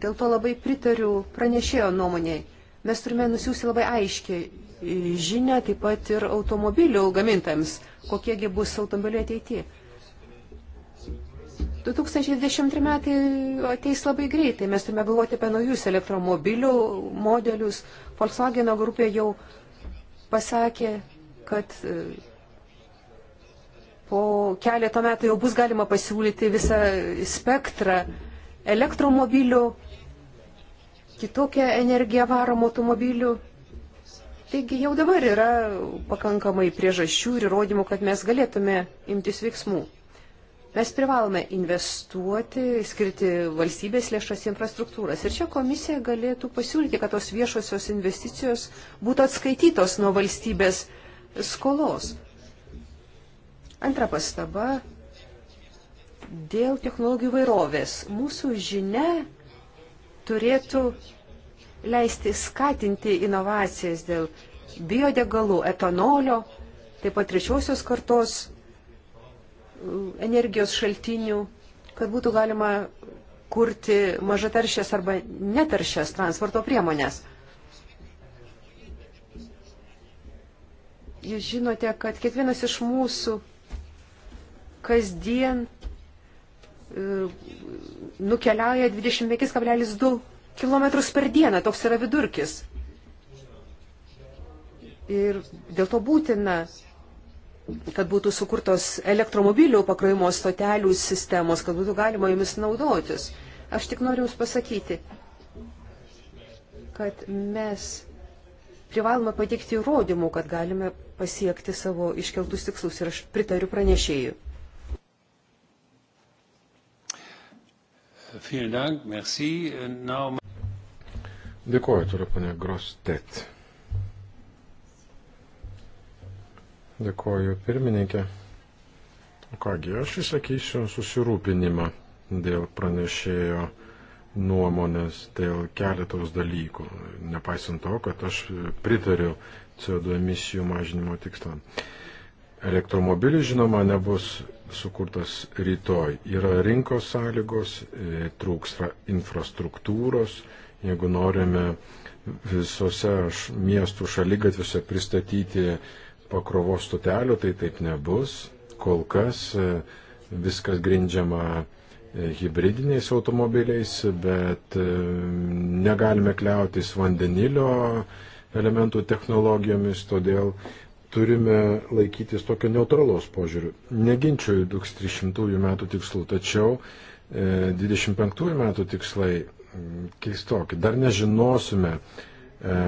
dėl to labai pritariu pranešėjo nuomonėje. Mes turime nusiųsti labai aiškiai žinę taip pat ir automobilių gamintams, kokiegi bus automobiliai ateityje. 2023 metai ateis labai greitai. Mes turime galvoti apie naujus elektromobilių modelius. Volkswagen grupė jau pasakė, kad po keletą metų jau bus galima pasiūlyti visą spektrą elektromobilių, kitokią energiją varomų automobilių. Taigi jau dabar yra pakankamai priežasčių ir įrodymų, kad mes galėtume imtis veiksmų. Mes privalome investuoti, skirti valstybės lėšas į infrastruktūras. Ir čia komisija galėtų pasiūlyti, kad tos viešosios investicijos būtų atskaitytos nuo valstybės skolos. Antra pastaba dėl technologijų vairovės. Mūsų žinia turėtų leisti skatinti inovacijas dėl biodegalų, etanolio, taip pat trečiosios kartos energijos šaltinių, kad būtų galima kurti mažataršės arba netaršės transporto priemonės. Jūs žinote, kad kiekvienas iš mūsų kasdien e, nukeliauja 25,2 km per dieną, toks yra vidurkis. Ir dėl to būtina, kad būtų sukurtos elektromobilių pakrovimo stotelių sistemos, kad būtų galima jomis naudotis. Aš tik noriu Jums pasakyti, kad mes privalome pateikti įrodymų, kad galime pasiekti savo iškeltus tikslus ir aš pritariu pranešėjui. Dėkuoju, turiu ponė Grostet. Dėkuoju, pirmininkė. Kągi, aš įsakysiu susirūpinimą dėl pranešėjo nuomonės, dėl keletos dalykų, nepaisant to, kad aš pritariu CO2 emisijų mažinimo tikslam. Uh, Elektromobilis, žinoma, nebus sukurtas rytoj. Yra rinkos sąlygos, e, trūks infrastruktūros, jeigu norime visose miestų šalygatviuose pristatyti pakrovos stotelių, tai taip nebus. Kol kas e, viskas grindžiama e, hybridiniais automobiliais, bet negalime kliautis vandenilio elementų technologijomis, todėl turime laikytis tokio neutralos požiūrių. Neginčiuoju 2300 metų tikslų, tačiau 25 e, metų tikslai keistokie. Dar nežinosime, e,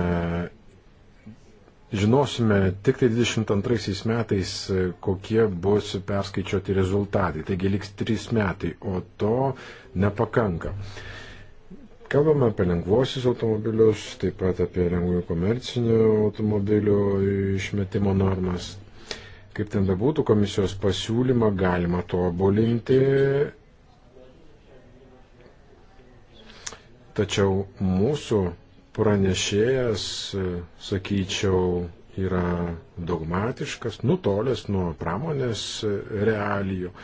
žinosime tik tai 22 metais, e, kokie bus perskaičiuoti rezultatai. Taigi liks 3 metai, o to nepakanka. E, Kalbame apie lengvuosius automobilius, taip pat apie lengvųjų komercinių automobilių išmetimo normas. Kaip ten bebūtų, komisijos pasiūlymą galima tobulinti. Tačiau mūsų pranešėjas, sakyčiau, yra dogmatiškas, nutolęs nuo pramonės realijų.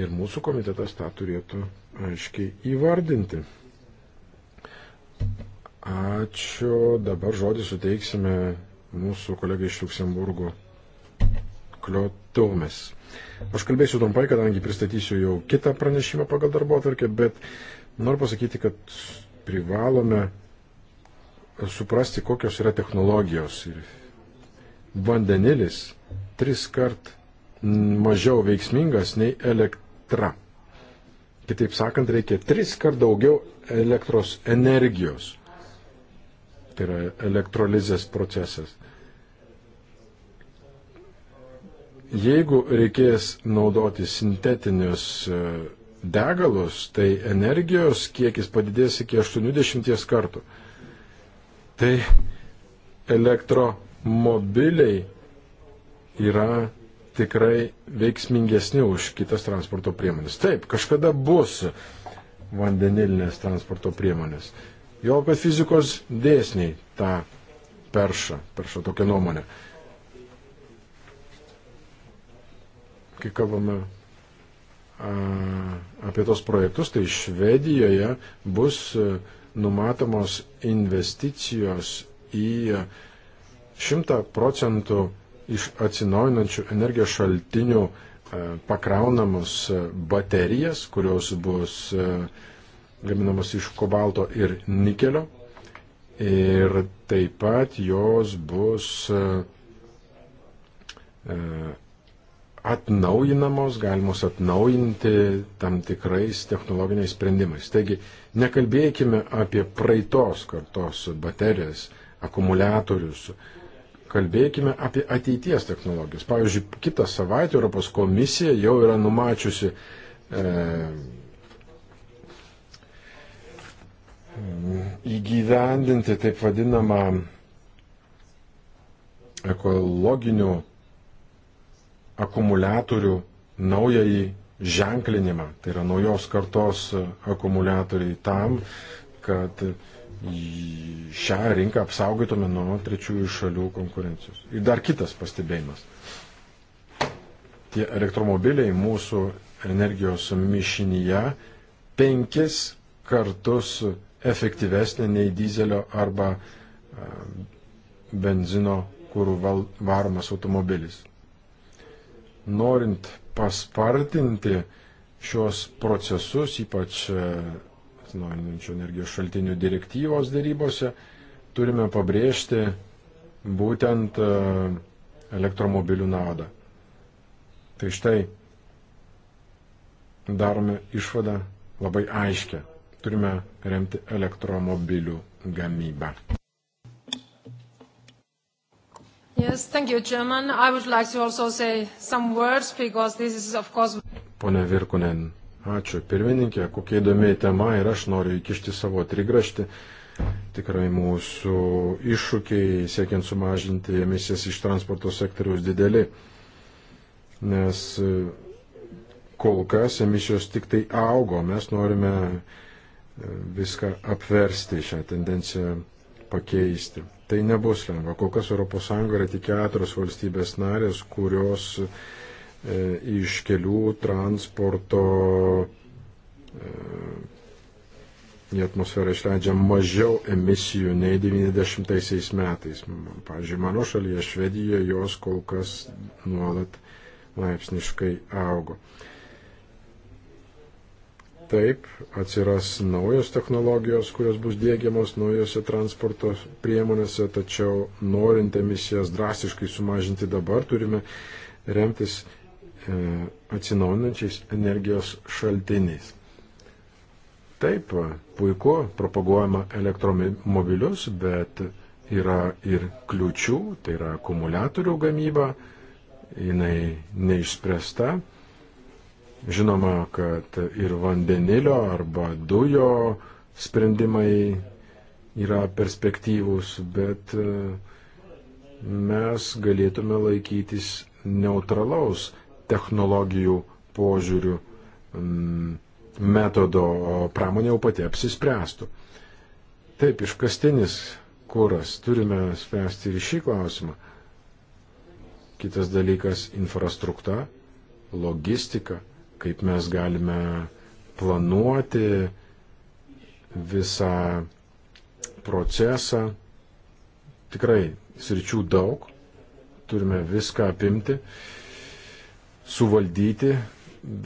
Ir mūsų komitetas tą turėtų aiškiai įvardinti. Ačiū. Dabar žodį suteiksime mūsų kolegai iš Luksemburgo Kliotomis. Aš kalbėsiu trumpai, kadangi pristatysiu jau kitą pranešimą pagal darbo atvarkę, bet noriu pasakyti, kad privalome suprasti, kokios yra technologijos. Ir vandenilis tris kart mažiau veiksmingas nei elektra. Kitaip sakant, reikia tris kart daugiau elektros energijos tai yra elektrolizės procesas. Jeigu reikės naudoti sintetinius e, degalus, tai energijos kiekis padidės iki 80 kartų. Tai elektromobiliai yra tikrai veiksmingesni už kitas transporto priemonės. Taip, kažkada bus vandenilinės transporto priemonės. Jau apie fizikos dėsniai tą perša, perša tokią nuomonę. Kai kalbame a, apie tos projektus, tai Švedijoje bus e, numatomos investicijos į 100 procentų iš atsinaujinančių energijos šaltinių e, pakraunamus e, baterijas, kurios bus a, gaminamos iš kobalto ir nikelio. Ir taip pat jos bus e, atnaujinamos, galimos atnaujinti tam tikrais technologiniais sprendimais. Taigi, nekalbėkime apie praeitos kartos baterijas, akumuliatorius, kalbėkime apie ateities technologijas. Pavyzdžiui, kitą savaitę Europos komisija jau yra numačiusi e, įgyvendinti taip vadinamą ekologinių akumuliatorių naująjį ženklinimą. Tai yra naujos kartos akumuliatoriai tam, kad šią rinką apsaugotume nuo trečiųjų šalių konkurencijos. Ir dar kitas pastebėjimas. Tie elektromobiliai mūsų energijos mišinyje penkis kartus efektyvesnė nei dizelio arba benzino kūrų varomas automobilis. Norint paspartinti šios procesus, ypač atsinaujinančių energijos šaltinių direktyvos dėrybose, turime pabrėžti būtent elektromobilių naudą. Tai štai darome išvadą labai aiškę turime remti elektromobilių gamybą. Yes, thank you, Chairman. I would like to also say some words because this is of course. Pone Virkunen, ačiū pirmininkė, kokia įdomi tema ir aš noriu įkišti savo trigraštį. Tikrai mūsų iššūkiai siekiant sumažinti emisijas iš transporto sektoriaus dideli, nes e, kol kas emisijos tik tai augo, mes norime viską apversti, šią tendenciją pakeisti. Tai nebus lengva. Kol kas ES yra tik keturios valstybės narės, kurios e, iš kelių transporto e, į atmosferą išleidžia mažiau emisijų nei 90 metais. Pavyzdžiui, mano šalyje, Švedijoje, jos kol kas nuolat laipsniškai augo. E, Taip, atsiras naujos technologijos, kurios bus dėgiamos naujose transporto priemonėse, tačiau norint emisijas drastiškai sumažinti dabar turime remtis e, atsinaujinančiais energijos šaltiniais. Taip, puiku, propaguojama elektromobilius, bet yra ir kliučių, tai yra akumuliatorių gamyba, jinai neišspręsta Žinoma, kad ir vandenilio arba dujo sprendimai yra perspektyvūs, bet e, mes galėtume laikytis neutralaus technologijų požiūrių mm, metodo, o pramonė jau pati apsispręstų. Taip, iškastinis kuras turime spręsti ir šį klausimą. Kitas dalykas - infrastruktūra, logistika kaip mes galime planuoti visą procesą. Tikrai sričių daug, turime viską apimti, suvaldyti,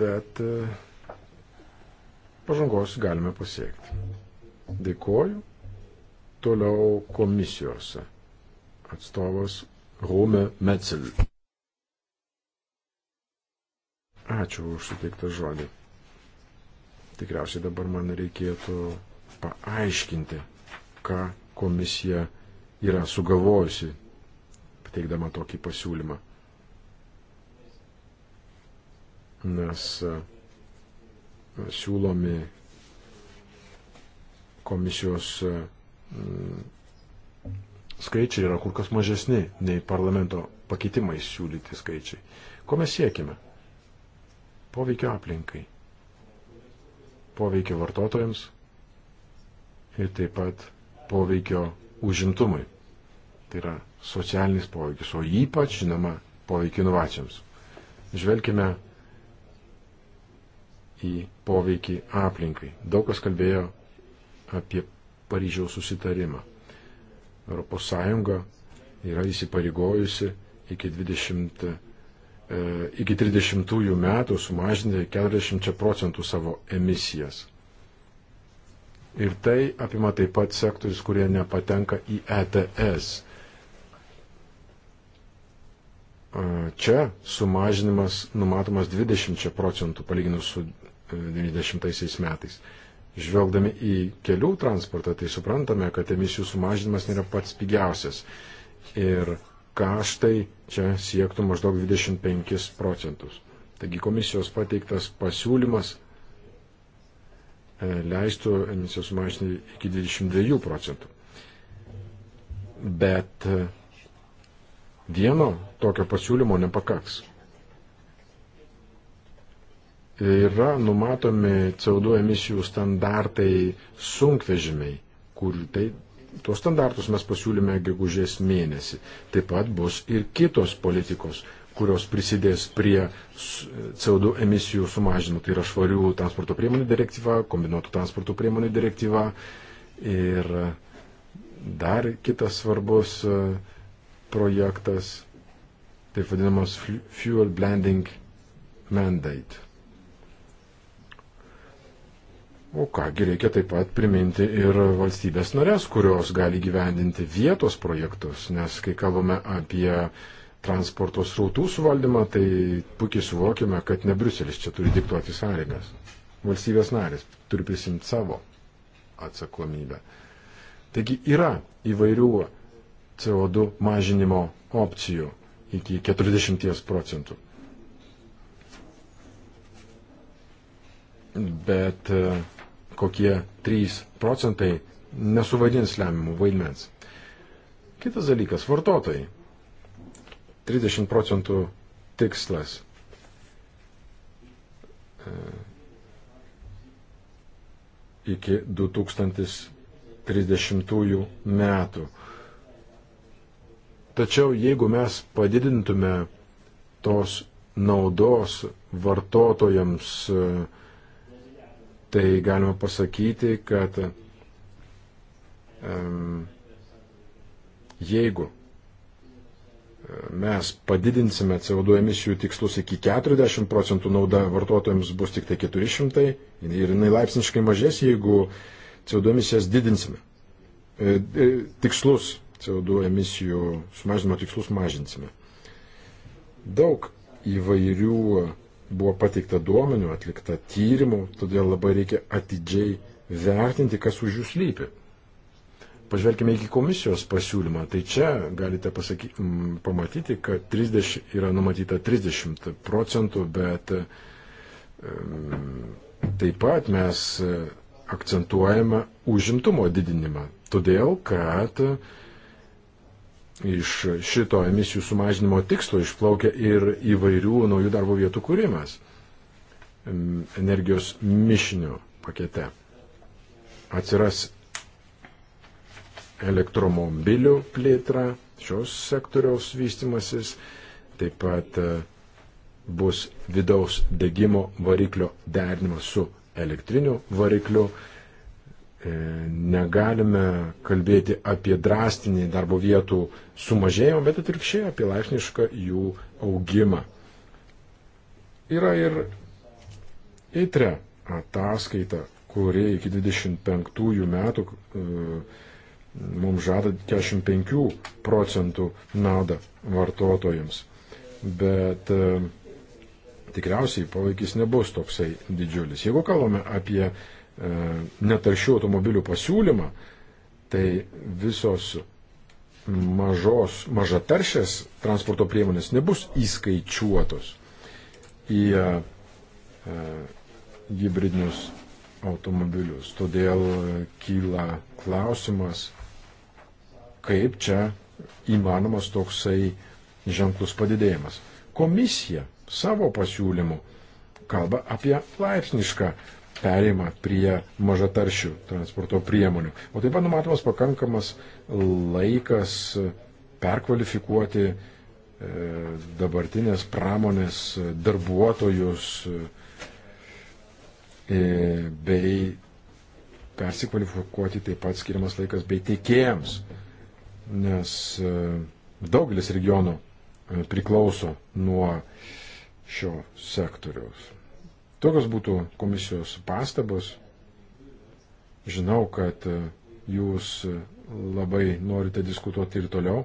bet e, pažangos galime pasiekti. Dėkoju. Toliau komisijos atstovas Rome Metzel. Ačiū už suteiktą žodį. Tikriausiai dabar man reikėtų paaiškinti, ką komisija yra sugalvojusi, pateikdama tokį pasiūlymą. Nes e, siūlomi komisijos e, skaičiai yra kur kas mažesni nei parlamento pakeitimais siūlyti skaičiai. Ko mes siekime? poveikio aplinkai, poveikio vartotojams ir taip pat poveikio užimtumui. Tai yra socialinis poveikis, o ypač, žinoma, poveikio inovacijoms. Žvelkime į poveikį aplinkai. Daug kas kalbėjo apie Paryžiaus susitarimą. ES yra įsipareigojusi iki 20 E, iki 30 metų sumažinti 40 procentų savo emisijas. Ir tai apima taip pat sektorius, kurie nepatenka į ETS. E, čia sumažinimas numatomas 20 procentų palyginus su 90 e, metais. Žvelgdami į kelių transportą, tai suprantame, kad emisijų sumažinimas nėra pats pigiausias. Ir kaštai čia siektų maždaug 25 procentus. Taigi komisijos pateiktas pasiūlymas e, leistų emisijos mažinti iki 22 procentų. Bet e, vieno tokio pasiūlymo nepakaks. Yra numatomi CO2 emisijų standartai sunkvežimiai, kur tai Tuos standartus mes pasiūlėme gegužės mėnesį. Taip pat bus ir kitos politikos, kurios prisidės prie CO2 emisijų sumažinimo. Tai yra švarių transporto priemonių direktyva, kombinuotų transporto priemonių direktyva ir dar kitas svarbus e, projektas, taip vadinamas Fuel Blending Mandate. O kągi reikia taip pat priminti ir valstybės narės, kurios gali gyvendinti vietos projektus, nes kai kalbame apie transporto srautų suvaldymą, tai puikiai suvokime, kad ne Briuselis čia turi diktuoti sąlygas. Valstybės narės turi prisimti savo atsakomybę. Taigi yra įvairių CO2 mažinimo opcijų iki 40 procentų. Bet kokie 3 procentai nesuvaidins lemiamų vaidmens. Kitas dalykas - vartotojai. 30 procentų tikslas. E, iki 2030 metų. Tačiau jeigu mes padidintume tos naudos vartotojams uh, tai galima pasakyti, kad um, jeigu e, mes padidinsime CO2 emisijų tikslus iki 40 procentų, nauda vartotojams bus tik tai 400 ir jinai laipsniškai mažės, jeigu CO2 emisijas didinsime. E, e, tikslus CO2 emisijų sumažinimo tikslus mažinsime. Daug įvairių buvo pateikta duomenių, atlikta tyrimų, todėl labai reikia atidžiai vertinti, kas už jų slypi. Pažvelkime iki komisijos pasiūlymą. Tai čia galite pasaky, pamatyti, kad 30, yra numatyta 30 procentų, bet taip pat mes akcentuojame užimtumo didinimą. Todėl, kad iš šito emisijų sumažinimo tikslo išplaukia ir įvairių naujų darbo vietų kūrimas energijos mišinio pakete. Atsiras elektromobilių plėtra, šios sektoriaus vystimasis, taip pat e, bus vidaus degimo variklio derinimas su elektriniu varikliu E, negalime kalbėti apie drastinį darbo vietų sumažėjimą, bet atvirkščiai apie laipsnišką jų augimą. Yra ir įtre ataskaita, kuri iki 25 metų e, mums žada 45 procentų naudą vartotojams. Bet e, tikriausiai poveikis nebus toksai didžiulis. Jeigu kalbame apie E, netaršių automobilių pasiūlymą, tai visos mažos, mažataršės transporto priemonės nebus įskaičiuotos į e, hybridinius automobilius. Todėl kyla klausimas, kaip čia įmanomas toksai ženklus padidėjimas. Komisija savo pasiūlymu kalba apie laipsnišką perima prie mažataršių transporto priemonių. O taip pat numatomas pakankamas laikas perkvalifikuoti e, dabartinės pramonės darbuotojus e, bei persikvalifikuoti taip pat skiriamas laikas bei teikėjams, nes e, daugelis regionų priklauso nuo šio sektoriaus. Tokios būtų komisijos pastabos. Žinau, kad e, jūs e, labai norite diskutuoti ir toliau.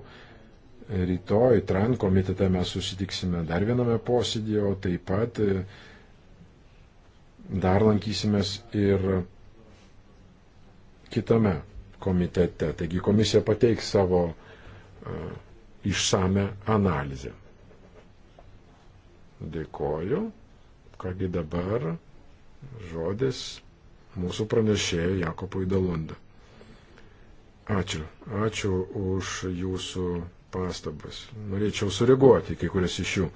Rytoj TRAN komitete mes susitiksime dar viename posėdėje, o taip pat e, dar lankysimės ir kitame komitete. Taigi komisija pateiks savo išsame analizę. Dėkoju. Kągi dabar žodis mūsų pranešėjai Jakopui Dalunda. Ačiū. Ačiū už jūsų pastabas. Norėčiau sureaguoti kai kurias iš jų.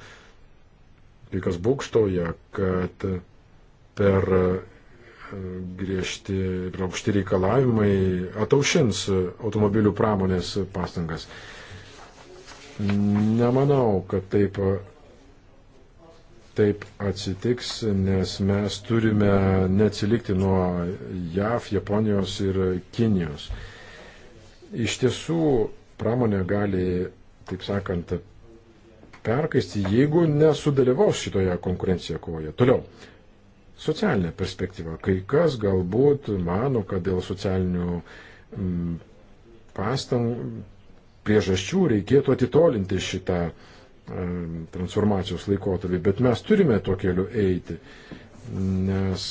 Kai kas būkštoja, kad per e, griežti ir aukšti reikalavimai ataušins automobilių pramonės pastangas. Nemanau, kad taip taip atsitiks, nes mes turime neatsilikti nuo JAV, Japonijos ir Kinijos. Iš tiesų, pramonė gali, taip sakant, perkaisti, jeigu nesudalyvaus šitoje konkurencijoje kovoje. Toliau, socialinė perspektyva. Kai kas galbūt mano, kad dėl socialinių mm, pastangų priežasčių reikėtų atitolinti šitą uh, transformacijos laikotarpį, bet mes turime to keliu eiti, nes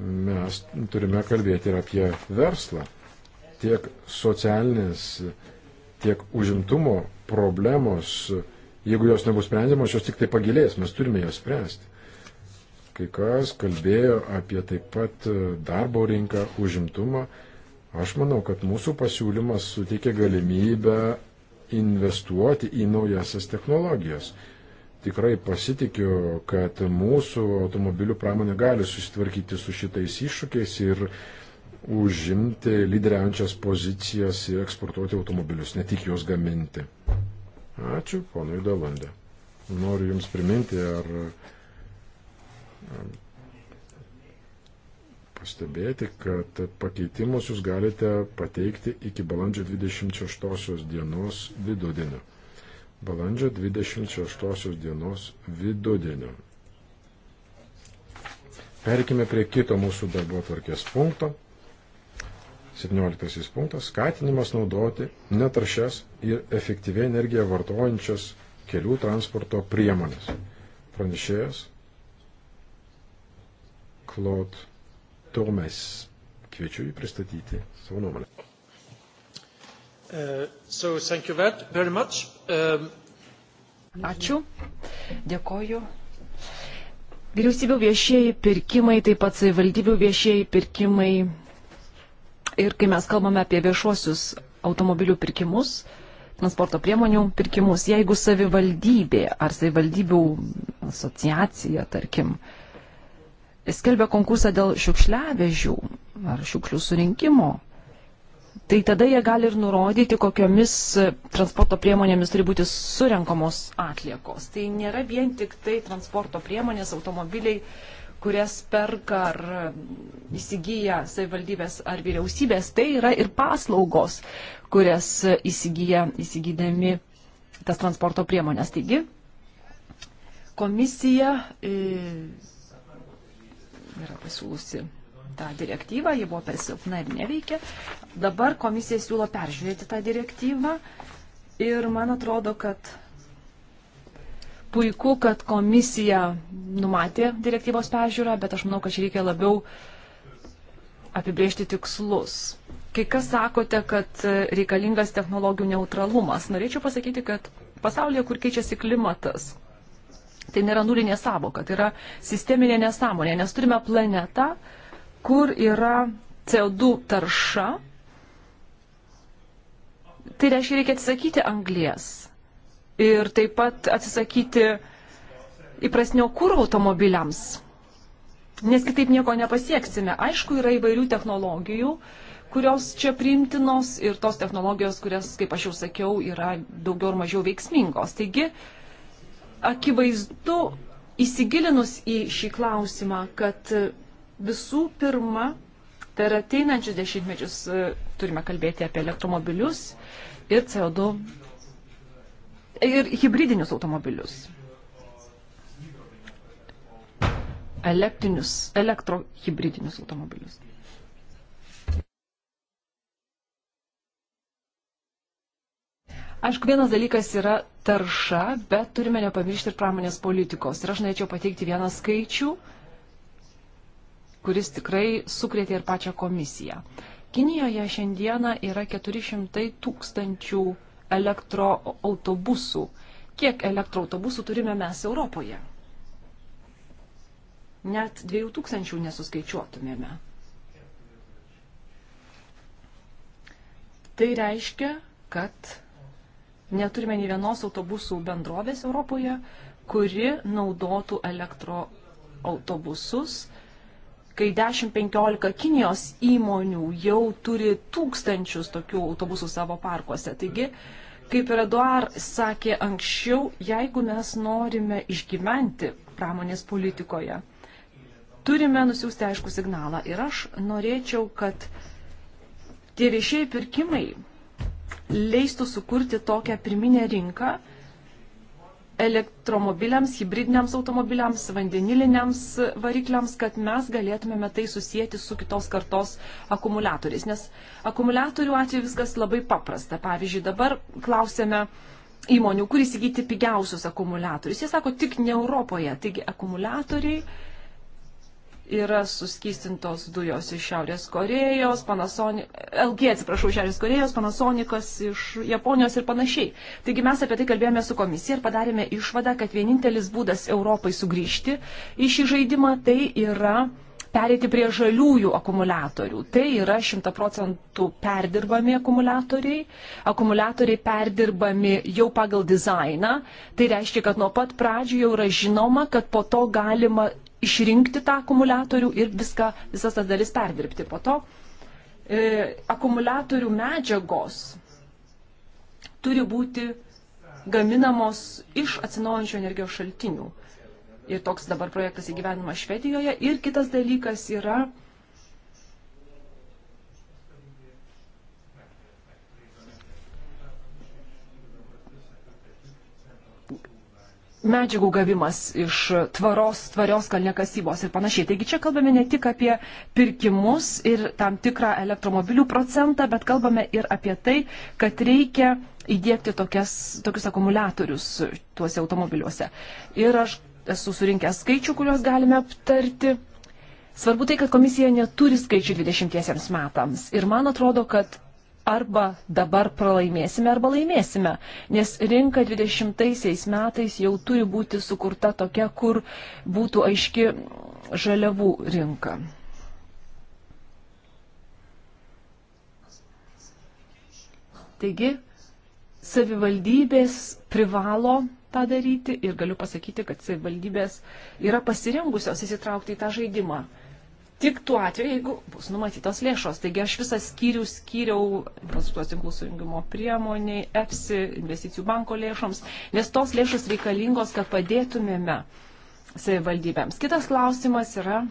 mes turime kalbėti ir apie verslą. Tiek socialinės, tiek užimtumo problemos, jeigu jos nebus sprendžiamos, jos tik tai pagilės, mes turime jas spręsti. Kai kas kalbėjo apie taip pat e, darbo rinką, užimtumą, aš manau, kad mūsų pasiūlymas suteikia galimybę investuoti į naujasias technologijas. Tikrai pasitikiu, kad mūsų automobilių pramonė gali susitvarkyti su šitais iššūkiais ir užimti lyderiančias pozicijas ir eksportuoti automobilius, ne tik juos gaminti. Ačiū, ponui Dalandė. Noriu Jums priminti, ar pastebėti, kad pakeitimus jūs galite pateikti iki balandžio 26 dienos vidudienio. Balandžio 26 dienos vidudienio. Perkime prie kito mūsų darbo tvarkės punkto. 17 punktas - skatinimas naudoti netaršias ir efektyviai energiją vartojančias kelių transporto priemonės. Pranešėjas Claude Tomes. Kviečiu jį pristatyti savo nuomonę. Uh, so um... Ačiū. Dėkoju. Vyriausybių viešieji pirkimai, taip pat savivaldybių viešieji pirkimai. Ir kai mes kalbame apie viešuosius automobilių pirkimus, transporto priemonių pirkimus, jeigu savivaldybė ar savivaldybių asociacija, tarkim, uh, skelbia konkursą dėl šiukšliavežių ar šiukšlių surinkimo, tai tada jie gali ir nurodyti, kokiomis e, transporto priemonėmis turi būti surenkamos atliekos. Tai nėra vien tik tai transporto priemonės, automobiliai, kurias perka ar e, įsigyja savivaldybės ar vyriausybės, tai yra ir paslaugos, kurias e, įsigyja įsigydami tas transporto priemonės. Taigi, komisija. E, yra pasiūlusi tą direktyvą, ji buvo per silpna ir neveikia. Dabar komisija siūlo peržiūrėti tą direktyvą ir man atrodo, kad puiku, kad komisija numatė direktyvos peržiūrą, bet aš manau, kad čia reikia labiau apibriežti tikslus. Kai kas sakote, kad reikalingas technologijų neutralumas, norėčiau pasakyti, kad pasaulyje, kur keičiasi klimatas, Tai nėra nulinė savoka, tai yra sisteminė nesąmonė, nes turime planetą, kur yra CO2 tarša. Tai reiškia, reikia atsisakyti anglės ir taip pat atsisakyti įprasnio kūro automobiliams, nes kitaip nieko nepasieksime. Aišku, yra įvairių technologijų, kurios čia priimtinos ir tos technologijos, kurias, kaip aš jau sakiau, yra daugiau ar mažiau veiksmingos. Taigi, uh, akivaizdu įsigilinus į šį klausimą, kad visų pirma, per ateinančius dešimtmečius e, turime kalbėti apie elektromobilius ir CO2 ir hybridinius automobilius. Elektrinius, elektrohybridinius automobilius. Aišku, vienas dalykas yra tarša, bet turime nepamiršti ir pramonės politikos. Ir aš norėčiau pateikti vieną skaičių, kuris tikrai sukrėtė ir pačią komisiją. Kinijoje šiandieną yra 400 tūkstančių elektroautobusų. Kiek elektroautobusų turime mes Europoje? Net 2000 nesuskaičiuotumėme. Tai reiškia, kad Neturime nei vienos autobusų bendrovės Europoje, kuri naudotų elektroautobusus, kai 10-15 Kinijos įmonių jau turi tūkstančius tokių autobusų savo parkuose. Taigi, kaip ir Eduard sakė anksčiau, jeigu mes norime išgyventi pramonės politikoje, turime nusiųsti aišku signalą. Ir aš norėčiau, kad tie viešieji pirkimai leistų sukurti tokią pirminę rinką elektromobiliams, hybridiniams automobiliams, vandeniliniams varikliams, kad mes galėtumėme tai susijęti su kitos kartos akumuliatoriais. Nes akumuliatorių atveju viskas labai paprasta. Pavyzdžiui, dabar klausėme įmonių, kur įsigyti pigiausius akumuliatorius. Jie sako, tik ne Europoje. Taigi akumuliatoriai yra suskystintos dujos iš Šiaurės Korejos, Panasonic, LG atsiprašau, Šiaurės Korejos, Panasonikas iš Japonijos ir panašiai. Taigi mes apie tai kalbėjome su komisija ir padarėme išvadą, kad vienintelis būdas Europai sugrįžti į šį žaidimą tai yra perėti prie žaliųjų akumuliatorių. Tai yra 100 procentų perdirbami akumuliatoriai. Akumuliatoriai perdirbami jau pagal dizainą. Tai reiškia, kad nuo pat pradžių jau yra žinoma, kad po to galima išrinkti tą akumuliatorių ir viską, visas tas dalis perdirbti. Po to e, akumuliatorių medžiagos turi būti gaminamos iš atsinaujančių energijos šaltinių. Ir toks dabar projektas įgyvenimas Švedijoje. Ir kitas dalykas yra medžiagų gavimas iš tvaros, tvarios kalnekasybos ir panašiai. Taigi čia kalbame ne tik apie pirkimus ir tam tikrą elektromobilių procentą, bet kalbame ir apie tai, kad reikia įdėkti tokias, tokius akumuliatorius tuose automobiliuose. Ir aš esu surinkęs skaičių, kuriuos galime aptarti. Svarbu tai, kad komisija neturi skaičių 20 metams. Ir man atrodo, kad arba dabar pralaimėsime, arba laimėsime, nes rinka 20 metais jau turi būti sukurta tokia, kur būtų aiški žaliavų rinka. Taigi, savivaldybės privalo tą daryti ir galiu pasakyti, kad savivaldybės yra pasirengusios įsitraukti į tą žaidimą tik tuo atveju, jeigu bus numatytos lėšos. Taigi aš visą skyrių skyriau infrastruktūros tinklų sujungimo priemoniai, EFSI, investicijų banko lėšoms, nes tos lėšos reikalingos, kad padėtumėme savivaldybėms. Kitas klausimas yra,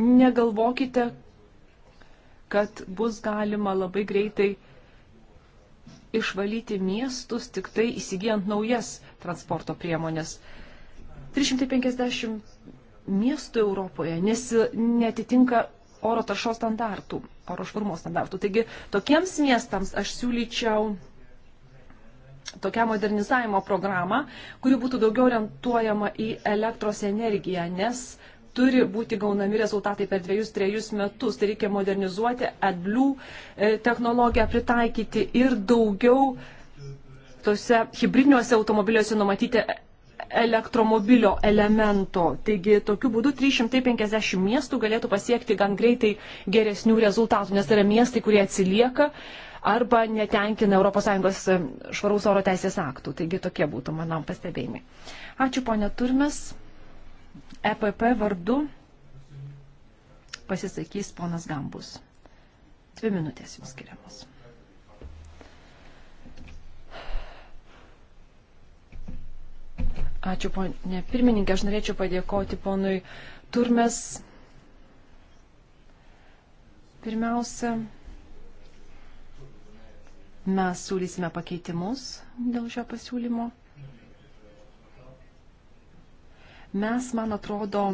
negalvokite, kad bus galima labai greitai išvalyti miestus tik tai įsigijant naujas transporto priemonės. 350 miestų Europoje nes, netitinka oro taršos standartų, oro švarumo standartų. Taigi tokiems miestams aš siūlyčiau tokią modernizavimo programą, kuri būtų daugiau orientuojama į elektros energiją, nes turi būti gaunami rezultatai per dviejus, trejus metus. Tai reikia modernizuoti, adblių e, technologiją pritaikyti ir daugiau tose hybridiniuose automobiliuose numatyti elektromobilio elemento. Taigi tokiu būdu 350 miestų galėtų pasiekti gan greitai geresnių rezultatų, nes tai yra miestai, kurie atsilieka arba netenkina ES e, švaraus oro teisės aktų. Taigi tokie būtų mano pastebėjimai. Ačiū ponė Turmes. EPP vardu pasisakys ponas Gambus. Dvi minutės jums skiriamos. Ačiū, ponė pirmininkė. Aš norėčiau padėkoti ponui Turmes. Pirmiausia, mes siūlysime pakeitimus dėl šio pasiūlymo. Mes, man atrodo,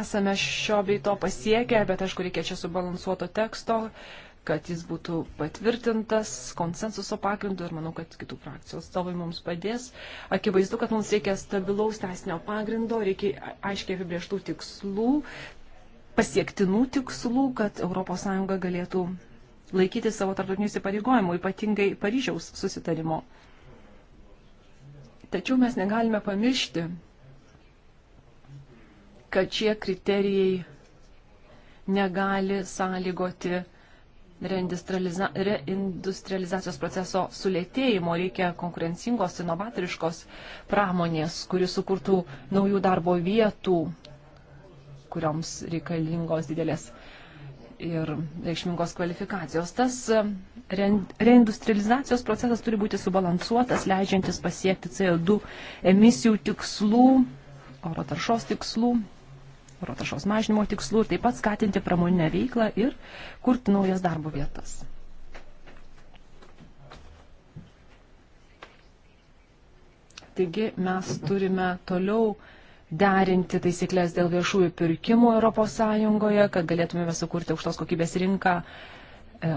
esame šio bei to pasiekę, bet aišku, reikia čia subalansuoto teksto, kad jis būtų patvirtintas konsensuso pagrindu ir manau, kad kitų frakcijų atstovai mums padės. Akivaizdu, kad mums reikia stabilaus teisinio pagrindo, reikia aiškiai apibrieštų tikslų, pasiektinų tikslų, kad ES galėtų laikyti savo tarptautinių įsipareigojimų, ypatingai Paryžiaus susitarimo. Tačiau mes negalime pamiršti, kad šie kriterijai negali sąlygoti reindustrializa, reindustrializacijos proceso sulėtėjimo, reikia konkurencingos, inovatoriškos pramonės, kuri sukurtų naujų darbo vietų, kurioms reikalingos didelės ir reikšmingos kvalifikacijos. Tas e, reindustrializacijos procesas turi būti subalansuotas, leidžiantis pasiekti CO2 emisijų tikslų, oro taršos tikslų oro taršos mažinimo tikslų, taip pat skatinti pramoninę veiklą ir kurti naujas darbo vietas. Taigi mes turime toliau derinti taisyklės dėl viešųjų pirkimų ES, kad galėtumėme sukurti aukštos kokybės rinką e,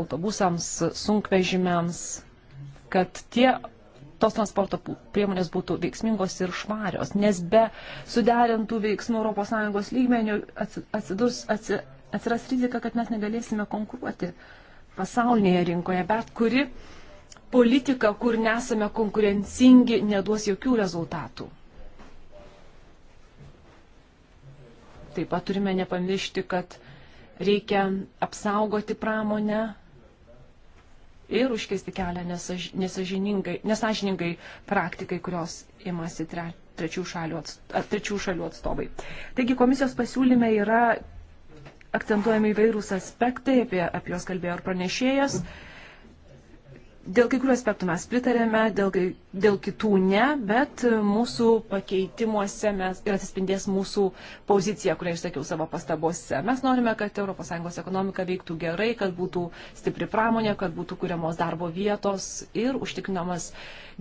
autobusams, sunkvežimiams, kad tie tos transporto priemonės būtų veiksmingos ir švarios, nes be suderintų veiksmų ES lygmenių atsidurs, atsi, atsiras rizika, kad mes negalėsime konkuruoti pasaulinėje rinkoje, bet kuri politika, kur nesame konkurencingi, neduos jokių rezultatų. Taip pat turime nepamiršti, kad reikia apsaugoti pramonę ir užkesti kelią nesažiningai praktikai, kurios imasi tre, trečių, šalių, trečių šalių atstovai. Taigi komisijos pasiūlyme yra akcentuojami įvairūs aspektai, apie, apie juos kalbėjo ir pranešėjas. Mhm Dėl kai kurių aspektų mes pritarėme, dėl, dėl kitų ne, bet mūsų pakeitimuose mes ir atsispindės mūsų pozicija, kurią išsakiau savo pastabose. Mes norime, kad ES ekonomika veiktų gerai, kad būtų stipri pramonė, kad būtų kuriamos darbo vietos ir užtikrinamas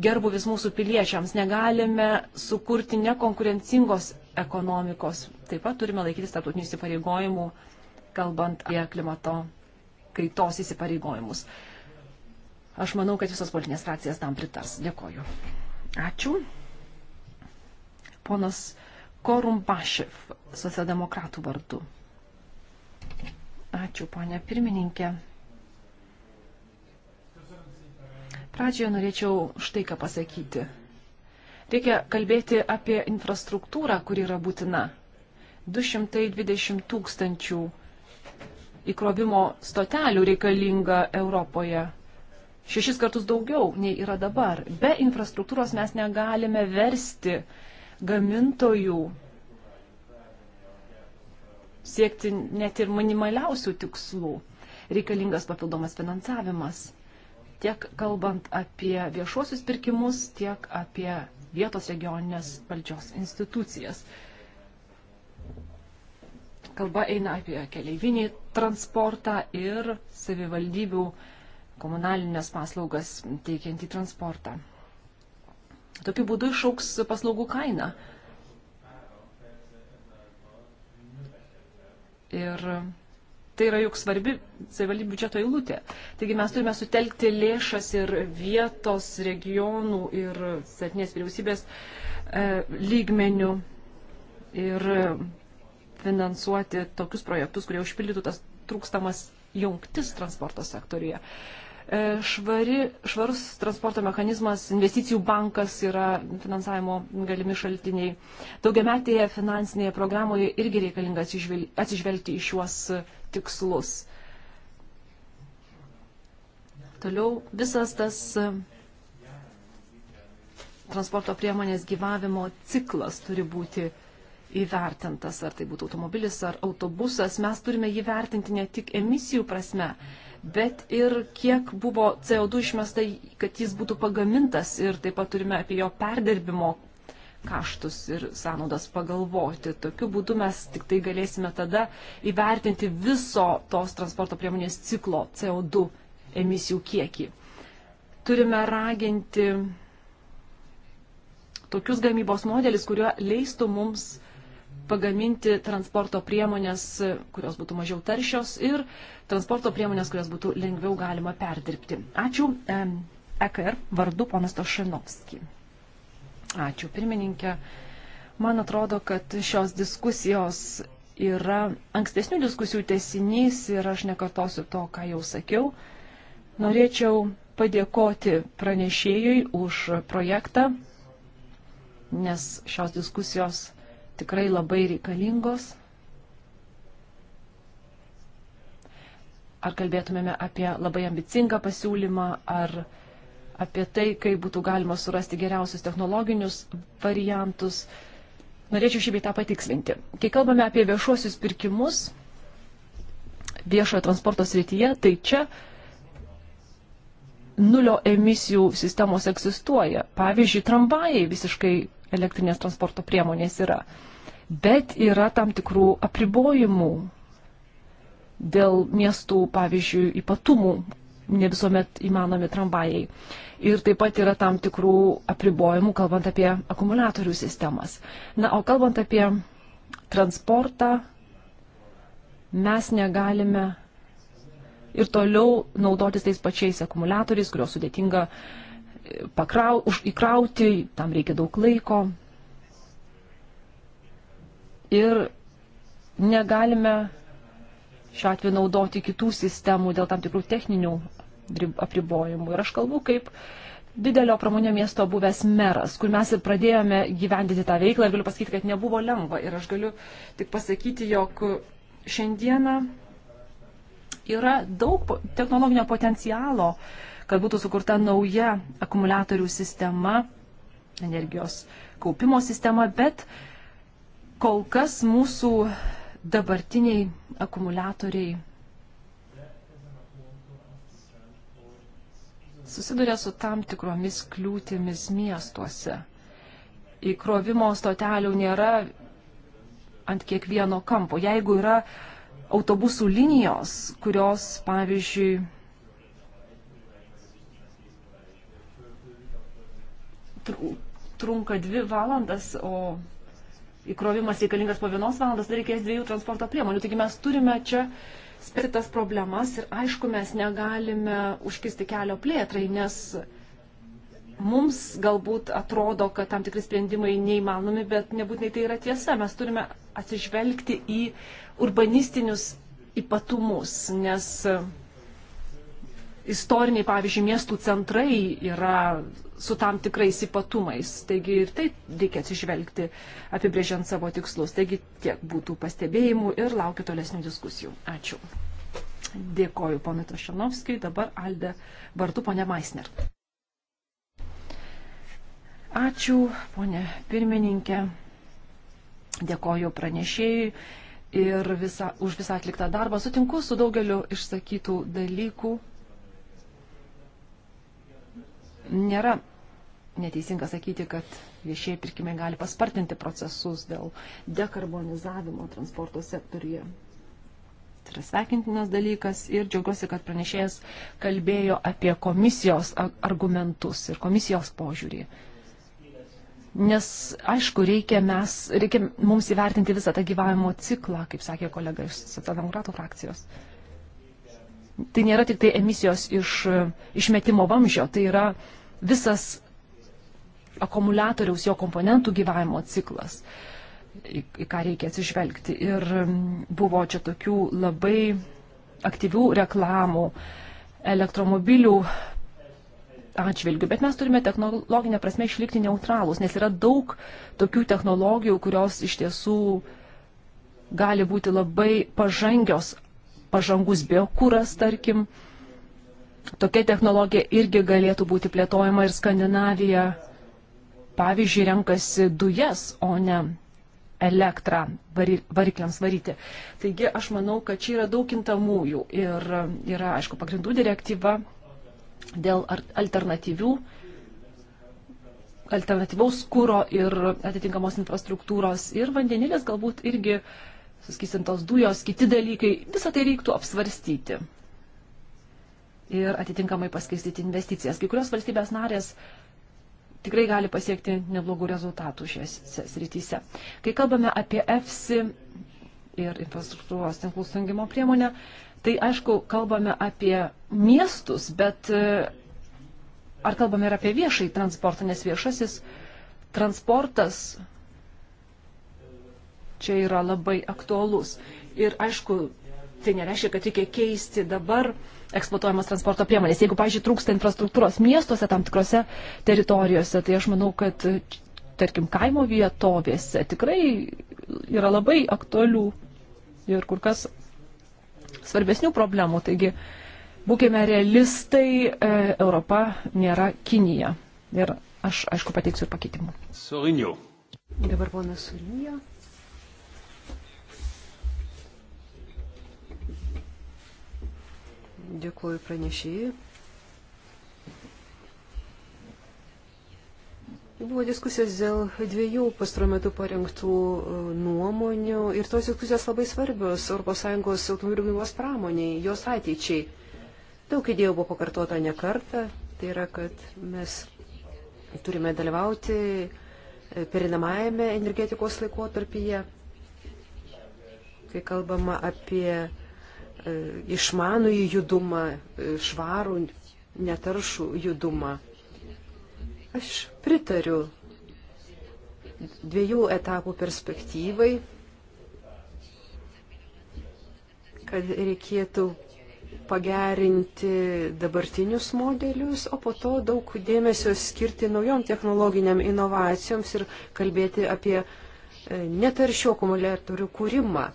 gerbuvis mūsų piliečiams. Negalime sukurti nekonkurencingos ekonomikos. Taip pat turime laikytis tarptautinių įsipareigojimų, kalbant apie klimato kaitos įsipareigojimus. Aš manau, kad visos politinės frakcijas tam pritars. Dėkoju. Ačiū. Ponas Korumbašev, socialdemokratų vardu. Ačiū, ponė pirmininkė. Pradžioje norėčiau štai ką pasakyti. Reikia kalbėti apie infrastruktūrą, kuri yra būtina. 220 tūkstančių įkrovimo stotelių reikalinga Europoje šešis kartus daugiau nei yra dabar. Be infrastruktūros mes negalime versti gamintojų siekti net ir minimaliausių tikslų. Reikalingas papildomas finansavimas. Tiek kalbant apie viešuosius pirkimus, tiek apie vietos regioninės valdžios institucijas. Kalba eina apie keleivinį transportą ir savivaldybių uh, komunalinės paslaugas teikiantį transportą. Tokiu būdu išauks paslaugų kaina. Ir tai yra juk svarbi savivaldybių biudžeto eilutė. Taigi mes turime sutelkti lėšas ir vietos, regionų ir setinės vyriausybės e, lygmenių ir finansuoti tokius projektus, kurie užpildytų tas trūkstamas jungtis transporto sektoriuje. E, E, švari, švarus transporto mechanizmas, investicijų bankas yra finansavimo galimi šaltiniai. Daugiametėje finansinėje programoje irgi reikalinga atsižvelgti į šiuos tikslus. Toliau visas tas e, transporto priemonės gyvavimo ciklas turi būti įvertintas, ar tai būtų automobilis, ar autobusas. Mes turime jį vertinti ne tik emisijų prasme. Mm bet ir kiek buvo CO2 išmesta, kad jis būtų pagamintas ir taip pat turime apie jo perdirbimo kaštus ir sąnaudas pagalvoti. Tokiu būdu mes tik tai galėsime tada įvertinti viso tos transporto priemonės ciklo CO2 emisijų kiekį. Turime raginti tokius gamybos modelis, kurio leistų mums pagaminti transporto priemonės, kurios būtų mažiau taršios ir transporto priemonės, kurias būtų lengviau galima perdirbti. Ačiū EKR e vardu ponas Tošinovski. Ačiū pirmininkė. Man atrodo, kad šios diskusijos yra ankstesnių diskusijų tesinys ir aš nekartosiu to, ką jau sakiau. Norėčiau padėkoti pranešėjui už projektą, nes šios diskusijos tikrai labai reikalingos. Ar kalbėtumėme apie labai ambicingą pasiūlymą, ar apie tai, kaip būtų galima surasti geriausius technologinius variantus. Norėčiau šį beitą patikslinti. Kai kalbame apie viešuosius pirkimus viešojo transporto srityje, tai čia nulio emisijų sistemos egzistuoja. Pavyzdžiui, tramvajai visiškai elektrinės transporto priemonės yra. Bet yra tam tikrų apribojimų dėl miestų, pavyzdžiui, ypatumų, ne visuomet įmanomi tramvajai. Ir taip pat yra tam tikrų apribojimų, kalbant apie akumuliatorių sistemas. Na, o kalbant apie transportą, mes negalime ir toliau naudotis tais pačiais akumuliatoriais, kurios sudėtinga uh, pakrau, už, įkrauti, tam reikia daug laiko. Ir negalime šiuo atveju naudoti kitų sistemų dėl tam tikrų techninių apribojimų. Ir aš kalbu kaip didelio pramonio miesto buvęs meras, kur mes ir pradėjome gyvendyti tą veiklą ir galiu pasakyti, kad nebuvo lengva. Ir aš galiu tik pasakyti, jog šiandieną yra daug technologinio potencialo uh, kad būtų sukurta nauja akumuliatorių sistema, energijos kaupimo sistema, bet kol kas mūsų dabartiniai akumuliatoriai susiduria su tam tikromis kliūtimis miestuose. Įkrovimo stotelių nėra ant kiekvieno kampo. Jeigu yra autobusų linijos, kurios, pavyzdžiui, trunka dvi valandas, o įkrovimas reikalingas po vienos valandos, dar reikės dviejų transporto priemonių. Taigi mes turime čia spręsti tas problemas ir aišku, mes negalime užkisti kelio plėtrai, nes mums galbūt atrodo, kad tam tikri sprendimai neįmanomi, bet nebūtinai tai yra tiesa. Mes turime atsižvelgti į urbanistinius ypatumus, nes istoriniai, pavyzdžiui, miestų centrai yra su tam tikrais ypatumais. Taigi ir tai reikia atsižvelgti, apibrėžiant savo tikslus. Taigi tiek būtų pastebėjimų ir laukiu tolesnių diskusijų. Ačiū. Dėkoju ponui Tošanovskijui, dabar Alde vardu ponė Maisner. Ačiū, ponė pirmininkė. Dėkoju pranešėjui ir visa, už visą atliktą darbą. Sutinku su daugeliu išsakytų dalykų nėra neteisinga sakyti, kad viešieji pirkimai gali paspartinti procesus dėl dekarbonizavimo transporto sektoriuje. Tai yra sveikintinas dalykas ir džiaugiuosi, kad pranešėjas kalbėjo apie komisijos argumentus ir komisijos požiūrį. Nes, aišku, reikia, mes, reikia mums įvertinti visą tą gyvavimo ciklą, kaip sakė kolega iš Socialdemokratų frakcijos. Tai nėra tik tai emisijos iš išmetimo vamžio, tai yra uh, visas akumuliatoriaus jo komponentų gyvavimo ciklas, į, į ką reikia atsižvelgti. Ir buvo čia tokių labai aktyvių reklamų elektromobilių atžvilgių, bet mes turime technologinę prasme išlikti neutralūs, nes yra daug tokių technologijų, kurios iš tiesų gali būti labai pažangios, pažangus biokūras, tarkim, tokia technologija irgi galėtų būti plėtojama ir Skandinavija, pavyzdžiui, renkasi dujas, o ne elektrą varikliams varyti. Taigi aš manau, kad čia yra daug kintamųjų ir yra, aišku, pagrindų direktyva dėl alternatyvių, alternatyvaus kūro ir atitinkamos infrastruktūros ir vandenilės galbūt irgi suskysintos dujos, kiti dalykai, visą tai reiktų apsvarstyti ir atitinkamai paskirstyti investicijas. Kai kurios valstybės narės tikrai gali pasiekti neblogų rezultatų šiose srityse. Kai kalbame apie EFSI ir infrastruktūros tinklų sujungimo priemonę, tai aišku, kalbame apie miestus, bet e, ar kalbame ir apie viešai transportą, nes viešasis transportas čia yra labai aktuolus. Ir aišku, tai nereiškia, kad reikia keisti dabar uh, eksploatuojamas transporto priemonės. Jeigu, pažiūrėjau, trūksta infrastruktūros miestuose, tam tikrose teritorijose, tai aš manau, kad, tarkim, kaimo vietovėse tikrai yra labai aktualių ir kur kas svarbesnių problemų. Taigi, būkime realistai, e, Europa nėra Kinija. Ir aš, aišku, pateiksiu ir pakeitimų. Sorinio. Dabar ponas Sorinio. Dėkuoju pranešėjai. Buvo diskusijos dėl dviejų pastaruoju metu parengtų e, nuomonių ir tos diskusijos labai svarbios ES automobilių gamybos pramoniai, jos ateičiai. Daug idėjų buvo pakartota ne kartą, tai yra, kad mes turime dalyvauti e, perinamajame energetikos laikotarpyje, kai kalbama apie E, išmanų į judumą, e, švarų, netaršų judumą. Aš pritariu dviejų etapų perspektyvai, kad reikėtų pagerinti dabartinius modelius, o po to daug dėmesio skirti naujom technologiniam inovacijoms ir kalbėti apie e, netaršių akumuliatorių kūrimą.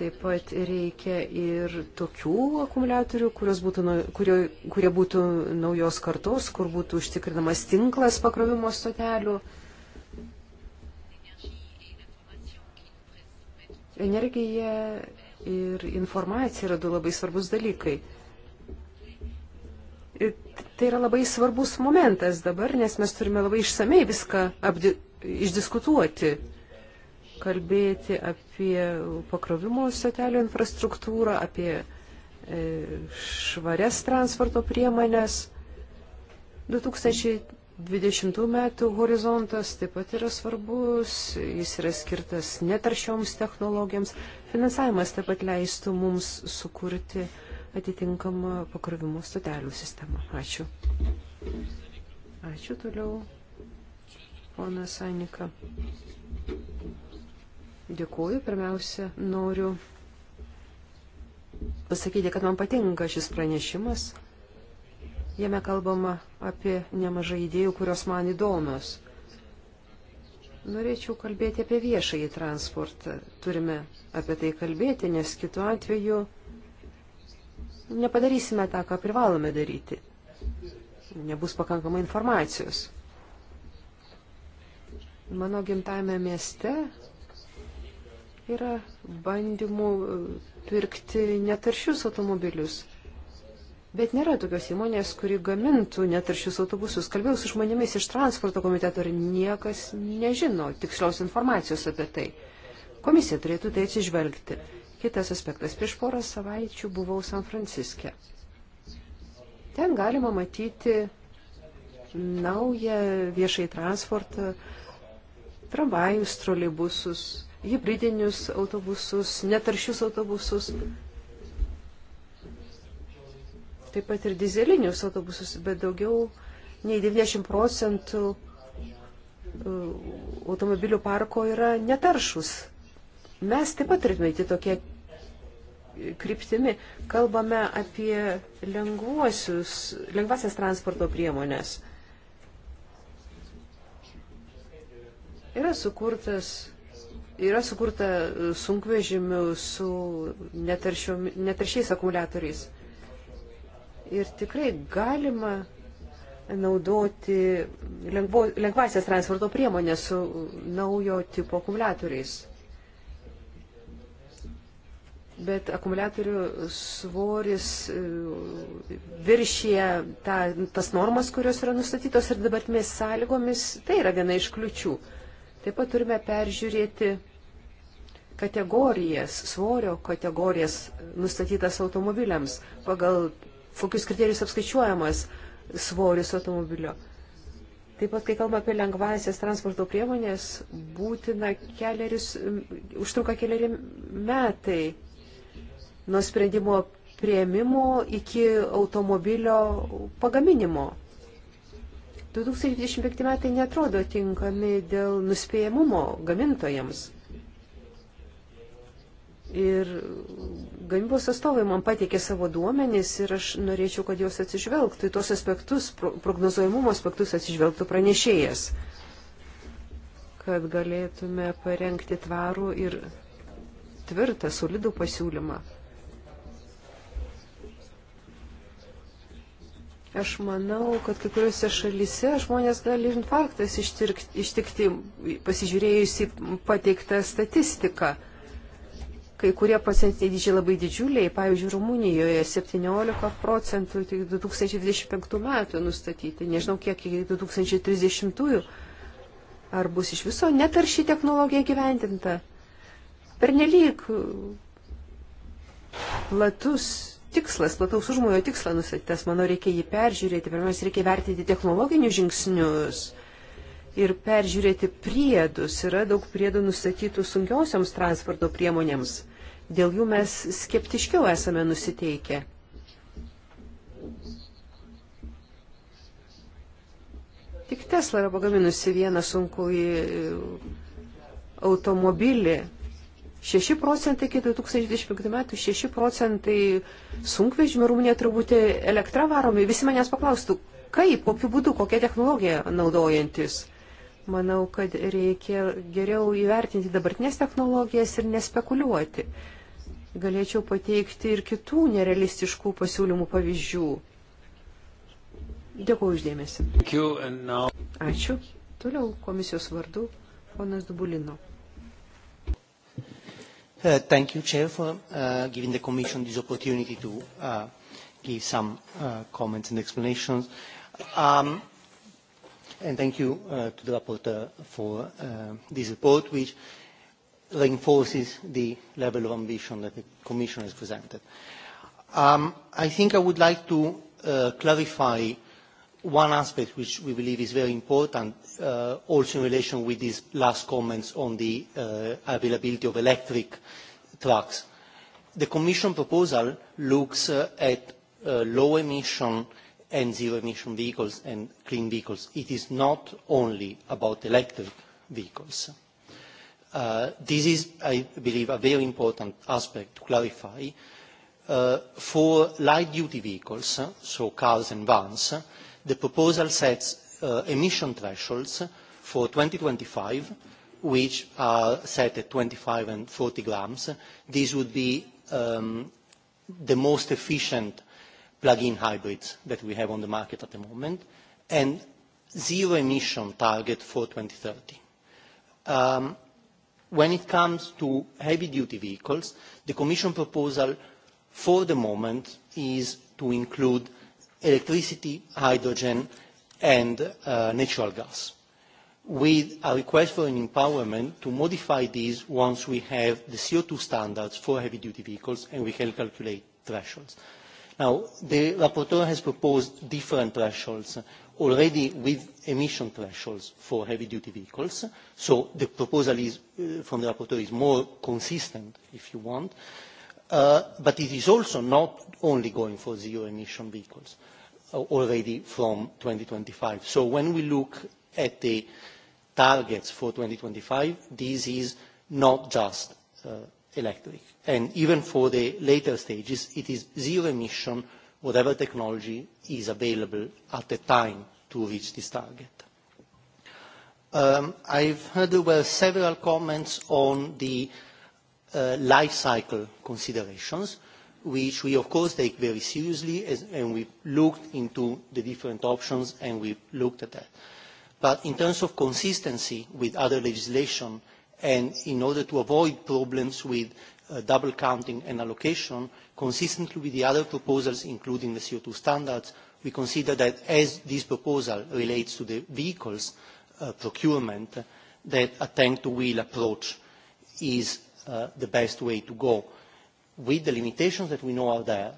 Taip pat reikia ir tokių akumuliatorių, būtų, kurio, kurie būtų naujos kartos, kur būtų užtikrinamas tinklas pakrovimo stotelių. Energija ir informacija yra du labai svarbus dalykai. Ir tai yra labai svarbus momentas dabar, nes mes turime labai išsamei viską apdi, išdiskutuoti kalbėti apie pakrovimo stotelių infrastruktūrą, apie e, švarias transporto priemonės. 2020 metų horizontas taip pat yra svarbus, jis yra skirtas netaršioms technologijoms. Finansavimas taip pat leistų mums sukurti atitinkamą pakrovimo stotelių sistemą. Ačiū. Ačiū toliau, ponas Anika. Dėkuoju. Pirmiausia, noriu pasakyti, kad man patinka šis pranešimas. Jame kalbama apie nemažai idėjų, kurios man įdomios. Norėčiau kalbėti apie viešąjį transportą. Turime apie tai kalbėti, nes kitu atveju nepadarysime tą, ką privalome daryti. Nebus pakankamai informacijos. Mano gimtajame mieste Yra bandymų e, pirkti netaršius automobilius. Bet nėra tokios įmonės, kuri gamintų netaršius autobusus. Kalbėjau su žmonėmis iš transporto komiteto ir niekas nežino tikslios informacijos apie tai. Komisija turėtų tai atsižvelgti. Kitas aspektas. Prieš porą savaičių buvau San Franciske. Ten galima matyti naują viešai transportą, tramvajus, troleibusus, hybridinius autobusus, netaršius autobusus, taip pat ir dizelinius autobusus, bet daugiau nei 90 procentų e, automobilių parko yra netaršus. Mes taip pat turėtume įti tokie kryptimi. Kalbame apie lengvuosius, lengvasias transporto priemonės. Yra sukurtas Yra sukurta sunkvežimių su netaršiais akumuliatoriais. Ir tikrai galima naudoti lengvo, lengvasias transporto priemonės su naujo tipo akumuliatoriais. Bet akumuliatorių svoris e, viršyje ta, tas normas, kurios yra nustatytos ir dabartinės sąlygomis, tai yra viena iš kliučių. Taip pat turime peržiūrėti kategorijas, svorio kategorijas nustatytas automobiliams, pagal kokius kriterijus apskaičiuojamas svoris automobilio. Taip pat, kai kalba apie lengvasias transporto priemonės, būtina keleris, užtruka keliari metai nuo sprendimo prieimimo iki automobilio pagaminimo. 2025 metai netrodo tinkami dėl nuspėjamumo gamintojams. Ir gamybos atstovai man pateikė savo duomenys ir aš norėčiau, kad jos atsižvelgtų į tos aspektus, prognozuojamumo aspektus atsižvelgtų pranešėjas, kad galėtume parengti tvarų ir tvirtą, solidų pasiūlymą. Aš manau, kad kai kuriuose šalyse žmonės gali infarktas ištikti, pasižiūrėjus į pateiktą statistiką. Kai kurie procentiniai dydžiai labai didžiuliai, pavyzdžiui, Rumunijoje 17 procentų iki 2025 metų nustatyti, nežinau kiek iki 2030. -ųjų. Ar bus iš viso netarši technologija gyventinta? Pernelyg platus tikslas, plataus užmojo tikslas nustatytas, manau, reikia jį peržiūrėti, pirmiausia, reikia vertinti technologinius žingsnius ir peržiūrėti priedus. Yra daug priedų nustatytų sunkiosioms transporto priemonėms dėl jų mes skeptiškiau esame nusiteikę. Tik Tesla yra pagaminusi vieną sunkų į e, automobilį. 6 procentai iki 2025 metų, 6 procentai sunkvežimių Rumunija turbūt elektra varomi. Visi manęs paklaustų, kaip, kokiu būdu, kokią technologiją naudojantis. Manau, kad reikia geriau įvertinti dabartinės technologijas ir nespekuliuoti. Galėčiau pateikti ir kitų nerealistiškų pasiūlymų pavyzdžių. Dėkuoju uždėmesi. Ačiū. Toliau komisijos vardu ponas Dubulino. Uh, thank you, Chair, for uh, giving the Commission this opportunity to uh, give some uh, comments and explanations. Um, and thank you uh, to the rapporteur for uh, this report, which uh, reinforces the level of ambition that the Commission has presented. Um, I think I would like to uh, clarify one aspect which we believe is very important, uh, also in relation with these last comments on the uh, availability of electric trucks. The Commission proposal looks uh, at uh, low emission and zero emission vehicles and clean vehicles. It is not only about electric vehicles. Uh, Uh, this is, I believe, a very important aspect to clarify. Uh, for light-duty vehicles, so cars and vans, the proposal sets uh, emission thresholds for 2025, which are set at 25 and 40 grams. These would be um, the most efficient plug-in hybrids that we have on the market at the moment, and zero emission target for 2030. Um, When it comes to heavy-duty vehicles, the Commission proposal for the moment is to include electricity, hydrogen and uh, natural gas, with a request for an empowerment to modify these once we have the CO2 standards for heavy-duty vehicles and we can calculate thresholds. Now, the rapporteur has proposed different thresholds already with emission thresholds for heavy-duty vehicles. So the proposal is, uh, from the rapporteur is more consistent, if you want. Uh, but it is also not only going for zero-emission vehicles uh, already from 2025. So when we look at the targets for 2025, this is not just uh, electric. And even for the later stages, it is zero emission whatever technology is available at the time to reach this target. Um, I've heard there were several comments on the uh, life cycle considerations, which we of course take very seriously, as, and we looked into the different options and we looked at that. But in terms of consistency with other legislation, and in order to avoid problems with uh, double counting and allocation, consistently with the other proposals, including the CO2 standards, we consider that as this proposal relates to the vehicles uh, procurement, that a tank-to-wheel approach is uh, the best way to go, with the limitations that we know are there,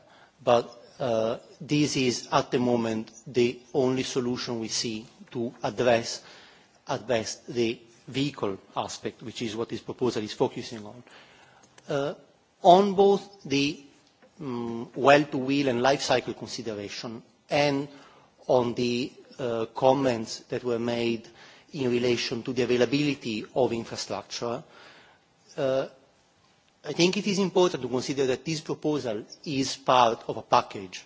but uh, this is at the moment the only solution we see to address at best the vehicle aspect, which is what this proposal is focusing on uh, on both the um, mm, well-to-wheel and life cycle consideration and on the uh, comments that were made in relation to the availability of infrastructure, uh, I think it is important to consider that this proposal is part of a package.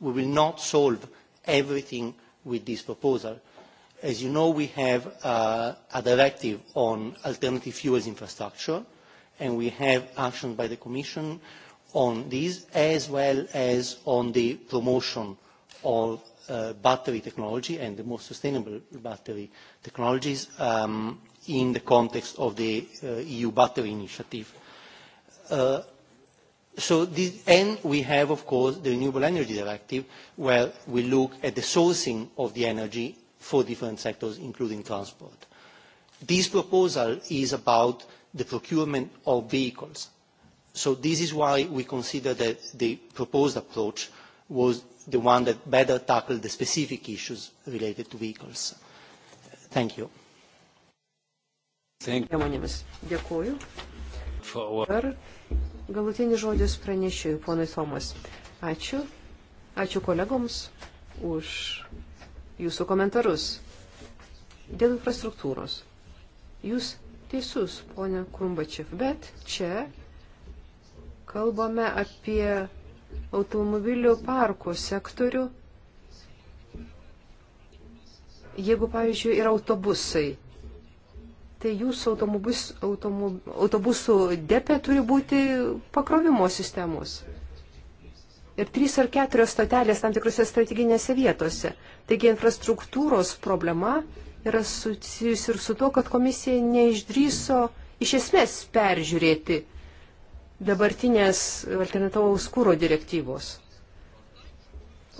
We will not solve everything with this proposal. As you know, we have uh, a directive on alternative fuels infrastructure, and we have action by the Commission on these, as well as on the promotion of uh, battery technology and the more sustainable battery technologies um, in the context of the uh, EU battery initiative. Uh, so this, and we have, of course, the Renewable Energy Directive, where we look at the sourcing of the energy for different sectors, including transport. This proposal is about the procurement of vehicles. So this is why we consider that the proposed approach was the one that better tackled the specific issues related to vehicles. Thank you. Thank you. Dėkuoju. Ar galutinis žodis pranešėjui, ponai Tomas. Ačiū. Ačiū kolegoms už jūsų komentarus. Dėl infrastruktūros. Jūs teisus, ponia Krumbačiev, bet čia kalbame apie automobilių parkų sektorių. Jeigu, pavyzdžiui, yra autobusai, tai jūsų autobus, automob, autobusų depė turi būti pakrovimo sistemos. Ir trys ar keturios stotelės tam tikrose strateginėse vietose. Taigi infrastruktūros problema yra susijusi ir su to, kad komisija neišdryso iš esmės peržiūrėti dabartinės alternatyvaus kūro direktyvos.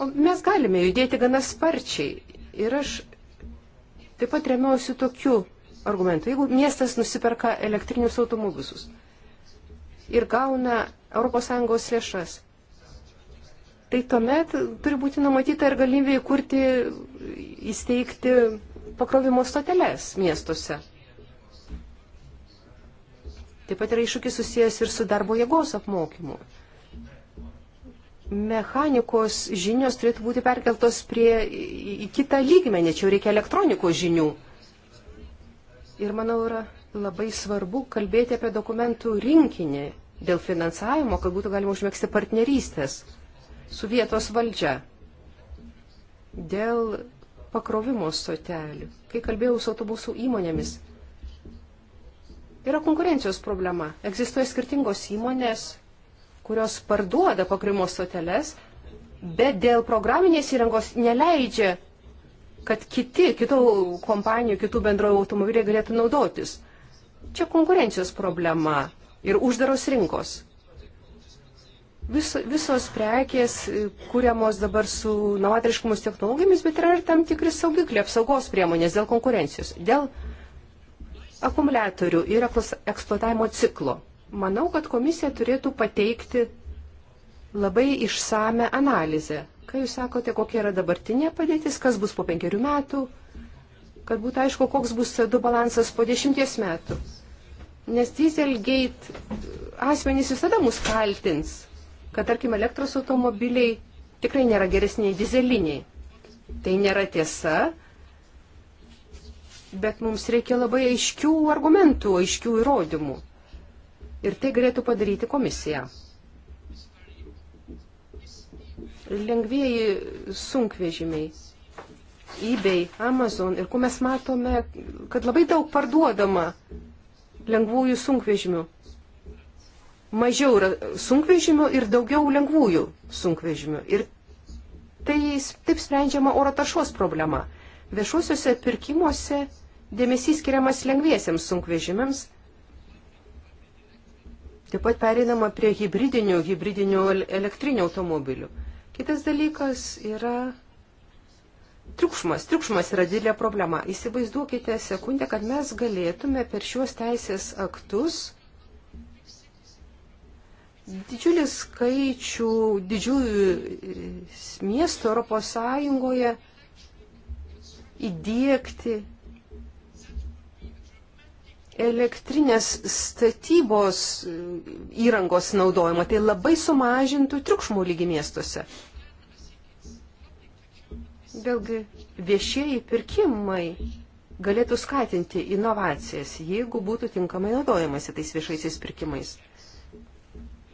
O mes galime judėti gana sparčiai. Ir aš taip pat remiausi tokiu argumentu. Jeigu miestas nusiperka elektrinius automobusus ir gauna ES lėšas, tai tuomet turi būti numatyta ir galimybė įkurti, įsteigti pakrovimo stoteles miestuose. Taip pat yra iššūkis susijęs ir su darbo jėgos apmokymu. Mechanikos žinios turėtų būti perkeltos prie į kitą lygmenį, čia reikia elektronikos žinių. Ir manau, yra labai svarbu kalbėti apie dokumentų rinkinį dėl finansavimo, kad būtų galima užmėgsti partnerystės su vietos valdžia dėl pakrovimo stotelių. Kai kalbėjau su autobusų įmonėmis, yra konkurencijos problema. Egzistuoja skirtingos įmonės, kurios parduoda pakrovimo stoteles, bet dėl programinės įrangos neleidžia, kad kiti, kitų kompanijų, kitų bendrojo automobiliai galėtų naudotis. Čia konkurencijos problema ir uždaros rinkos. Vis, visos prekės e, kūriamos dabar su novatoriškomis technologijomis, bet yra ir tam tikri saugikliai, apsaugos priemonės dėl konkurencijos, dėl akumuliatorių ir eksploatavimo ciklo. Manau, kad komisija turėtų pateikti labai išsame analizę. Kai jūs sakote, kokia yra dabartinė padėtis, kas bus po penkerių metų, kad būtų aišku, koks bus CO2 balansas po dešimties metų. Nes Dieselgate e, asmenys visada mus kaltins kad, tarkim, elektros automobiliai tikrai nėra geresni nei dizeliniai. Tai nėra tiesa, bet mums reikia labai aiškių argumentų, aiškių įrodymų. Ir tai galėtų padaryti komisija. Lengvieji sunkvežimiai, eBay, Amazon ir kur mes matome, kad labai daug parduodama lengvųjų sunkvežimių mažiau yra sunkvežimių ir daugiau lengvųjų sunkvežimių. Ir tai taip sprendžiama oro taršos problema. Viešuosiuose pirkimuose dėmesys skiriamas lengviesiems sunkvežimiams. Taip pat pereinama prie hybridinių, hybridinių elektrinių automobilių. Kitas dalykas yra triukšmas. Triukšmas yra didelė problema. Įsivaizduokite sekundę, kad mes galėtume per šiuos teisės aktus didžiulį skaičių didžiųjų miestų Europos Sąjungoje įdėkti elektrinės statybos įrangos naudojimą. Tai labai sumažintų triukšmų lygį miestuose. Vėlgi, viešieji pirkimai galėtų skatinti inovacijas, jeigu būtų tinkamai naudojamasi tais viešaisiais pirkimais.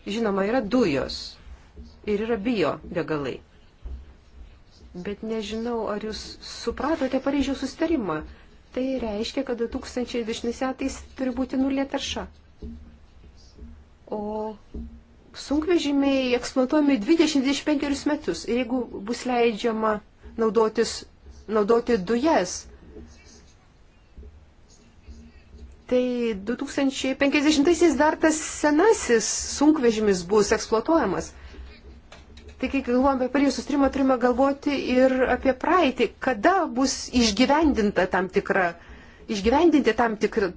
Žinoma, yra dujos ir yra bio degalai. Bet nežinau, ar jūs supratote Paryžiaus sustarimą. Tai reiškia, kad 2020 metais turi būti nulė tarša. O sunkvežimiai eksploatuojami 20-25 metus. Ir jeigu bus leidžiama naudotis, naudoti dujas, Tai 2050-aisiais dar tas senasis sunkvežimis bus eksploatuojamas. Tai kai galvojame apie Paryžiaus sustarimą, turime galvoti ir apie praeitį, kada bus išgyvendinta tam tikra, išgyvendinti tam tikri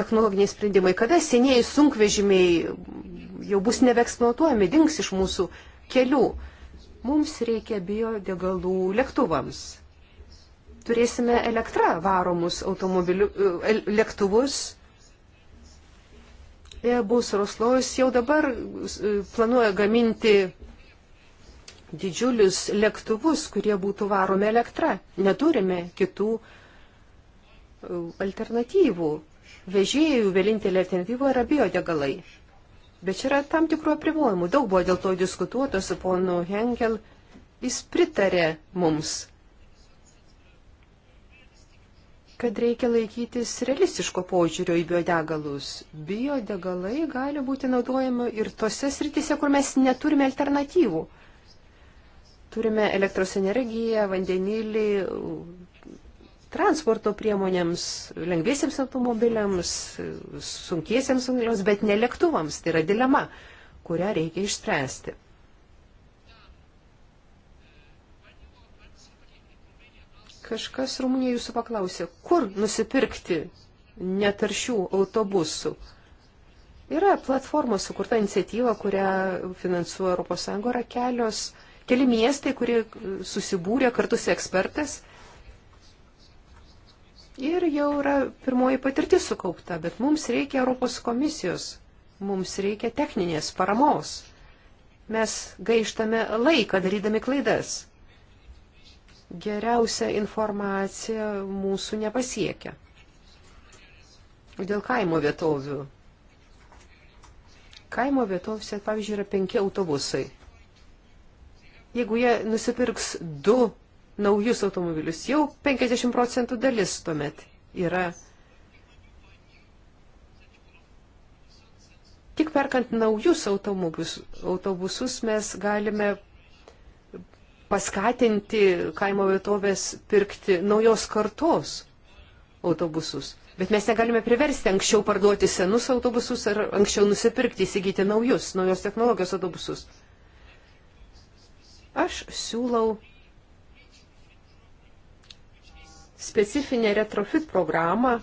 technologiniai sprendimai, kada senieji sunkvežimiai jau bus nebeeksploatuojami, dings iš mūsų kelių. Mums reikia biodegalų lėktuvams turėsime elektrą varomus e, lėktuvus. Airbus Roslojus jau dabar e, planuoja gaminti didžiulius lėktuvus, kurie būtų varomi elektra. Neturime kitų e, alternatyvų. Vežėjų vienintelė alternatyva yra biodegalai. Bet čia yra tam tikrų apribojimų. Daug buvo dėl to diskutuota su ponu Henkel. Jis pritarė mums kad reikia laikytis realistiško požiūrio į biodegalus. Biodegalai gali būti naudojami ir tose sritise, kur mes neturime alternatyvų. Turime elektros energiją, vandenilį, transporto priemonėms, lengviesiems automobiliams, sunkiesiems automobiliams, bet ne lėktuvams. Tai yra dilema, kurią reikia išspręsti. Kažkas Rumunija jūsų paklausė, kur nusipirkti netaršių autobusų. Yra platforma sukurta iniciatyva, kurią finansuoja ES, yra kelios, keli miestai, kurie susibūrė kartu su ekspertais. Ir jau yra pirmoji patirtis sukaupta, bet mums reikia Europos komisijos, mums reikia techninės paramos. Mes gaištame laiką darydami klaidas geriausia informacija mūsų nepasiekia. Dėl kaimo vietovių. Kaimo vietovėse, pavyzdžiui, yra penki autobusai. Jeigu jie nusipirks du naujus automobilius, jau 50 procentų dalis tuomet yra Tik perkant naujus automobius, autobusus mes galime paskatinti kaimo vietovės pirkti naujos kartos autobusus. Bet mes negalime priversti anksčiau parduoti senus autobusus ar anksčiau nusipirkti, įsigyti naujus, naujos technologijos autobusus. Aš siūlau specifinę retrofit programą,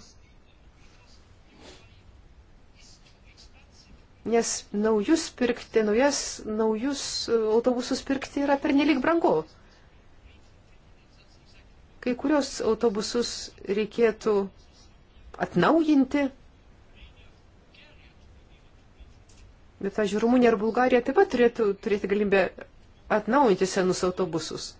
nes naujus pirkti, naujas, naujus e, autobusus pirkti yra pernelik brangu. Kai kurios autobusus reikėtų atnaujinti. Bet, pažiūrėjau, Rumunija ir Bulgarija taip pat turėtų turėti galimybę atnaujinti senus autobusus.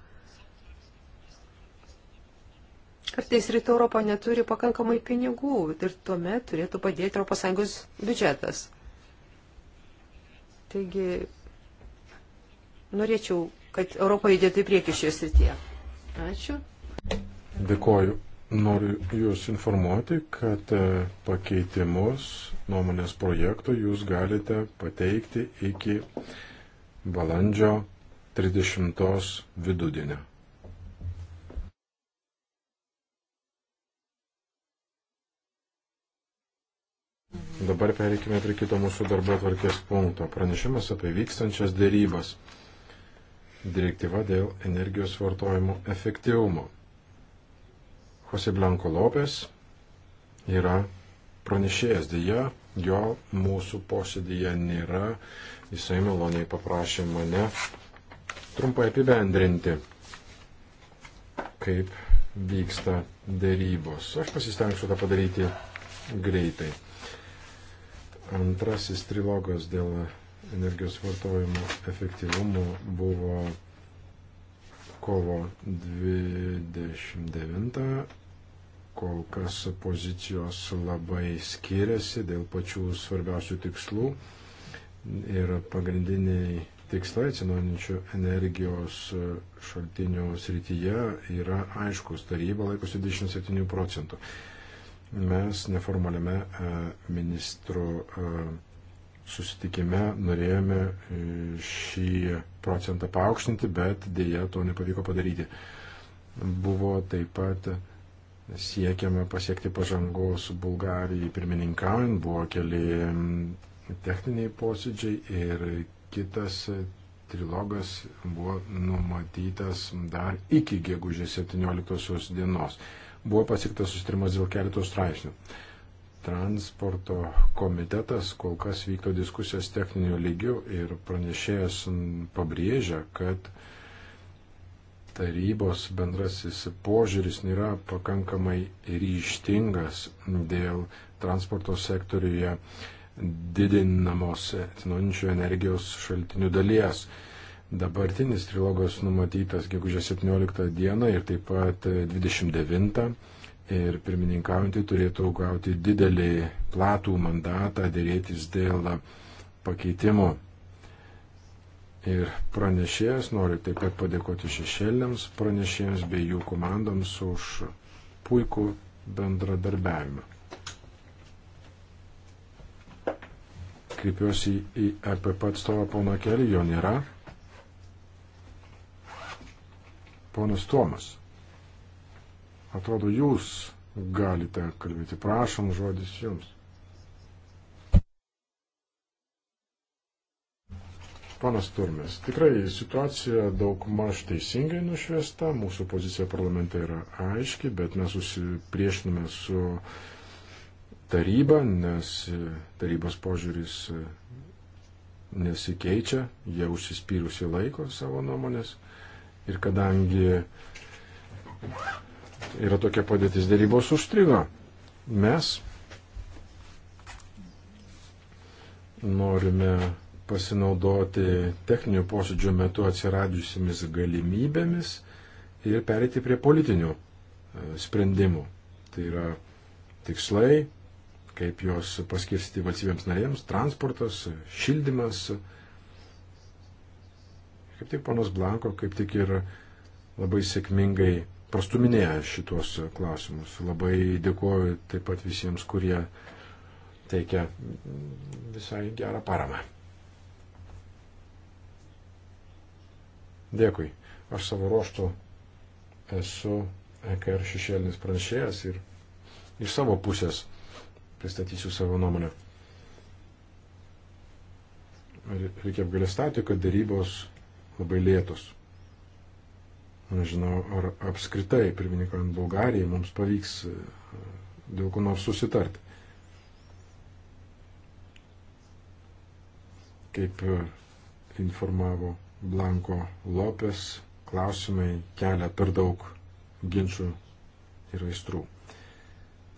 Kartais Rytų Europa neturi pakankamai pinigų ir tuomet turėtų padėti ES biudžetas. Taigi norėčiau, kad Europoje dėtų į priekį šioje srityje. Ačiū. Dėkoju. Noriu Jūs informuoti, kad e, pakeitimus nuomonės projektų Jūs galite pateikti iki balandžio 30 vidudienio. Dabar pereikime prie kito mūsų darbo atvarkės punkto. Pranešimas apie vykstančias dėrybas. Direktyva dėl energijos vartojimo efektyvumo. Jose Blanko Lopes yra pranešėjas dėja, jo mūsų posėdėje nėra. Jisai maloniai paprašė mane trumpai apibendrinti, kaip vyksta dėrybos. Aš pasistengsiu tą padaryti greitai. Antrasis trilogas dėl energijos vartojimo efektyvumo buvo kovo 29. Kol kas pozicijos labai skiriasi dėl pačių svarbiausių tikslų ir pagrindiniai tikslai atsinaujinančių energijos šaltinių srityje yra aiškus. Taryba laikosi 27 procentų mes neformaliame e, ministrų e, susitikime norėjome e, šį procentą paaukštinti, bet dėja to nepavyko padaryti. Buvo taip pat siekiama pasiekti pažangos Bulgarijai pirmininkaujant, buvo keli techniniai posėdžiai ir kitas trilogas buvo numatytas dar iki gegužės 17 dienos buvo pasiektas sustarimas dėl keletos straipsnių. Transporto komitetas kol kas vykdo diskusijas techninio lygių ir pranešėjas pabrėžia, kad tarybos bendrasis požiūris nėra pakankamai ryštingas dėl transporto sektoriuje didinamos atsinaujinčių energijos šaltinių dalies. Dabartinis trilogas numatytas gegužės 17 dieną ir taip pat 29 ir pirmininkaujantį turėtų gauti didelį platų mandatą dėrėtis dėl pakeitimų. Ir pranešėjas noriu taip pat padėkoti šešėliams, pranešėjams bei jų komandoms už puikų bendradarbiavimą. Kreipiuosi į EPP atstovą pono Kelį, jo nėra. Ponas Tomas, atrodo, jūs galite kalbėti. Prašom, žodis jums. Panas Turmės, tikrai situacija daug maž teisingai nušviesta, mūsų pozicija parlamente yra aiški, bet mes susipriešiname su taryba, nes tarybos požiūris nesikeičia, jie užsispyrusi laiko savo nuomonės. Ir kadangi yra tokia padėtis dėrybos užstrigo, mes norime pasinaudoti techninių posėdžių metu atsiradusiamis galimybėmis ir pereiti prie politinių e, sprendimų. Tai yra tikslai, kaip jos paskirsti valstybėms narėms, transportas, šildymas, Kaip tik ponas Blanko, kaip tik ir labai sėkmingai prastuminėja šitos klausimus. Labai dėkuoju taip pat visiems, kurie teikia visai gerą paramą. Dėkui. Aš savo ruoštų esu EKR šešėlinis pranešėjas ir iš savo pusės pristatysiu savo nuomonę. Reikia apgalėstauti, kad darybos labai lėtos. Nežinau, ar apskritai, pirmininkant Bulgarijai, mums pavyks e, dėl ko nors susitarti. Kaip e, informavo Blanko Lopes, klausimai kelia per daug ginčių ir aistrų.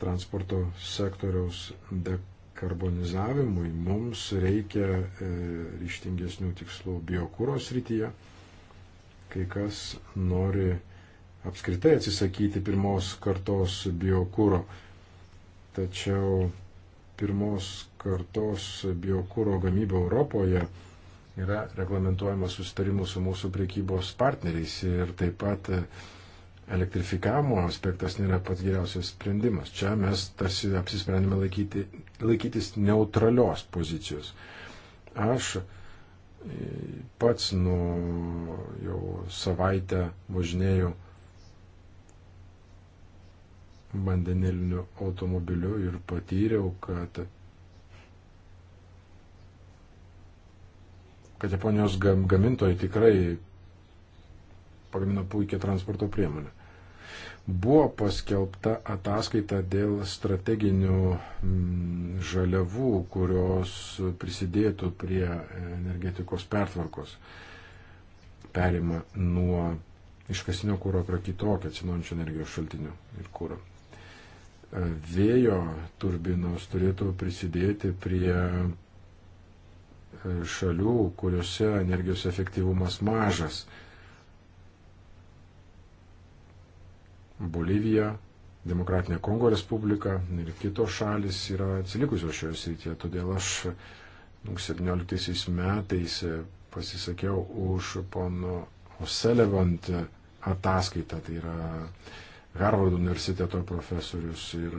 Transporto sektoriaus dek karbonizavimui mums reikia e, ryštingesnių tikslų biokūros rytyje. Kai kas nori apskritai atsisakyti pirmos kartos biokūro, tačiau pirmos kartos biokūro gamyba Europoje yra reglamentuojama sustarimu su mūsų priekybos partneriais ir taip pat e, elektrifikavimo aspektas nėra pats geriausias sprendimas. Čia mes tarsi apsisprendėme laikyti, laikytis neutralios pozicijos. Aš e, pats nuo jau savaitę važinėjau vandeniliniu automobiliu ir patyriau, kad kad Japonijos gamintojai tikrai pagamino puikią transporto priemonę. Buvo paskelbta ataskaita dėl strateginių mm, žaliavų, kurios prisidėtų prie energetikos pertvarkos. Perima nuo iškasinio kūro prie kitokio atsinaujančio energijos šaltinių ir kūro. E, vėjo turbinos turėtų prisidėti prie e, šalių, kuriuose energijos efektyvumas mažas. Bolivija, Demokratinė Kongo Respublika ir kitos šalis yra atsilikusios šioje srityje. Todėl aš 17 nu, metais pasisakiau už pono Oselevant ataskaitą, tai yra Harvardo universiteto profesorius ir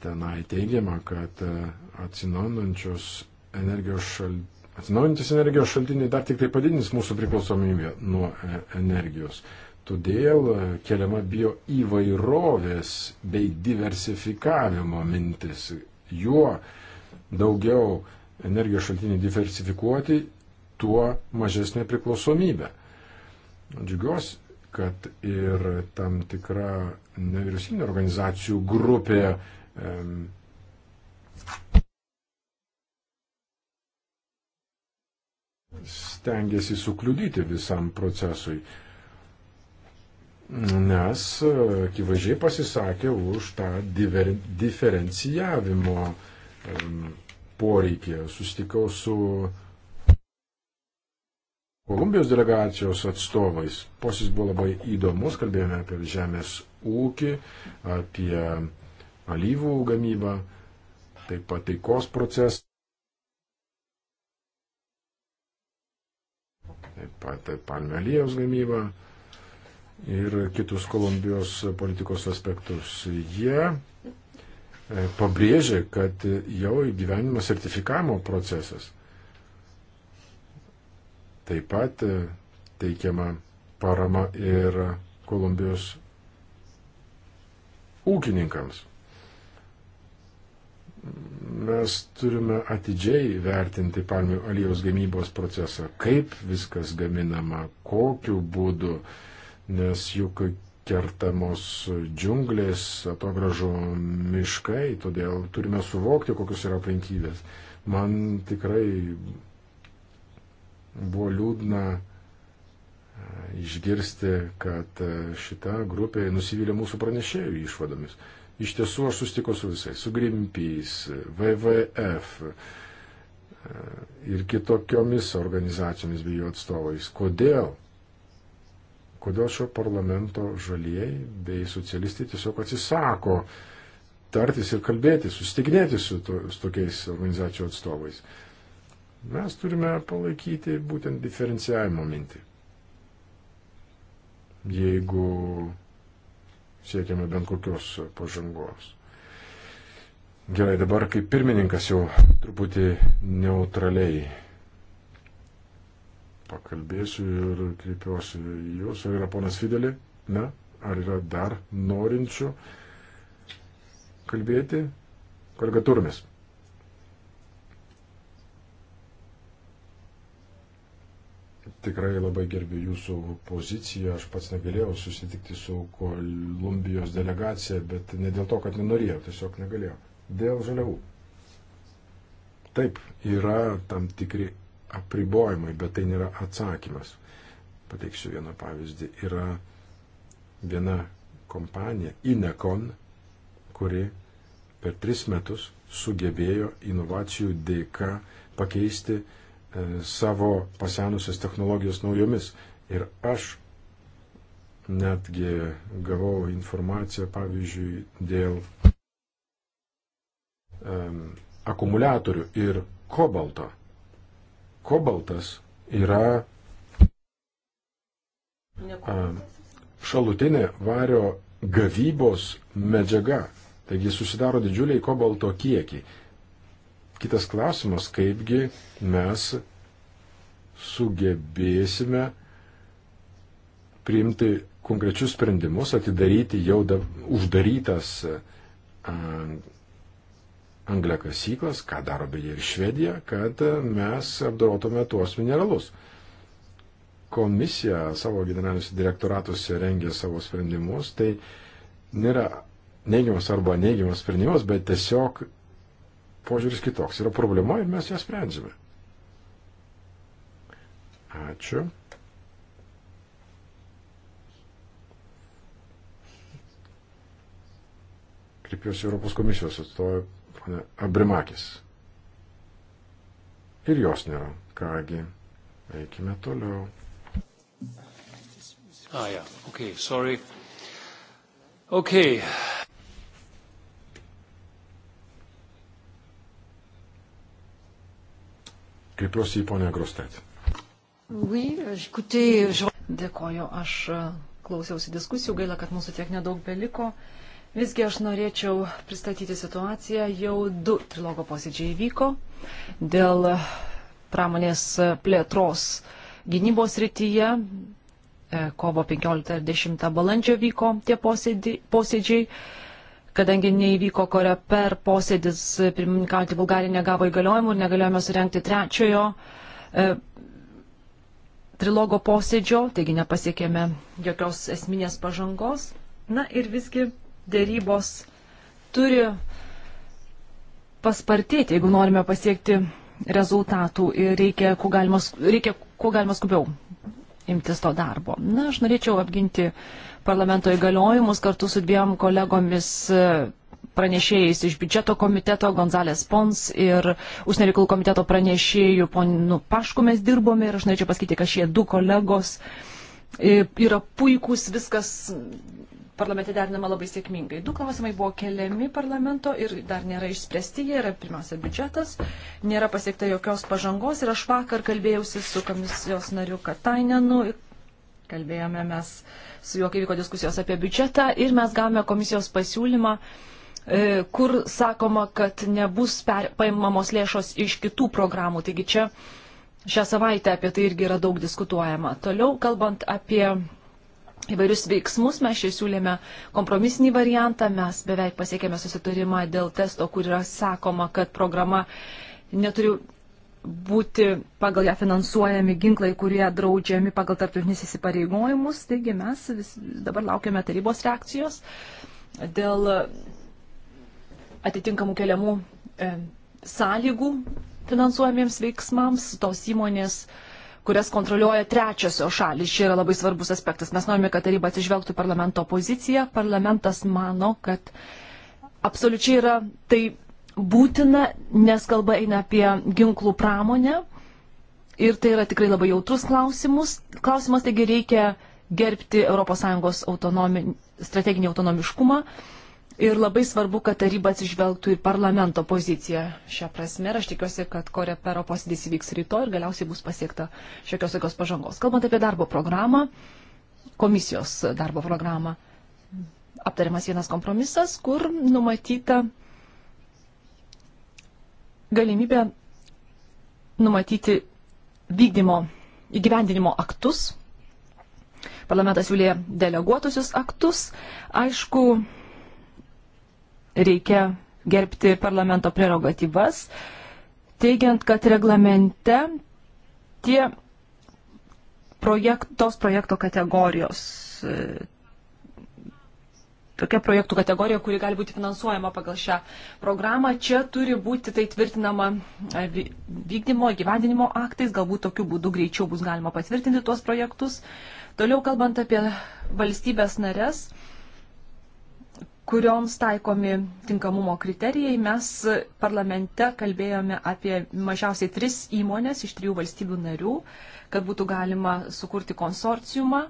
tenai teigiama, kad atsinaujančios energijos šaltiniai Atsinaujantis energijos šaltiniai dar tik tai padidins mūsų priklausomybę nuo e-, energijos. Todėl e, keliama bio įvairovės bei diversifikavimo mintis. Juo daugiau energijos šaltinių diversifikuoti, tuo mažesnė priklausomybė. Džiugiuosi, kad ir tam tikra nevyriausybinė organizacijų grupė um, stengiasi sukliudyti visam procesui nes e, akivaizdžiai pasisakė už tą diver, diferencijavimo poreikį. Sustikau su Kolumbijos delegacijos atstovais. Posis buvo labai įdomus, kalbėjome apie žemės ūkį, apie alyvų gamybą, taip pat taikos procesą. Taip pat palmelėjos gamybą ir kitus Kolumbijos politikos aspektus. Jie e, pabrėžė, kad jau įgyvenimo sertifikavimo procesas. Taip pat e, teikiama parama ir Kolumbijos ūkininkams. Mes turime atidžiai vertinti palmių aliejos gamybos procesą, kaip viskas gaminama, kokiu būdu, uh, nes juk kertamos džiunglės, atogražo miškai, todėl turime suvokti, kokius yra aplinkybės. Man tikrai buvo liūdna e, išgirsti, kad e, šita grupė nusivylė mūsų pranešėjų išvadomis. Iš tiesų aš sustikau su visais, su Greenpeace, WWF e, ir kitokiomis organizacijomis bei jų atstovais. Kodėl? kodėl šio parlamento žalieji bei socialistai tiesiog atsisako tartis ir kalbėti, susitikinėti su, to, su tokiais organizacijų atstovais. Mes turime palaikyti būtent diferencijavimo mintį. Jeigu siekiame bent kokios pažangos. Gerai, dabar kaip pirmininkas jau truputį neutraliai pakalbėsiu ir kreipiuosi į jūs. Ar yra ponas Fidelį? Ne? Ar yra dar norinčių kalbėti? Kolega Turmis. Tikrai labai gerbiu jūsų poziciją. Aš pats negalėjau susitikti su Kolumbijos delegacija, bet ne dėl to, kad nenorėjau, tiesiog negalėjau. Dėl žaliavų. Taip, yra tam tikri apribojimai, bet tai nėra atsakymas. Pateiksiu vieną pavyzdį. Yra viena kompanija, Inekon, kuri per tris metus sugebėjo inovacijų dėka pakeisti e, savo pasenusias technologijas naujomis. Ir aš netgi gavau informaciją, pavyzdžiui, dėl um, akumuliatorių ir kobalto kobaltas yra šalutinė vario gavybos medžiaga. Taigi susidaro didžiuliai kobalto kiekiai. Kitas klausimas, kaipgi mes sugebėsime priimti konkrečius sprendimus, atidaryti jau da, uždarytas a, angliakasyklas, ką daro beje ir Švedija, kad mes apdorotume tuos mineralus. Komisija savo generaliniuose direktoratuose rengia savo sprendimus, tai nėra neigiamas arba neigiamas sprendimas, bet tiesiog požiūris kitoks. Yra problema ir mes ją sprendžiame. Ačiū. Kreipiuosi Europos komisijos atstovę Abrimakis. Ir jos nėra. Kągi, eikime toliau. Ah, ja, okay, sorry. Okay. Kreipiuosi į ponę Grostet. Oui, écoutez, je... Dėkoju, aš klausiausi diskusijų, gaila, kad mūsų tiek nedaug beliko. Uh, Visgi aš norėčiau pristatyti situaciją. Jau du trilogo posėdžiai vyko dėl pramonės plėtros gynybos rytyje. E, kovo 15 ir 10 balandžio vyko tie posėdžiai. Kadangi neįvyko kore per posėdis, pirmininkauti Bulgarija negavo įgaliojimų ir negalėjome surenkti trečiojo e, trilogo posėdžio, taigi nepasiekėme jokios esminės pažangos. Na ir visgi dėrybos turi paspartėti, jeigu norime pasiekti rezultatų ir reikia kuo galima, reikia, kuo galima skubiau imtis to darbo. Na, aš norėčiau apginti parlamento įgaliojimus kartu su dviem kolegomis e, pranešėjais iš biudžeto komiteto Gonzalės Pons ir užsienio reikalų komiteto pranešėjų ponu Pašku mes dirbome ir aš norėčiau pasakyti, kad šie du kolegos e, yra puikūs, viskas parlamente derinama labai sėkmingai. Du klausimai buvo keliami parlamento ir dar nėra išspręsti, jie yra pirmiausia biudžetas, nėra pasiekta jokios pažangos ir aš vakar kalbėjausi su komisijos nariu Katainenu. Kalbėjome mes su juo, kai vyko diskusijos apie biudžetą ir mes gavome komisijos pasiūlymą, e, kur sakoma, kad nebus per, paimamos lėšos iš kitų programų. Taigi čia šią savaitę apie tai irgi yra daug diskutuojama. Toliau, kalbant apie įvairius veiksmus. Mes čia siūlėme kompromisinį variantą, mes beveik pasiekėme susitarimą dėl testo, kur yra sakoma, kad programa neturi būti pagal ją finansuojami ginklai, kurie draudžiami pagal tarptautinius įsipareigojimus. Taigi mes vis, dabar laukiame tarybos reakcijos dėl atitinkamų keliamų e, sąlygų finansuojamiems veiksmams. Tos įmonės e, kurias kontroliuoja trečiosios šalis. Čia yra labai svarbus aspektas. Mes norime, kad taryba atsižvelgtų parlamento poziciją. Parlamentas mano, kad absoliučiai yra tai būtina, nes kalba eina apie ginklų pramonę. Ir tai yra tikrai labai jautrus klausimus. klausimas, taigi reikia gerbti ES autonomi, strateginį autonomiškumą. Uh, Ir labai svarbu, kad taryba atsižvelgtų į parlamento poziciją šią prasme. Ir aš tikiuosi, kad korepero posėdis įvyks rytoj ir galiausiai bus pasiekta šiokios tokios pažangos. Kalbant apie darbo programą, komisijos darbo programą, aptariamas vienas kompromisas, kur numatyta galimybė numatyti vykdymo įgyvendinimo aktus. Parlamentas siūlė deleguotusius aktus. Aišku, reikia gerbti parlamento prerogatyvas, teigiant, kad reglamente tie projekt, tos projekto kategorijos, e, tokia projektų kategorija, kuri gali būti finansuojama pagal šią programą, čia turi būti tai tvirtinama e, vykdymo, gyvendinimo aktais, galbūt tokiu būdu greičiau bus galima patvirtinti tuos projektus. Toliau kalbant apie valstybės narės, kurioms taikomi tinkamumo kriterijai. Mes parlamente kalbėjome apie mažiausiai tris įmonės iš trijų valstybių narių, kad būtų galima sukurti konsorciumą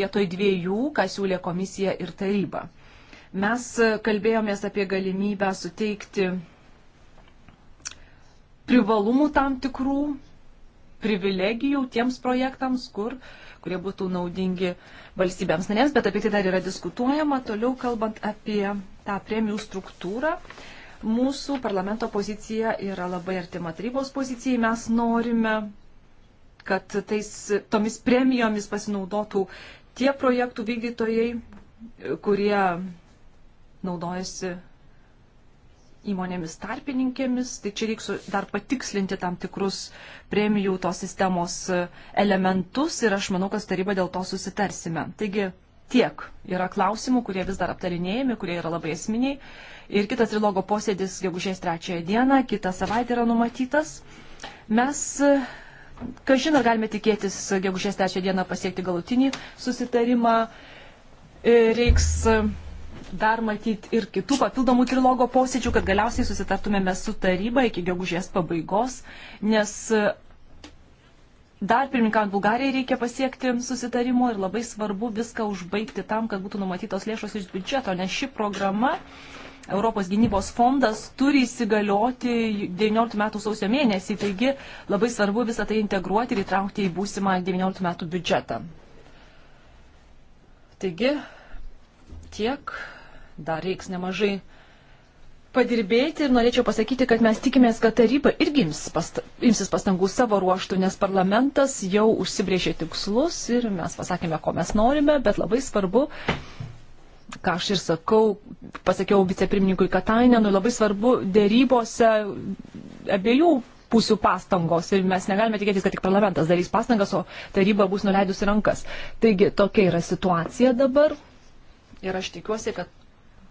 vietoj dviejų, ką siūlė komisija ir taryba. Mes kalbėjomės apie galimybę suteikti privalumų tam tikrų privilegijų tiems projektams, kur uh, kurie būtų naudingi valstybėms narėms, bet apie tai dar yra diskutuojama. Toliau kalbant apie tą premijų struktūrą, mūsų parlamento pozicija yra labai artima tarybos pozicijai. Mes norime, kad tais, tomis premijomis pasinaudotų tie projektų vykdytojai, kurie naudojasi įmonėmis tarpininkėmis, tai čia reiks dar patikslinti tam tikrus premijų tos sistemos e, elementus ir aš manau, kad taryba dėl to susitarsime. Taigi tiek yra klausimų, kurie vis dar aptarinėjami, kurie yra labai esminiai. Ir kitas trilogo posėdis gegužės trečiąją dieną, kitą savaitę yra numatytas. Mes, e, kažin ar galime tikėtis gegužės trečią dieną pasiekti galutinį susitarimą, e, reiks dar matyti ir kitų papildomų trilogo posėdžių, kad galiausiai susitartumėme su taryba iki gegužės pabaigos, nes e, dar pirmininkant Bulgarijai reikia pasiekti susitarimo ir labai svarbu viską užbaigti tam, kad būtų numatytos lėšos iš biudžeto, nes ši programa Europos gynybos fondas turi įsigalioti 19 metų sausio mėnesį, taigi labai svarbu visą tai integruoti ir įtraukti į būsimą 19 metų biudžetą. Taigi tiek dar reiks nemažai padirbėti ir norėčiau pasakyti, kad mes tikimės, kad taryba irgi ims past imsis pastangų savo ruoštų, nes parlamentas jau užsibrėžė tikslus ir mes pasakėme, ko mes norime, bet labai svarbu, ką aš ir sakau, pasakiau vicepirmininkui Katainenui, labai svarbu dėrybose abiejų pusių pastangos ir mes negalime tikėtis, kad tik parlamentas darys pastangas, o taryba bus nuleidusi rankas. Taigi tokia yra situacija dabar ir aš tikiuosi, kad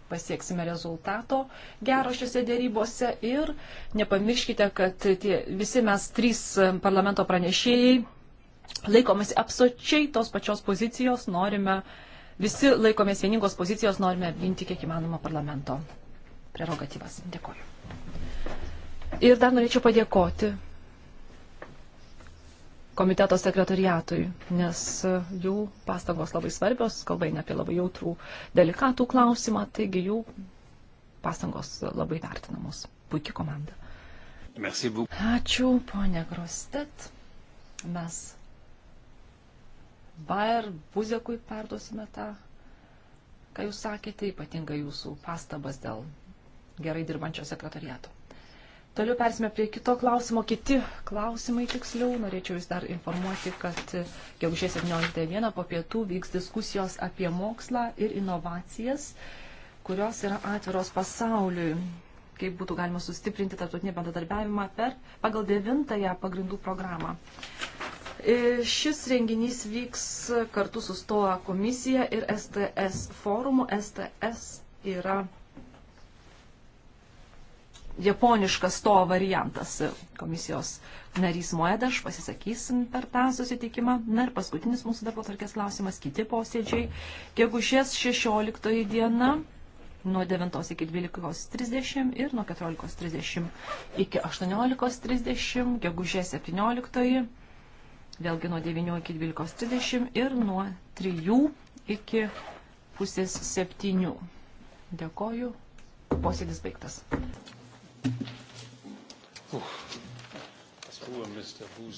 pasieksime rezultato gero šiuose dėrybose ir nepamirškite, kad tie, visi mes trys parlamento pranešėjai laikomės absoliučiai tos pačios pozicijos, norime, visi laikomės vieningos pozicijos, norime apginti kiek įmanoma parlamento prerogatyvas. Dėkoju. Ir dar norėčiau padėkoti komiteto sekretariatui, nes e, jų pastangos labai svarbios, kalba eina apie labai jautrų, delikatų klausimą, taigi jų pastangos labai vertinamos. Puikia komanda. Ačiū, ponė Grostet. Mes Bayer Buzekui perduosime tą, ką jūs sakėte, ypatingai jūsų pastabas dėl gerai dirbančio sekretariato. Toliau persime prie kito klausimo. Kiti klausimai tiksliau. Norėčiau Jūs dar informuoti, kad gegužės 17 dieną po pietų vyks diskusijos apie mokslą ir inovacijas, kurios yra atviros pasauliui. Kaip būtų galima sustiprinti tarptautinį bendradarbiavimą per pagal devintąją pagrindų programą. E, šis renginys vyks kartu su STOA komisija ir STS forumu. STS yra japoniškas to variantas. Komisijos narys Moedaš pasisakysim per tą susitikimą. Na ir paskutinis mūsų darbo tarkės klausimas, kiti posėdžiai. Gegužės 16 diena nuo 9 iki 12.30 ir nuo 14.30 iki 18.30, gegužės 17, vėlgi nuo 9 iki 12.30 ir nuo 3 iki pusės 7. Dėkoju, posėdis baigtas. Puh. Das Ruhe, Mr. Buse.